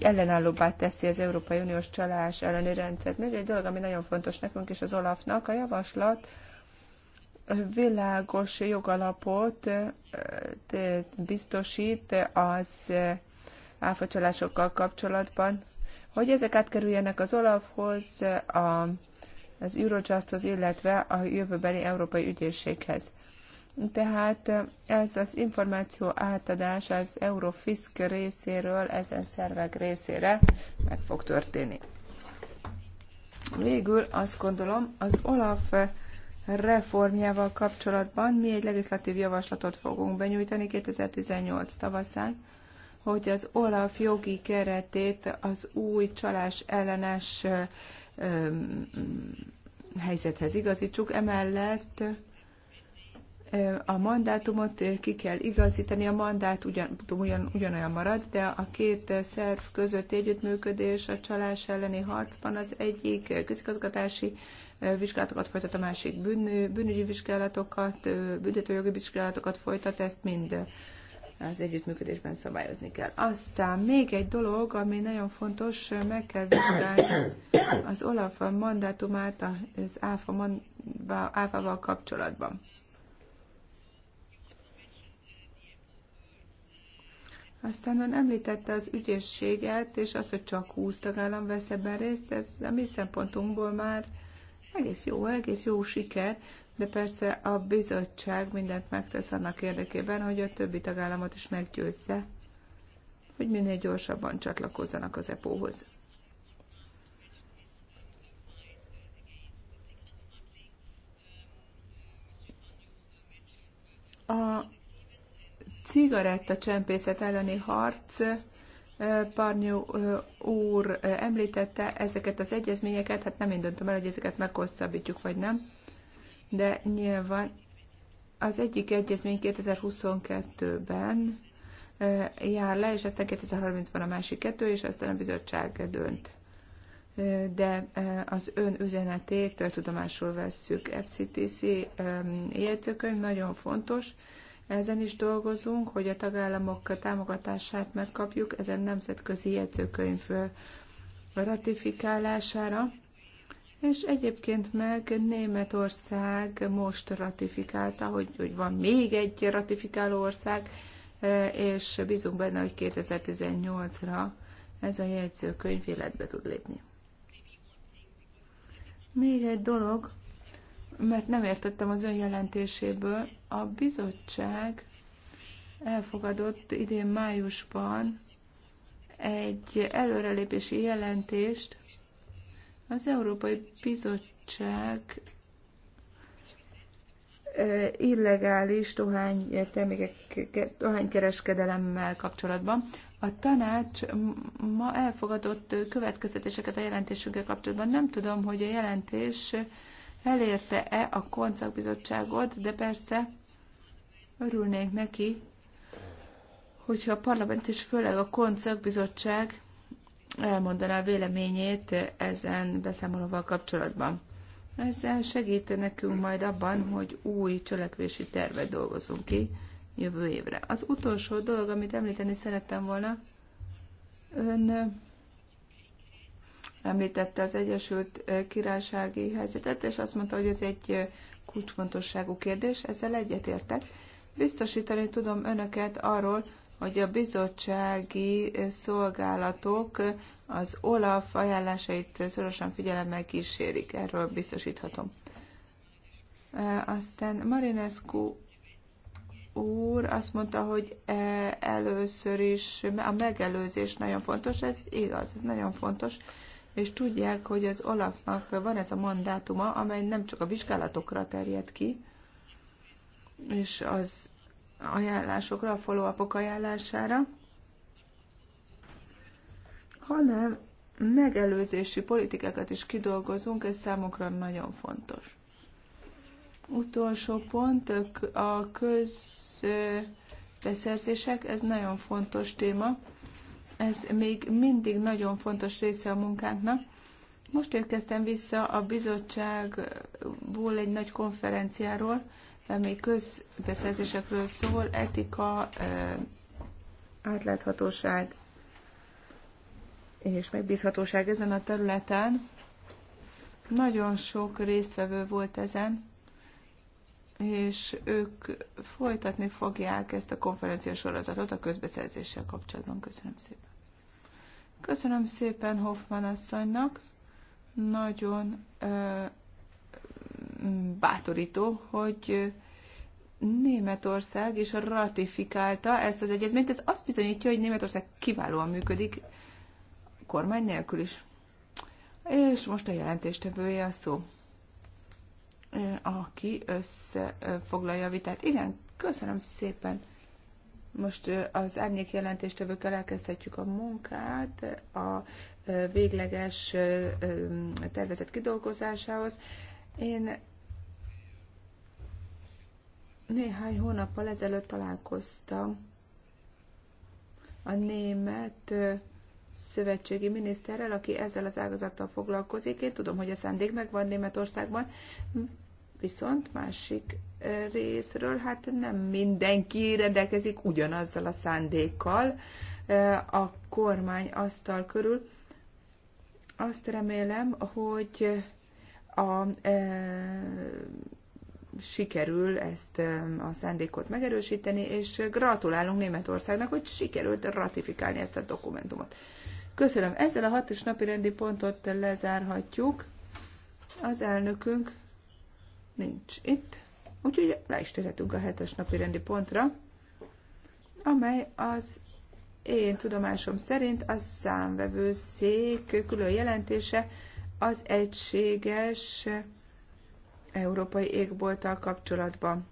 ellenállóbbá teszi az Európai Uniós csalás elleni rendszert. Még egy dolog, ami nagyon fontos nekünk és az Olafnak, a javaslat világos jogalapot biztosít az áfacsalásokkal kapcsolatban, hogy ezek átkerüljenek az Olafhoz, a, az Eurojusthoz, illetve a jövőbeli Európai Ügyészséghez. Tehát ez az információ átadás az Eurofisk részéről, ezen szervek részére meg fog történni. Végül azt gondolom, az Olaf reformjával kapcsolatban mi egy legislatív javaslatot fogunk benyújtani 2018 tavaszán, hogy az OLAF jogi keretét az új csalás ellenes helyzethez igazítsuk. Emellett a mandátumot ki kell igazítani, a mandát ugyan, ugyan, ugyanolyan marad, de a két szerv közötti együttműködés a csalás elleni harcban az egyik közigazgatási vizsgálatokat folytat, a másik bűn, bűnügyi vizsgálatokat, büntetőjogi vizsgálatokat folytat, ezt mind az együttműködésben szabályozni kell. Aztán még egy dolog, ami nagyon fontos, meg kell vizsgálni az OLAF mandátumát az ÁFA man, áfa kapcsolatban. Aztán ön említette az ügyességet, és azt, hogy csak 20 tagállam vesz ebben részt, ez a mi szempontunkból már egész jó, egész jó siker, de persze a bizottság mindent megtesz annak érdekében, hogy a többi tagállamot is meggyőzze, hogy minél gyorsabban csatlakozzanak az EPO-hoz. A cigaretta csempészet elleni harc Parnyó úr említette ezeket az egyezményeket, hát nem én döntöm el, hogy ezeket meghosszabbítjuk, vagy nem, de nyilván az egyik egyezmény 2022-ben jár le, és aztán 2030-ban a másik kettő, és aztán a bizottság dönt. De az ön üzenetét tudomásul vesszük. FCTC jegyzőkönyv nagyon fontos, ezen is dolgozunk, hogy a tagállamok támogatását megkapjuk ezen nemzetközi jegyzőkönyv ratifikálására, és egyébként meg Németország most ratifikálta, hogy, hogy van még egy ratifikáló ország, e, és bízunk benne, hogy 2018-ra ez a jegyzőkönyv életbe tud lépni. Még egy dolog, mert nem értettem az ön jelentéséből. A bizottság elfogadott idén májusban egy előrelépési jelentést. Az Európai Bizottság illegális dohány termékek, dohánykereskedelemmel kapcsolatban. A tanács ma elfogadott következtetéseket a jelentésünkkel kapcsolatban. Nem tudom, hogy a jelentés elérte-e a koncakbizottságot, de persze örülnék neki, hogyha a parlament és főleg a koncakbizottság elmondaná a véleményét ezen beszámolóval kapcsolatban. Ezzel segít nekünk majd abban, hogy új cselekvési tervet dolgozunk ki jövő évre. Az utolsó dolog, amit említeni szerettem volna, ön említette az Egyesült Királysági helyzetet, és azt mondta, hogy ez egy kulcsfontosságú kérdés, ezzel egyetértek. Biztosítani tudom önöket arról, hogy a bizottsági szolgálatok az OLAF ajánlásait szorosan figyelemmel kísérik, erről biztosíthatom. Aztán Marinescu úr azt mondta, hogy először is a megelőzés nagyon fontos, ez igaz, ez nagyon fontos, és tudják, hogy az Olafnak van ez a mandátuma, amely nem csak a vizsgálatokra terjed ki, és az ajánlásokra, a follow ajánlására, hanem megelőzési politikákat is kidolgozunk, ez számukra nagyon fontos. Utolsó pont, a közbeszerzések, ez nagyon fontos téma ez még mindig nagyon fontos része a munkánknak. Most érkeztem vissza a bizottságból egy nagy konferenciáról, ami közbeszerzésekről szól, etika, átláthatóság és megbízhatóság ezen a területen. Nagyon sok résztvevő volt ezen, és ők folytatni fogják ezt a konferenciás sorozatot a közbeszerzéssel kapcsolatban. Köszönöm szépen. Köszönöm szépen Hoffman asszonynak. Nagyon ö, mm, bátorító, hogy Németország is ratifikálta ezt az egyezményt. Ez azt bizonyítja, hogy Németország kiválóan működik kormány nélkül is. És most a jelentéstevője a szó, aki összefoglalja a vitát. Igen, köszönöm szépen. Most az árnyék jelentéstevőkkel elkezdhetjük a munkát a végleges tervezet kidolgozásához. Én néhány hónappal ezelőtt találkoztam a német szövetségi miniszterrel, aki ezzel az ágazattal foglalkozik. Én tudom, hogy a szándék megvan Németországban, Viszont másik részről, hát nem mindenki rendelkezik ugyanazzal a szándékkal a kormány asztal körül. Azt remélem, hogy a, e, sikerül ezt a szándékot megerősíteni, és gratulálunk Németországnak, hogy sikerült ratifikálni ezt a dokumentumot. Köszönöm. Ezzel a hat és napi rendi pontot lezárhatjuk. Az elnökünk nincs itt, úgyhogy le is térhetünk a hetes napi rendi pontra, amely az én tudomásom szerint a szék külön jelentése az egységes európai égbolttal kapcsolatban.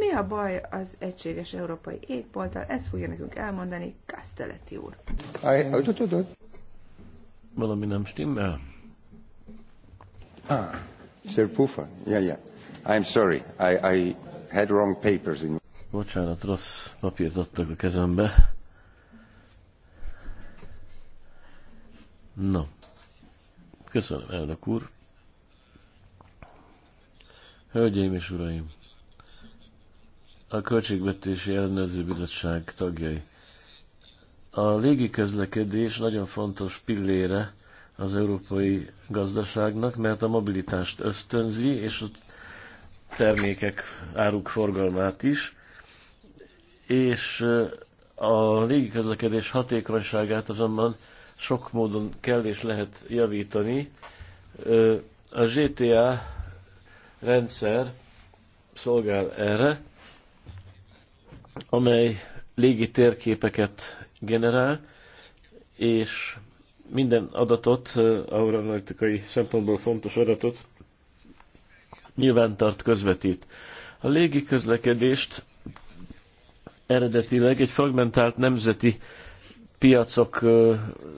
Mi a baj az egységes európai égbolttal? Ezt fogja nekünk elmondani kasteleti úr. Valami nem stimmel? Ah, Sir pufa, ja, yeah, ja. Yeah. I'm sorry, I, I had wrong papers in... Bocsánat, rossz papírt adtak a kezembe. Na, köszönöm, elnök úr. Hölgyeim és uraim, a Költségvetési Ellenőrző Bizottság tagjai. A közlekedés nagyon fontos pillére az európai gazdaságnak, mert a mobilitást ösztönzi, és ott termékek, áruk forgalmát is, és eh, a közlekedés hatékonyságát azonban sok módon kell és lehet javítani. Eh, a GTA rendszer szolgál erre, amely légi térképeket generál, és minden adatot, eh, aeronautikai szempontból fontos adatot nyilvántart közvetít. A légi közlekedést eredetileg egy fragmentált nemzeti piacok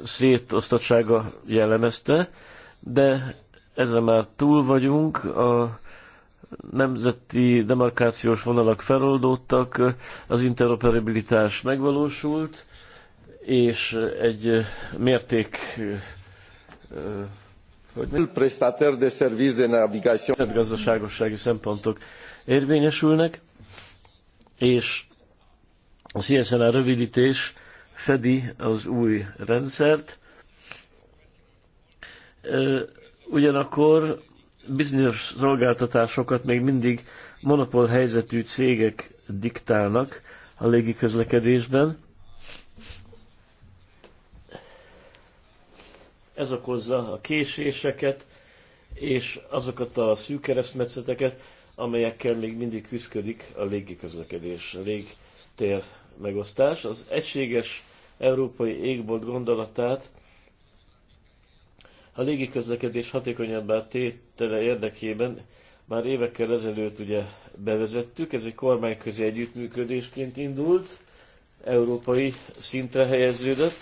szétosztottsága jellemezte, de ezzel már túl vagyunk, a nemzeti demarkációs vonalak feloldódtak, az interoperabilitás megvalósult, és egy mérték hogy prestataire de service de navigation. gazdaságossági szempontok érvényesülnek, és a CSNA rövidítés fedi az új rendszert. Ugyanakkor bizonyos szolgáltatásokat még mindig monopól helyzetű cégek diktálnak a légiközlekedésben, ez okozza a késéseket, és azokat a szűk keresztmetszeteket, amelyekkel még mindig küzdik a légiközlekedés, a légtér megosztás. Az egységes európai égbolt gondolatát a légiközlekedés hatékonyabbá tétele érdekében már évekkel ezelőtt ugye bevezettük, ez egy kormányközi együttműködésként indult, európai szintre helyeződött,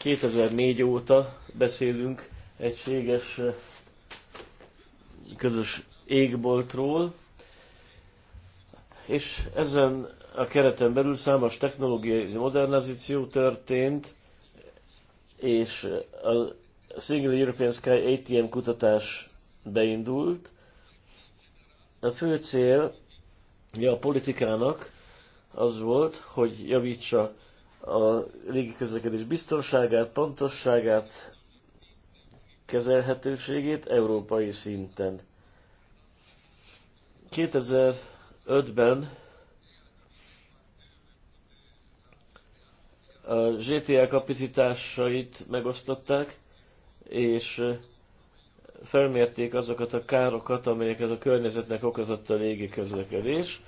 2004 óta beszélünk egységes közös égboltról, és ezen a kereten belül számos technológiai modernizáció történt, és a Single European Sky ATM kutatás beindult. A fő célja a politikának az volt, hogy javítsa a régi közlekedés biztonságát, pontosságát, kezelhetőségét európai szinten. 2005-ben a GTA kapacitásait megosztották, és felmérték azokat a károkat, amelyeket a környezetnek okozott a légi közlekedés.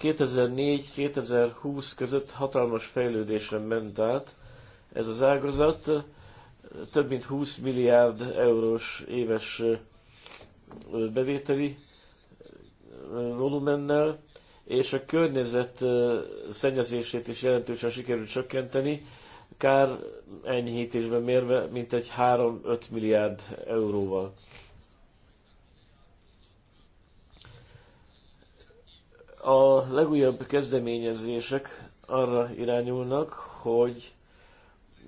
2004-2020 között hatalmas fejlődésre ment át ez az ágazat, több mint 20 milliárd eurós éves bevételi volumennel, és a környezet szennyezését is jelentősen sikerült csökkenteni, kár enyhítésben mérve mintegy 3-5 milliárd euróval. a legújabb kezdeményezések arra irányulnak, hogy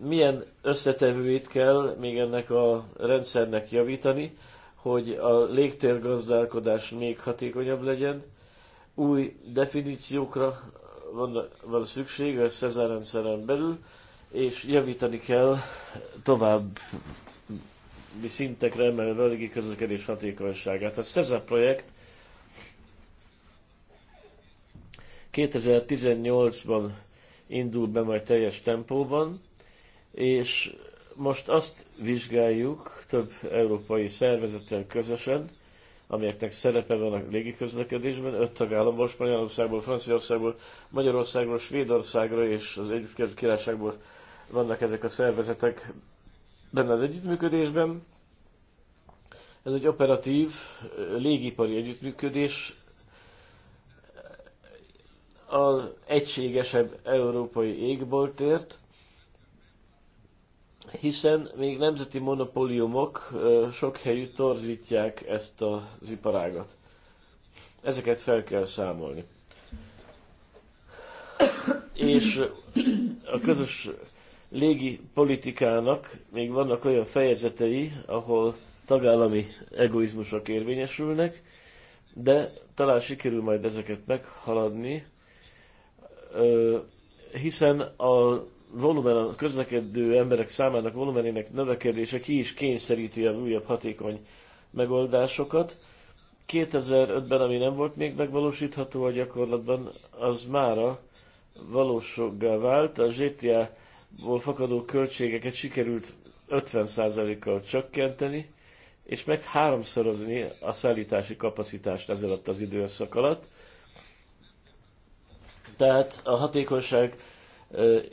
milyen összetevőit kell még ennek a rendszernek javítani, hogy a légtérgazdálkodás még hatékonyabb legyen. Új definíciókra van, van szükség a Cezár rendszeren belül, és javítani kell tovább szintekre emelve a közlekedés hatékonyságát. A Cezár projekt 2018-ban indul be majd teljes tempóban, és most azt vizsgáljuk több európai szervezettel közösen, amelyeknek szerepe van a légiközlekedésben, öt tagállamból, Spanyolországból, Franciaországból, Magyarországról, Svédországról és az Egyesült Királyságból vannak ezek a szervezetek benne az együttműködésben. Ez egy operatív légipari együttműködés az egységesebb európai égboltért, hiszen még nemzeti monopóliumok sok helyütt torzítják ezt az iparágat. Ezeket fel kell számolni. És a közös légi politikának még vannak olyan fejezetei, ahol tagállami egoizmusok érvényesülnek, de talán sikerül majd ezeket meghaladni, hiszen a volumen, a közlekedő emberek számának volumenének növekedése ki is kényszeríti az újabb hatékony megoldásokat. 2005-ben, ami nem volt még megvalósítható a gyakorlatban, az mára valósággá vált. A GTA-ból fakadó költségeket sikerült 50%-kal csökkenteni, és meg háromszorozni a szállítási kapacitást ezzel az időszak alatt. Tehát a hatékonyság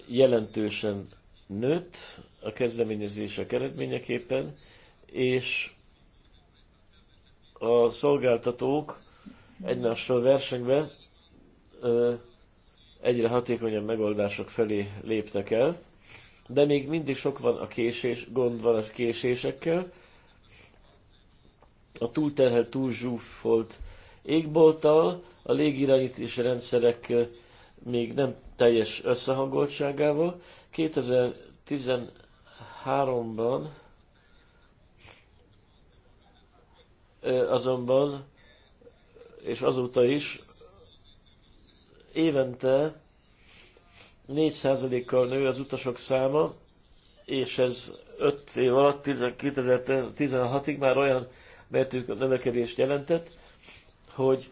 jelentősen nőtt a kezdeményezések eredményeképpen, és a szolgáltatók egymással versenybe egyre hatékonyabb megoldások felé léptek el, de még mindig sok van a késés, gond van a késésekkel. A túlterhelt, túlzsúfolt égbolttal, a légirányítási rendszerek még nem teljes összehangoltságával. 2013-ban azonban, és azóta is évente 4%-kal nő az utasok száma, és ez 5 év alatt 2016-ig már olyan mértékű növekedést jelentett, hogy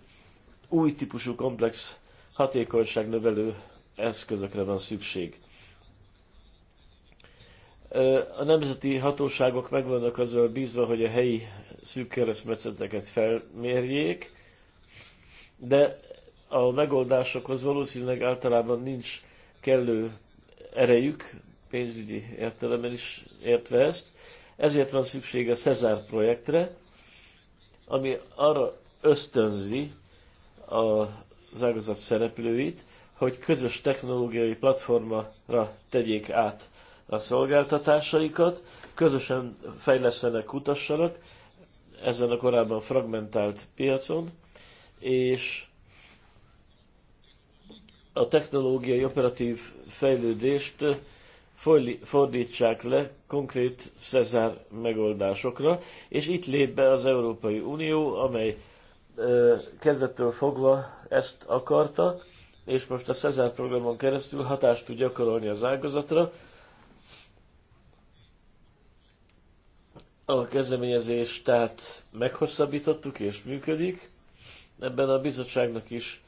új típusú komplex hatékonyság növelő eszközökre van szükség. A nemzeti hatóságok meg vannak azzal bízva, hogy a helyi szűk keresztmetszeteket felmérjék, de a megoldásokhoz valószínűleg általában nincs kellő erejük, pénzügyi értelemben is értve ezt. Ezért van szükség a Cezár projektre, ami arra ösztönzi a az ágazat szereplőit, hogy közös technológiai platformra tegyék át a szolgáltatásaikat, közösen fejlesztenek, kutassanak ezen a korábban fragmentált piacon, és a technológiai operatív fejlődést fordítsák le konkrét Cezár megoldásokra, és itt lép be az Európai Unió, amely kezdettől fogva ezt akarta, és most a Cezár programon keresztül hatást tud gyakorolni az ágazatra. A kezdeményezést tehát meghosszabbítottuk és működik. Ebben a bizottságnak is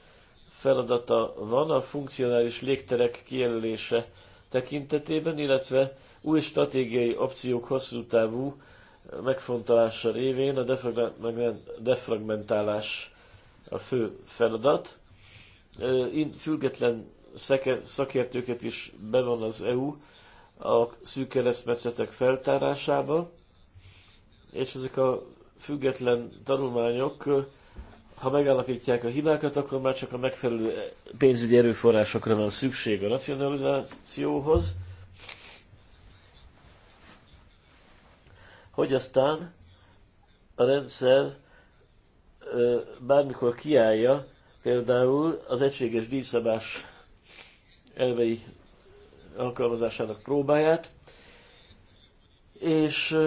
feladata van a funkcionális légterek kijelölése tekintetében, illetve új stratégiai opciók hosszú távú megfontolása révén a defragmentálás a fő feladat. Független szakértőket is bevon az EU a szűk keresztmetszetek feltárásába, és ezek a független tanulmányok, ha megállapítják a hibákat, akkor már csak a megfelelő pénzügyi erőforrásokra van szükség a racionalizációhoz, hogy aztán a rendszer bármikor kiállja például az egységes díjszabás elvei alkalmazásának próbáját, és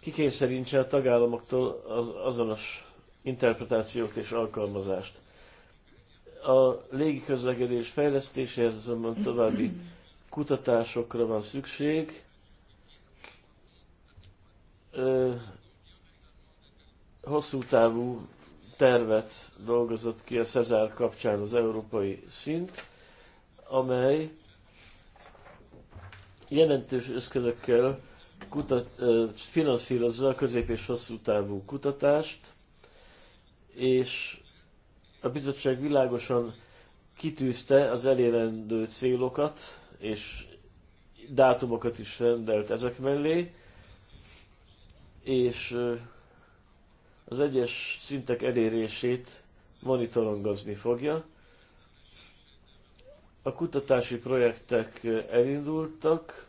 kikényszerítse a tagállamoktól az azonos interpretációt és alkalmazást. A közlekedés fejlesztéséhez azonban további kutatásokra van szükség, hosszú távú tervet dolgozott ki a Cezár kapcsán az európai szint, amely jelentős eszközökkel kutat, finanszírozza a közép- és hosszú távú kutatást, és a bizottság világosan kitűzte az elérendő célokat, és dátumokat is rendelt ezek mellé, és az egyes szintek elérését monitorongozni fogja. A kutatási projektek elindultak,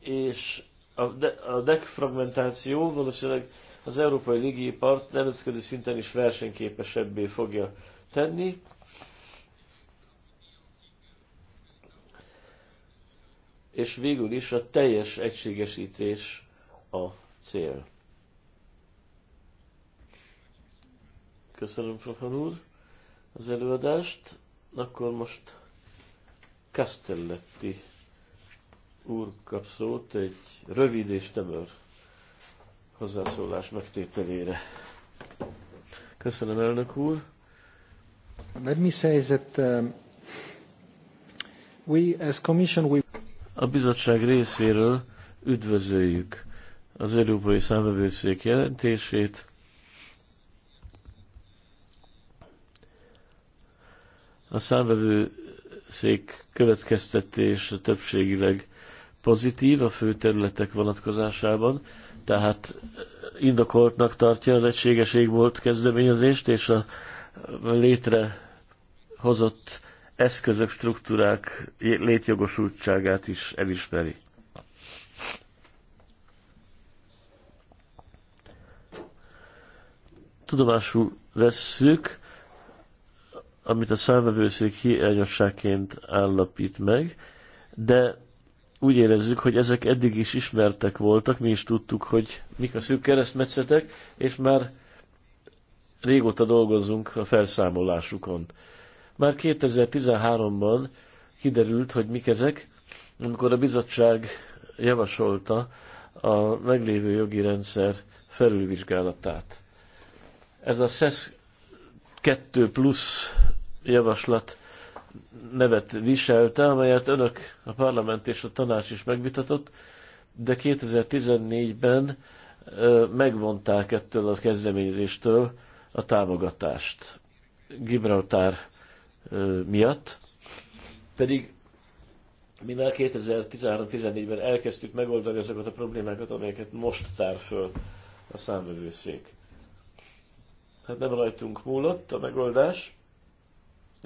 és a, de, a e fragmentáció valószínűleg az Európai Ligi part nemzetközi szinten is versenyképesebbé fogja tenni. És végül is a teljes egységesítés a cél. Köszönöm, Profan úr, az előadást. Akkor most Kastelletti úr kap szót egy rövid és tömör hozzászólás megtételére. Köszönöm, elnök úr. Let me say that um, we as commission we... A bizottság részéről üdvözöljük az Európai Számvevőszék jelentését, A számvevő szék következtetés többségileg pozitív a fő területek vonatkozásában, tehát indokoltnak tartja az egységes égbolt kezdeményezést és a létrehozott eszközök, struktúrák létjogosultságát is elismeri. Tudomásul vesszük, amit a számvevőszék hiányosságként állapít meg, de úgy érezzük, hogy ezek eddig is ismertek voltak, mi is tudtuk, hogy mik a szűk keresztmetszetek, és már régóta dolgozunk a felszámolásukon. Már 2013-ban kiderült, hogy mik ezek, amikor a bizottság javasolta a meglévő jogi rendszer felülvizsgálatát. Ez a SESZ 2 plusz javaslat nevet viselte, amelyet önök, a parlament és a tanács is megvitatott, de 2014-ben megvonták ettől a kezdeményezéstől a támogatást Gibraltár miatt, pedig mivel 2013-14-ben elkezdtük megoldani azokat a problémákat, amelyeket most tár föl a számövőszék. Tehát nem rajtunk múlott a megoldás,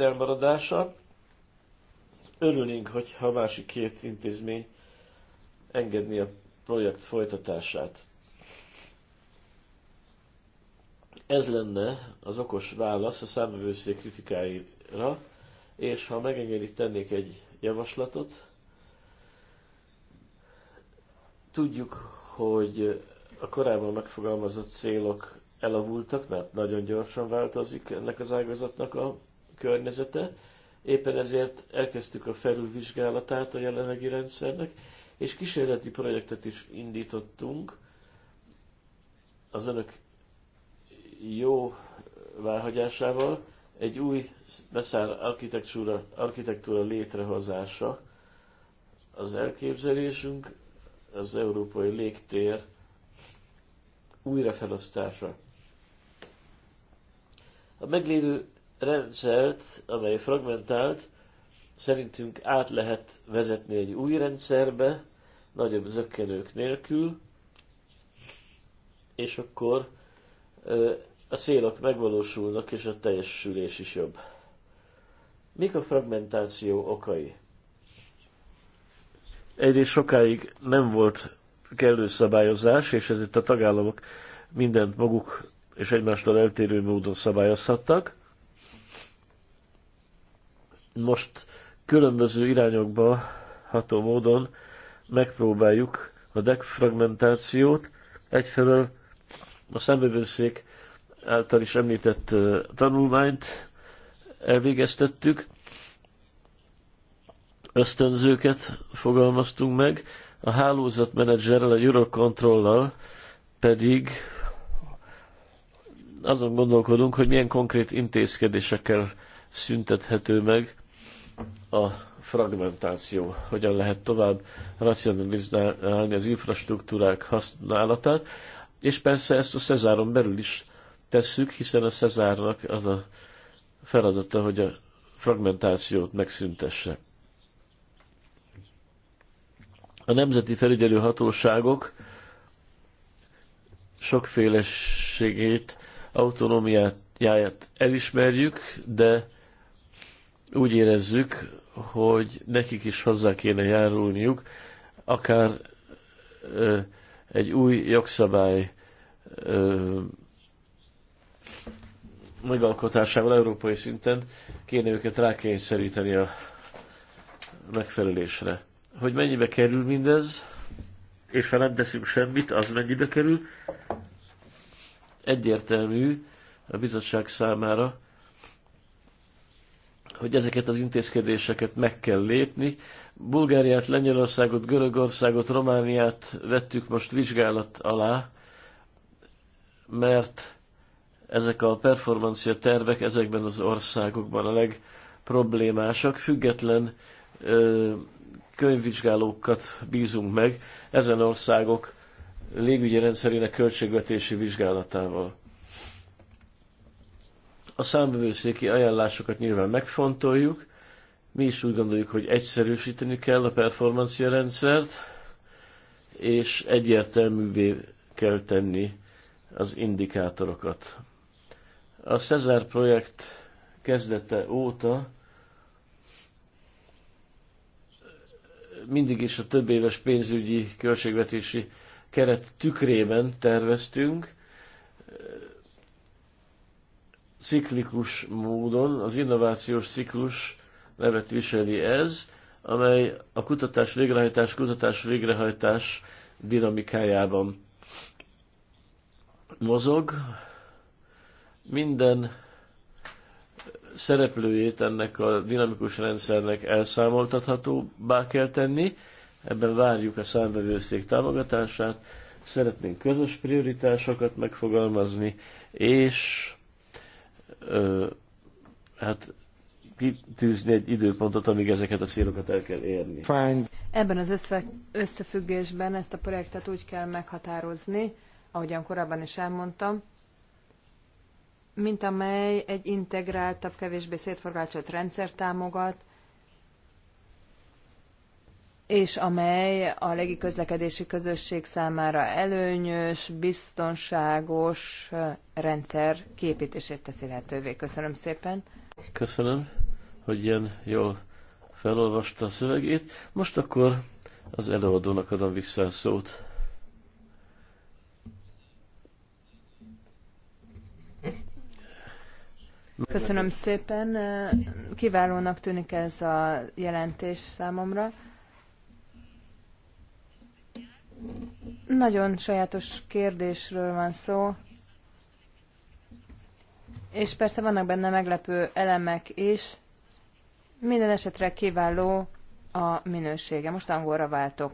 elmaradása. Örülnénk, hogyha a másik két intézmény engedni a projekt folytatását. Ez lenne az okos válasz a számvevőszék kritikáira, és ha megengedik, tennék egy javaslatot. Tudjuk, hogy a korábban megfogalmazott célok elavultak, mert nagyon gyorsan változik ennek az ágazatnak a környezete, éppen ezért elkezdtük a felülvizsgálatát a jelenlegi rendszernek, és kísérleti projektet is indítottunk az önök jó válhagyásával egy új beszáll architektúra, architektúra létrehozása az elképzelésünk, az európai légtér újrafelosztása. A meglévő rendszert, amely fragmentált, szerintünk át lehet vezetni egy új rendszerbe, nagyobb zökkenők nélkül, és akkor a célok megvalósulnak, és a teljesülés is jobb. Mik a fragmentáció okai? Egyrészt sokáig nem volt kellő szabályozás, és ezért a tagállamok mindent maguk és egymástól eltérő módon szabályozhattak most különböző irányokba ható módon megpróbáljuk a dekfragmentációt, egyfelől a szemövőszék által is említett tanulmányt elvégeztettük, ösztönzőket fogalmaztunk meg, a hálózatmenedzserrel, a Eurocontrollal pedig azon gondolkodunk, hogy milyen konkrét intézkedésekkel szüntethető meg a fragmentáció, hogyan lehet tovább racionalizálni az infrastruktúrák használatát, és persze ezt a Cezáron belül is tesszük, hiszen a Cezárnak az a feladata, hogy a fragmentációt megszüntesse. A nemzeti felügyelő hatóságok sokféleségét, autonómiáját elismerjük, de úgy érezzük, hogy nekik is hozzá kéne járulniuk, akár ö, egy új jogszabály ö, megalkotásával európai szinten kéne őket rákényszeríteni a megfelelésre. Hogy mennyibe kerül mindez, és ha nem teszünk semmit, az mennyibe kerül, egyértelmű a bizottság számára, hogy ezeket az intézkedéseket meg kell lépni. Bulgáriát, Lengyelországot, Görögországot, Romániát vettük most vizsgálat alá, mert ezek a performancia tervek ezekben az országokban a legproblémásak, független ö, könyvvizsgálókat bízunk meg ezen országok légügyi rendszerének költségvetési vizsgálatával. A számbevőszéki ajánlásokat nyilván megfontoljuk. Mi is úgy gondoljuk, hogy egyszerűsíteni kell a performancia rendszert, és egyértelművé kell tenni az indikátorokat. A Cezár projekt kezdete óta mindig is a több éves pénzügyi költségvetési keret tükrében terveztünk, Ciklikus módon az innovációs ciklus nevet viseli ez, amely a kutatás végrehajtás, kutatás végrehajtás dinamikájában mozog. Minden szereplőjét ennek a dinamikus rendszernek elszámoltathatóbbá kell tenni, ebben várjuk a számvevőszék támogatását, szeretnénk közös prioritásokat megfogalmazni, és ö, hát kitűzni egy időpontot, amíg ezeket a célokat el kell érni. Fine. Ebben az összefüggésben ezt a projektet úgy kell meghatározni, ahogyan korábban is elmondtam, mint amely egy integráltabb, kevésbé szétforgácsolt rendszer támogat, és amely a közlekedési közösség számára előnyös, biztonságos rendszer képítését teszi lehetővé. Köszönöm szépen. Köszönöm, hogy ilyen jól felolvasta a szövegét. Most akkor az előadónak adom vissza a szót. Köszönöm szépen. Kiválónak tűnik ez a jelentés számomra. Nagyon sajátos kérdésről van szó, és persze vannak benne meglepő elemek is. Minden esetre kiváló a minősége. Most angolra váltok.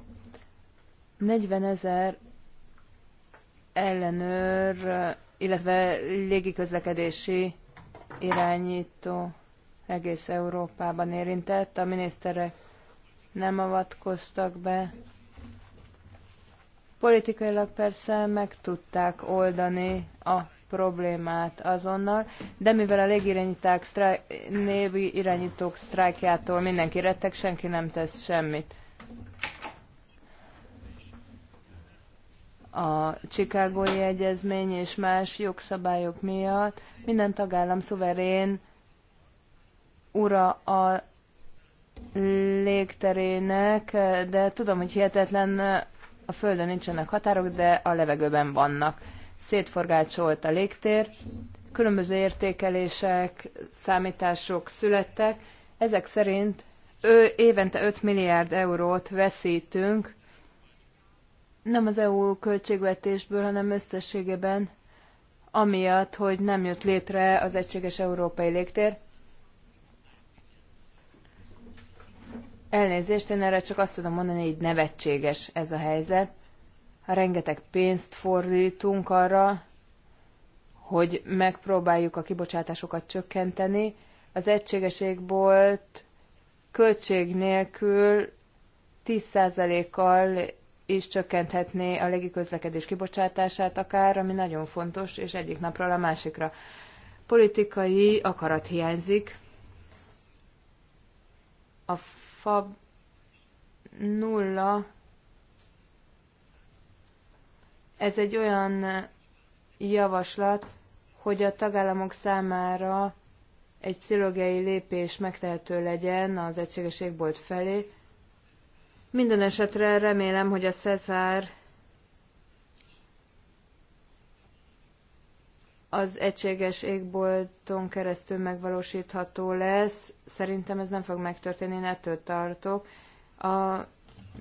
40 ezer ellenőr, illetve légiközlekedési irányító egész Európában érintett. A miniszterek nem avatkoztak be. Politikailag persze meg tudták oldani a problémát azonnal, de mivel a légirányíták sztrájk, névi irányítók sztrájkjától mindenki rettek, senki nem tesz semmit. a Csikágói Egyezmény és más jogszabályok miatt minden tagállam szuverén ura a légterének, de tudom, hogy hihetetlen a földön nincsenek határok, de a levegőben vannak. Szétforgácsolt a légtér, különböző értékelések, számítások születtek. Ezek szerint ő évente 5 milliárd eurót veszítünk, nem az EU költségvetésből, hanem összességében, amiatt, hogy nem jött létre az egységes európai légtér. Elnézést, én erre csak azt tudom mondani, hogy nevetséges ez a helyzet. Rengeteg pénzt fordítunk arra, hogy megpróbáljuk a kibocsátásokat csökkenteni. Az egységeségbolt költség nélkül 10%-kal is csökkenthetné a légiközlekedés kibocsátását akár, ami nagyon fontos, és egyik napról a másikra. Politikai akarat hiányzik. A FAB 0 ez egy olyan javaslat, hogy a tagállamok számára egy pszichológiai lépés megtehető legyen az egységes égbolt felé. Minden esetre remélem, hogy a Cezár az egységes égbolton keresztül megvalósítható lesz. Szerintem ez nem fog megtörténni, én ettől tartok. A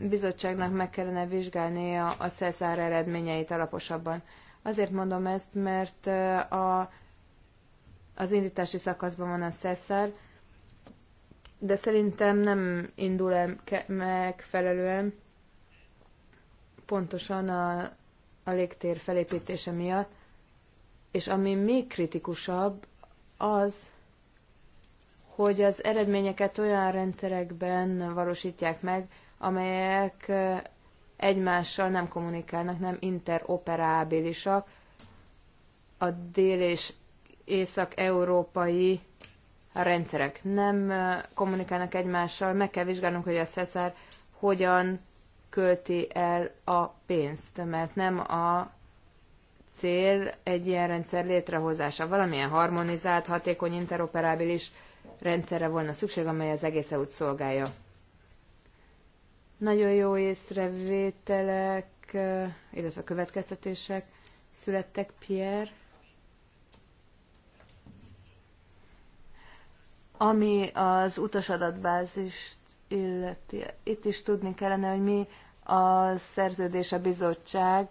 bizottságnak meg kellene vizsgálnia a szeszár eredményeit alaposabban. Azért mondom ezt, mert a, az indítási szakaszban van a szeszár, de szerintem nem indul -e megfelelően pontosan a, a légtér felépítése miatt és ami még kritikusabb, az, hogy az eredményeket olyan rendszerekben valósítják meg, amelyek egymással nem kommunikálnak, nem interoperábilisak. A dél- és észak-európai rendszerek nem kommunikálnak egymással. Meg kell vizsgálnunk, hogy a Cesar hogyan költi el a pénzt, mert nem a cél egy ilyen rendszer létrehozása. Valamilyen harmonizált, hatékony, interoperábilis rendszerre volna szükség, amely az egész EU-t szolgálja. Nagyon jó észrevételek, eh, illetve következtetések születtek, Pierre. Ami az utasadatbázist illeti, itt is tudni kellene, hogy mi a szerződés a bizottság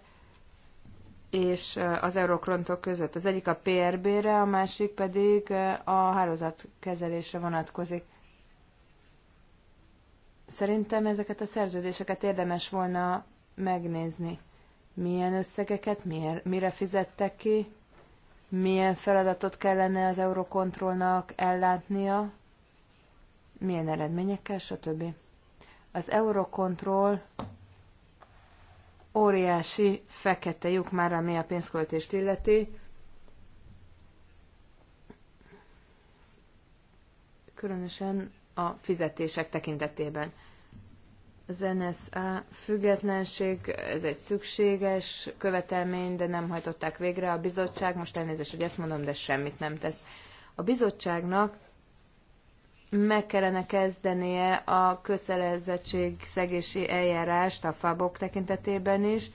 és az eurokrontok között. Az egyik a PRB-re, a másik pedig a hálózatkezelésre vonatkozik. Szerintem ezeket a szerződéseket érdemes volna megnézni. Milyen összegeket, milyen, mire fizettek ki, milyen feladatot kellene az eurokontrollnak ellátnia, milyen eredményekkel, stb. Az eurokontroll óriási fekete lyuk már, ami a pénzköltést illeti. Különösen a fizetések tekintetében. Az NSA függetlenség, ez egy szükséges követelmény, de nem hajtották végre. A bizottság, most elnézést, hogy ezt mondom, de semmit nem tesz. A bizottságnak meg kellene kezdenie a közelezettség szegési eljárást a fabok tekintetében is.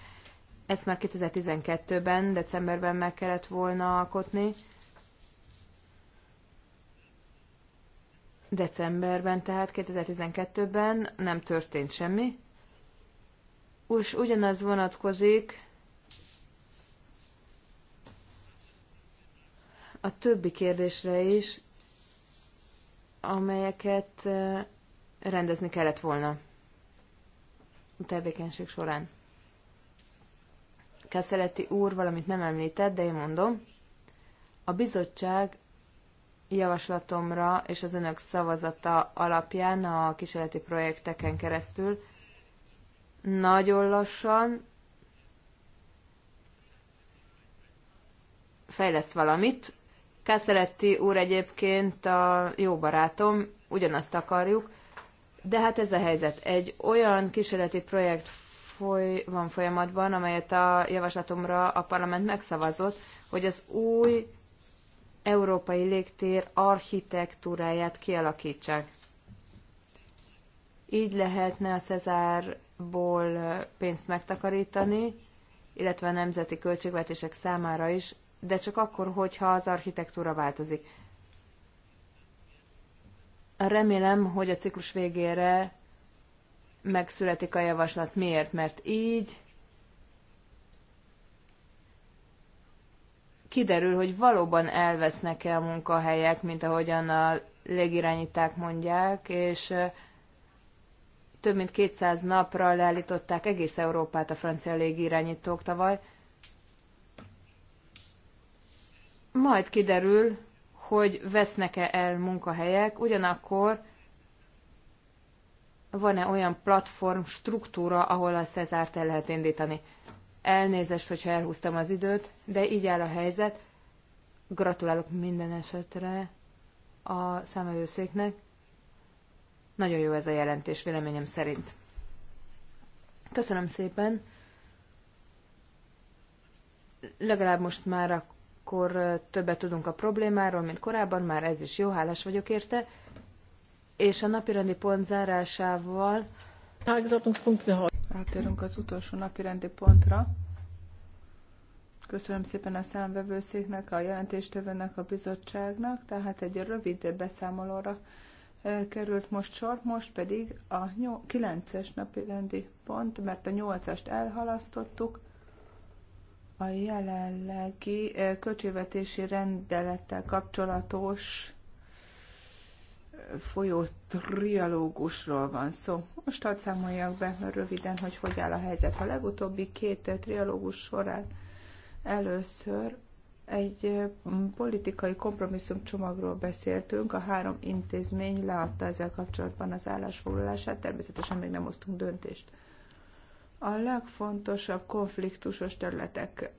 Ezt már 2012-ben, decemberben meg kellett volna alkotni. Decemberben, tehát 2012-ben nem történt semmi. És ugyanaz vonatkozik a többi kérdésre is, amelyeket rendezni kellett volna a tevékenység során. Keszeleti úr valamit nem említett, de én mondom. A bizottság javaslatomra és az önök szavazata alapján a kísérleti projekteken keresztül nagyon lassan fejleszt valamit, Kászeretti úr egyébként a jó barátom, ugyanazt akarjuk, de hát ez a helyzet. Egy olyan kísérleti projekt foly, van folyamatban, amelyet a javaslatomra a parlament megszavazott, hogy az új európai légtér architektúráját kialakítsák. Így lehetne a Cezárból pénzt megtakarítani, illetve a nemzeti költségvetések számára is de csak akkor, hogyha az architektúra változik. Remélem, hogy a ciklus végére megszületik a javaslat. Miért? Mert így kiderül, hogy valóban elvesznek-e a munkahelyek, mint ahogyan a légirányíták mondják, és több mint 200 napra leállították egész Európát a francia légirányítók tavaly, majd kiderül, hogy vesznek-e el munkahelyek, ugyanakkor van-e olyan platform struktúra, ahol a Cezárt el lehet indítani. Elnézést, hogyha elhúztam az időt, de így áll a helyzet. Gratulálok minden esetre a számövőszéknek. Nagyon jó ez a jelentés, véleményem szerint. Köszönöm szépen. Legalább most már a akkor többet tudunk a problémáról, mint korábban, már ez is jó, hálás vagyok érte. És a napirendi pont zárásával rátérünk az utolsó napirendi pontra. Köszönöm szépen a számvevőszéknek, a jelentéstevőnek, a bizottságnak, tehát egy rövid beszámolóra került most sor, most pedig a 9-es napi rendi pont, mert a 8-ast elhalasztottuk, a jelenlegi költségvetési rendelettel kapcsolatos folyó trialógusról van szó. Most hadd számoljak be röviden, hogy hogy áll a helyzet. A legutóbbi két trialógus során először egy politikai kompromisszumcsomagról beszéltünk, a három intézmény leadta ezzel kapcsolatban az állásfoglalását, természetesen még nem hoztunk döntést a legfontosabb konfliktusos területek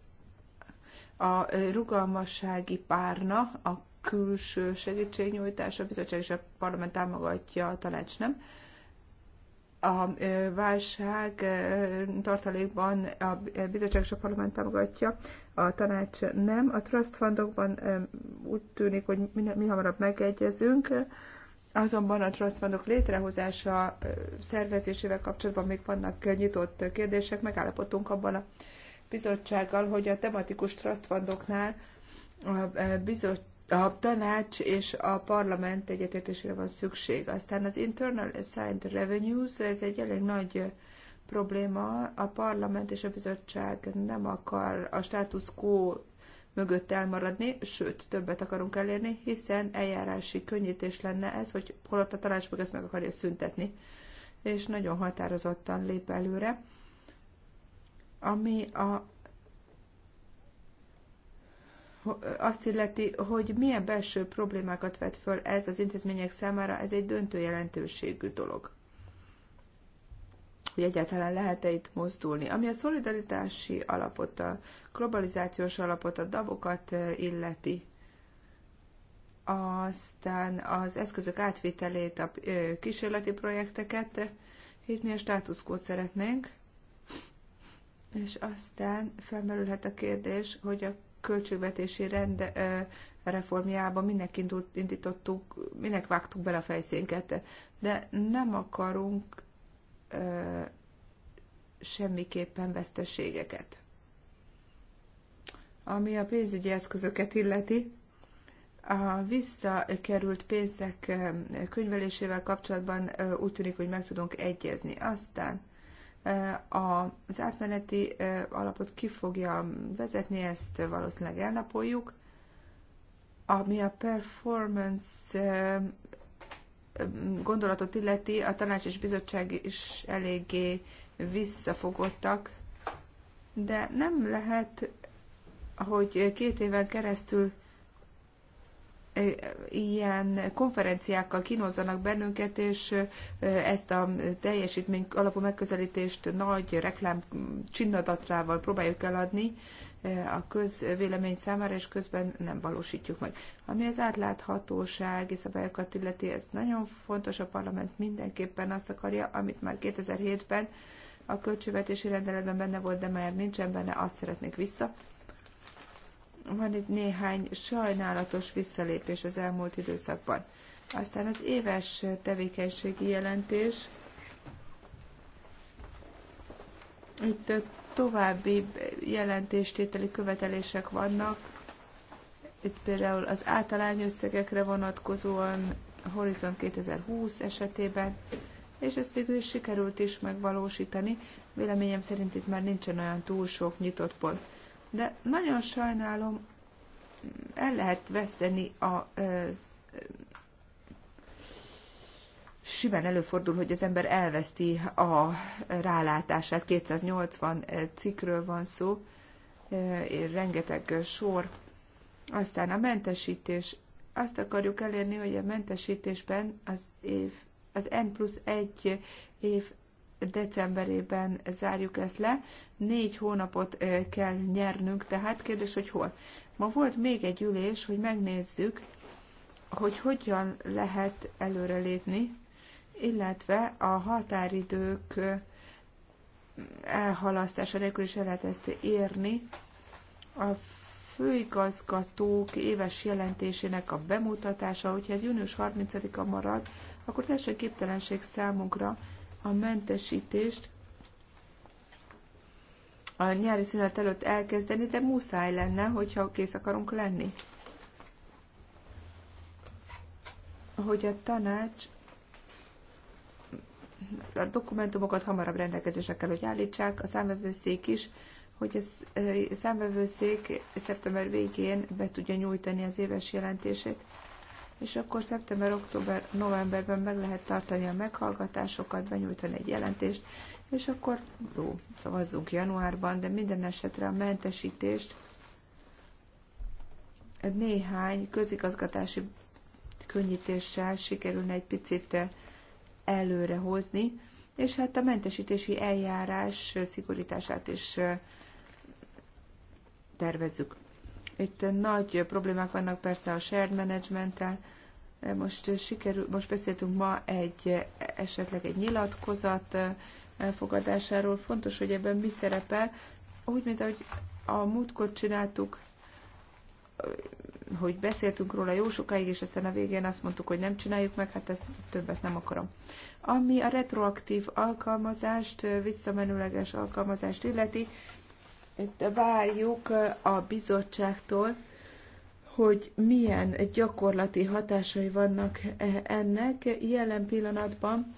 a rugalmassági párna, a külső segítségnyújtás, a bizottság és a parlament támogatja, a tanács nem. A válság tartalékban a bizottság és a parlament támogatja, a tanács nem. A trust fundokban úgy tűnik, hogy mi hamarabb megegyezünk. Azonban a trust létrehozása szervezésével kapcsolatban még vannak nyitott kérdések. Megállapodtunk abban a bizottsággal, hogy a tematikus trust a, bizot, a tanács és a parlament egyetértésére van szükség. Aztán az internal assigned revenues, ez egy elég nagy probléma. A parlament és a bizottság nem akar a status quo mögött elmaradni, sőt, többet akarunk elérni, hiszen eljárási könnyítés lenne ez, hogy holott a tanács meg ezt meg akarja szüntetni. És nagyon határozottan lép előre. Ami a azt illeti, hogy milyen belső problémákat vet föl ez az intézmények számára, ez egy döntő jelentőségű dolog hogy egyáltalán lehet-e itt mozdulni. Ami a szolidaritási alapot, a globalizációs alapot, a davokat illeti, aztán az eszközök átvételét, a kísérleti projekteket, itt mi a státuszkót szeretnénk, és aztán felmerülhet a kérdés, hogy a költségvetési rend reformjába minek indult, indítottuk, minek vágtuk bele a fejszénket, de nem akarunk semmiképpen veszteségeket. Ami a pénzügyi eszközöket illeti, a visszakerült pénzek könyvelésével kapcsolatban úgy tűnik, hogy meg tudunk egyezni. Aztán az átmeneti alapot ki fogja vezetni, ezt valószínűleg elnapoljuk. Ami a performance gondolatot illeti, a tanács és bizottság is eléggé visszafogottak, de nem lehet, hogy két éven keresztül e, ilyen konferenciákkal kínozzanak bennünket, és e, ezt a teljesítmény alapú megközelítést nagy reklám csinadatrával próbáljuk eladni a közvélemény számára, és közben nem valósítjuk meg. Ami az átláthatóság és szabályokat illeti, ez nagyon fontos, a parlament mindenképpen azt akarja, amit már 2007-ben a költségvetési rendeletben benne volt, de már nincsen benne, azt szeretnék vissza. Van itt néhány sajnálatos visszalépés az elmúlt időszakban. Aztán az éves tevékenységi jelentés. Itt további jelentéstételi követelések vannak, itt például az összegekre vonatkozóan Horizon 2020 esetében, és ezt végül is sikerült is megvalósítani. Véleményem szerint itt már nincsen olyan túl sok nyitott pont. De nagyon sajnálom, el lehet veszteni az simán előfordul, hogy az ember elveszti a rálátását. 280 eh, cikkről van szó, eh, és rengeteg eh, sor. Aztán a mentesítés. Azt akarjuk elérni, hogy a mentesítésben az év, az N plusz 1 év decemberében zárjuk ezt le. Négy hónapot kell nyernünk, tehát kérdés, hogy hol. Ma volt még egy ülés, hogy megnézzük, hogy hogyan lehet előrelépni illetve a határidők elhalasztása nélkül is el lehet ezt érni. A főigazgatók éves jelentésének a bemutatása, hogyha ez június 30-a marad, akkor teljesen képtelenség számunkra a mentesítést a nyári szünet előtt elkezdeni, de muszáj lenne, hogyha kész akarunk lenni. Hogy a tanács a dokumentumokat hamarabb rendelkezésre kell, hogy állítsák, a számvevőszék is, hogy a számvevőszék szeptember végén be tudja nyújtani az éves jelentését, és akkor szeptember, október, novemberben meg lehet tartani a meghallgatásokat, benyújtani egy jelentést, és akkor jó, szavazzunk januárban, de minden esetre a mentesítést néhány közigazgatási könnyítéssel sikerülne egy picit előre hozni, és hát a mentesítési eljárás szigorítását is tervezzük. Itt nagy problémák vannak persze a shared managementtel. Most, sikerül, most beszéltünk ma egy esetleg egy nyilatkozat elfogadásáról. Fontos, hogy ebben mi szerepel. Úgy, mint ahogy a múltkor csináltuk, hogy beszéltünk róla jó sokáig, és aztán a végén azt mondtuk, hogy nem csináljuk meg, hát ezt többet nem akarom. Ami a retroaktív alkalmazást, visszamenőleges alkalmazást illeti, itt várjuk a bizottságtól, hogy milyen gyakorlati hatásai vannak e- ennek jelen pillanatban.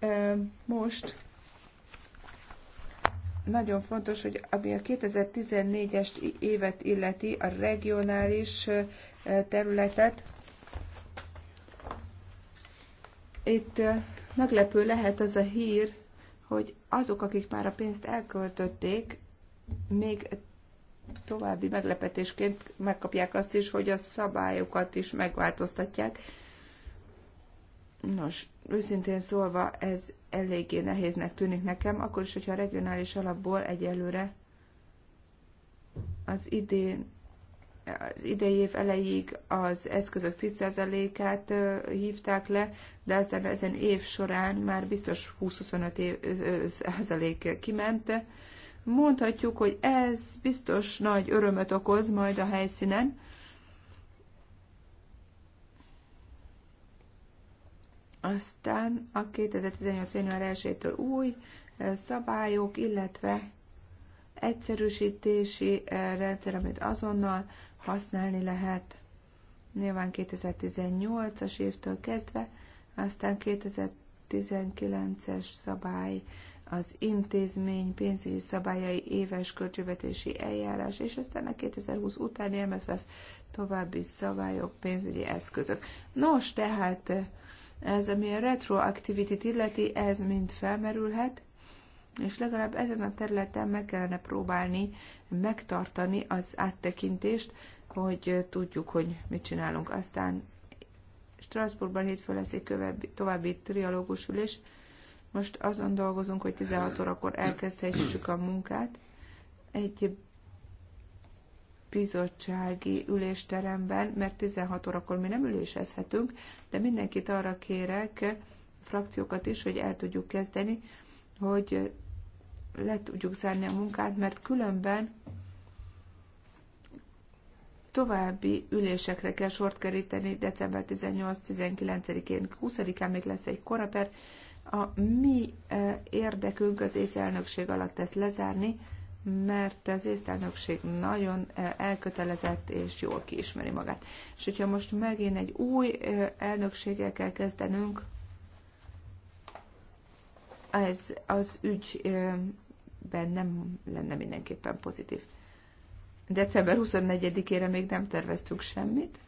E, most nagyon fontos, hogy ami a 2014-es évet illeti a regionális területet, itt meglepő lehet az a hír, hogy azok, akik már a pénzt elköltötték, még további meglepetésként megkapják azt is, hogy a szabályokat is megváltoztatják Nos, őszintén szólva ez eléggé nehéznek tűnik nekem, akkor is, hogyha a regionális alapból egyelőre az idén az idei év elejéig az eszközök 10%-át hívták le, de aztán ezen év során már biztos 20-25% kiment. Mondhatjuk, hogy ez biztos nagy örömet okoz majd a helyszínen, Aztán a 2018. január 1-től új szabályok, illetve egyszerűsítési rendszer, amit azonnal használni lehet. Nyilván 2018-as évtől kezdve, aztán 2019-es szabály, az intézmény pénzügyi szabályai éves költségvetési eljárás, és aztán a 2020 utáni MFF további szabályok, pénzügyi eszközök. Nos, tehát ez, ami a retroaktivitét illeti, ez mind felmerülhet, és legalább ezen a területen meg kellene próbálni megtartani az áttekintést, hogy tudjuk, hogy mit csinálunk. Aztán Strasbourgban hétfő lesz egy kövebb, további trialógus Most azon dolgozunk, hogy 16 órakor elkezdhessük a munkát. Egy bizottsági ülésteremben, mert 16 órakor mi nem ülésezhetünk, de mindenkit arra kérek, frakciókat is, hogy el tudjuk kezdeni, hogy le tudjuk zárni a munkát, mert különben további ülésekre kell sort keríteni december 18-19-én, 20-án még lesz egy koraper. A mi eh, érdekünk az észelnökség alatt ezt lezárni, mert az észtelnökség nagyon elkötelezett és jól kiismeri magát. És hogyha most megint egy új elnökséggel kell kezdenünk, ez az ügyben nem lenne mindenképpen pozitív. December 24-ére még nem terveztük semmit.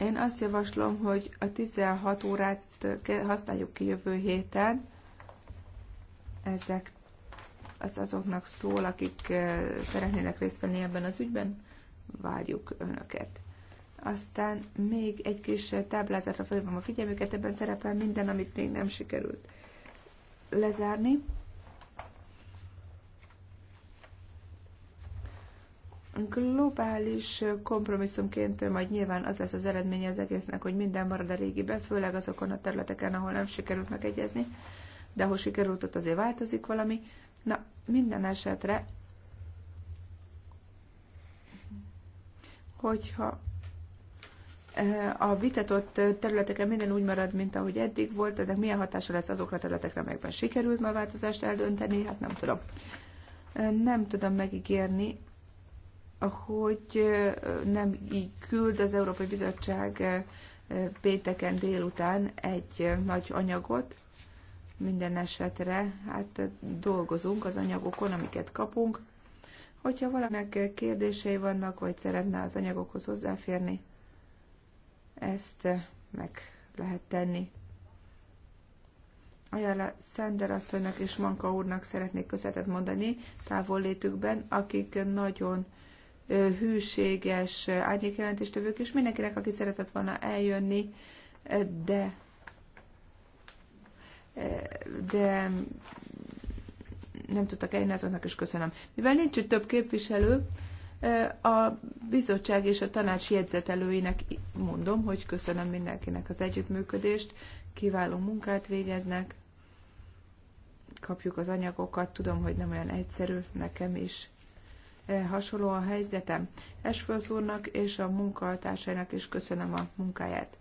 Én azt javaslom, hogy a 16 órát használjuk ki jövő héten, ezek az azoknak szól, akik szeretnének részt venni ebben az ügyben, várjuk Önöket. Aztán még egy kis táblázatra felhívom a figyelmüket, ebben szerepel minden, amit még nem sikerült lezárni. globális kompromisszumként majd nyilván az lesz az eredménye az egésznek, hogy minden marad a régiben, főleg azokon a területeken, ahol nem sikerült megegyezni de ahol sikerült, ott azért változik valami. Na, minden esetre, hogyha e, a vitatott területeken minden úgy marad, mint ahogy eddig volt, de milyen hatása lesz azokra a területekre, amelyekben sikerült ma változást eldönteni, hát nem tudom. E, nem tudom megígérni, hogy e, nem így küld az Európai Bizottság pénteken délután egy nagy anyagot, minden esetre hát dolgozunk az anyagokon, amiket kapunk. Hogyha valakinek kérdései vannak, vagy szeretne az anyagokhoz hozzáférni, ezt meg lehet tenni. a Szender asszonynak és Manka úrnak szeretnék köszönetet mondani távollétükben, akik nagyon hűséges árnyékjelentéstövők, és mindenkinek, aki szeretett volna eljönni, de de nem tudtak eljönni, azoknak is köszönöm. Mivel nincs itt több képviselő, a bizottság és a tanács jegyzetelőinek mondom, hogy köszönöm mindenkinek az együttműködést, kiváló munkát végeznek, kapjuk az anyagokat, tudom, hogy nem olyan egyszerű, nekem is hasonló a helyzetem. Esfőz úrnak és a munkatársainak is köszönöm a munkáját.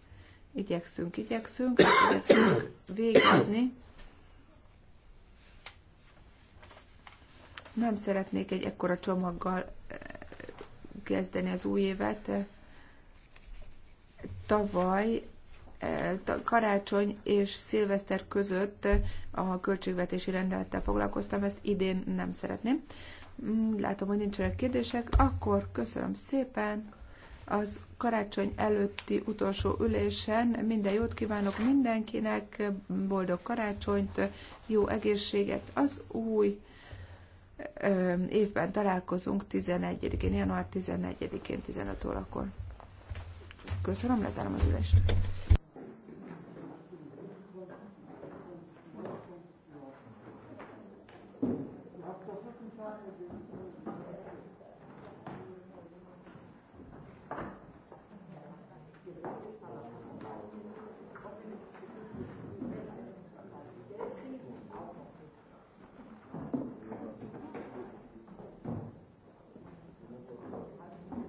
Igyekszünk, igyekszünk, igyekszünk végezni. Nem szeretnék egy ekkora csomaggal eh, kezdeni az új évet. Tavaly eh, karácsony és szilveszter között eh, a költségvetési rendelettel foglalkoztam, ezt idén nem szeretném. Mm, látom, hogy nincsenek kérdések, akkor köszönöm szépen az karácsony előtti utolsó ülésen. Minden jót kívánok mindenkinek, boldog karácsonyt, jó egészséget. Az új évben találkozunk 11-én, január 11 én 15 órakor. Köszönöm, lezárom az ülést.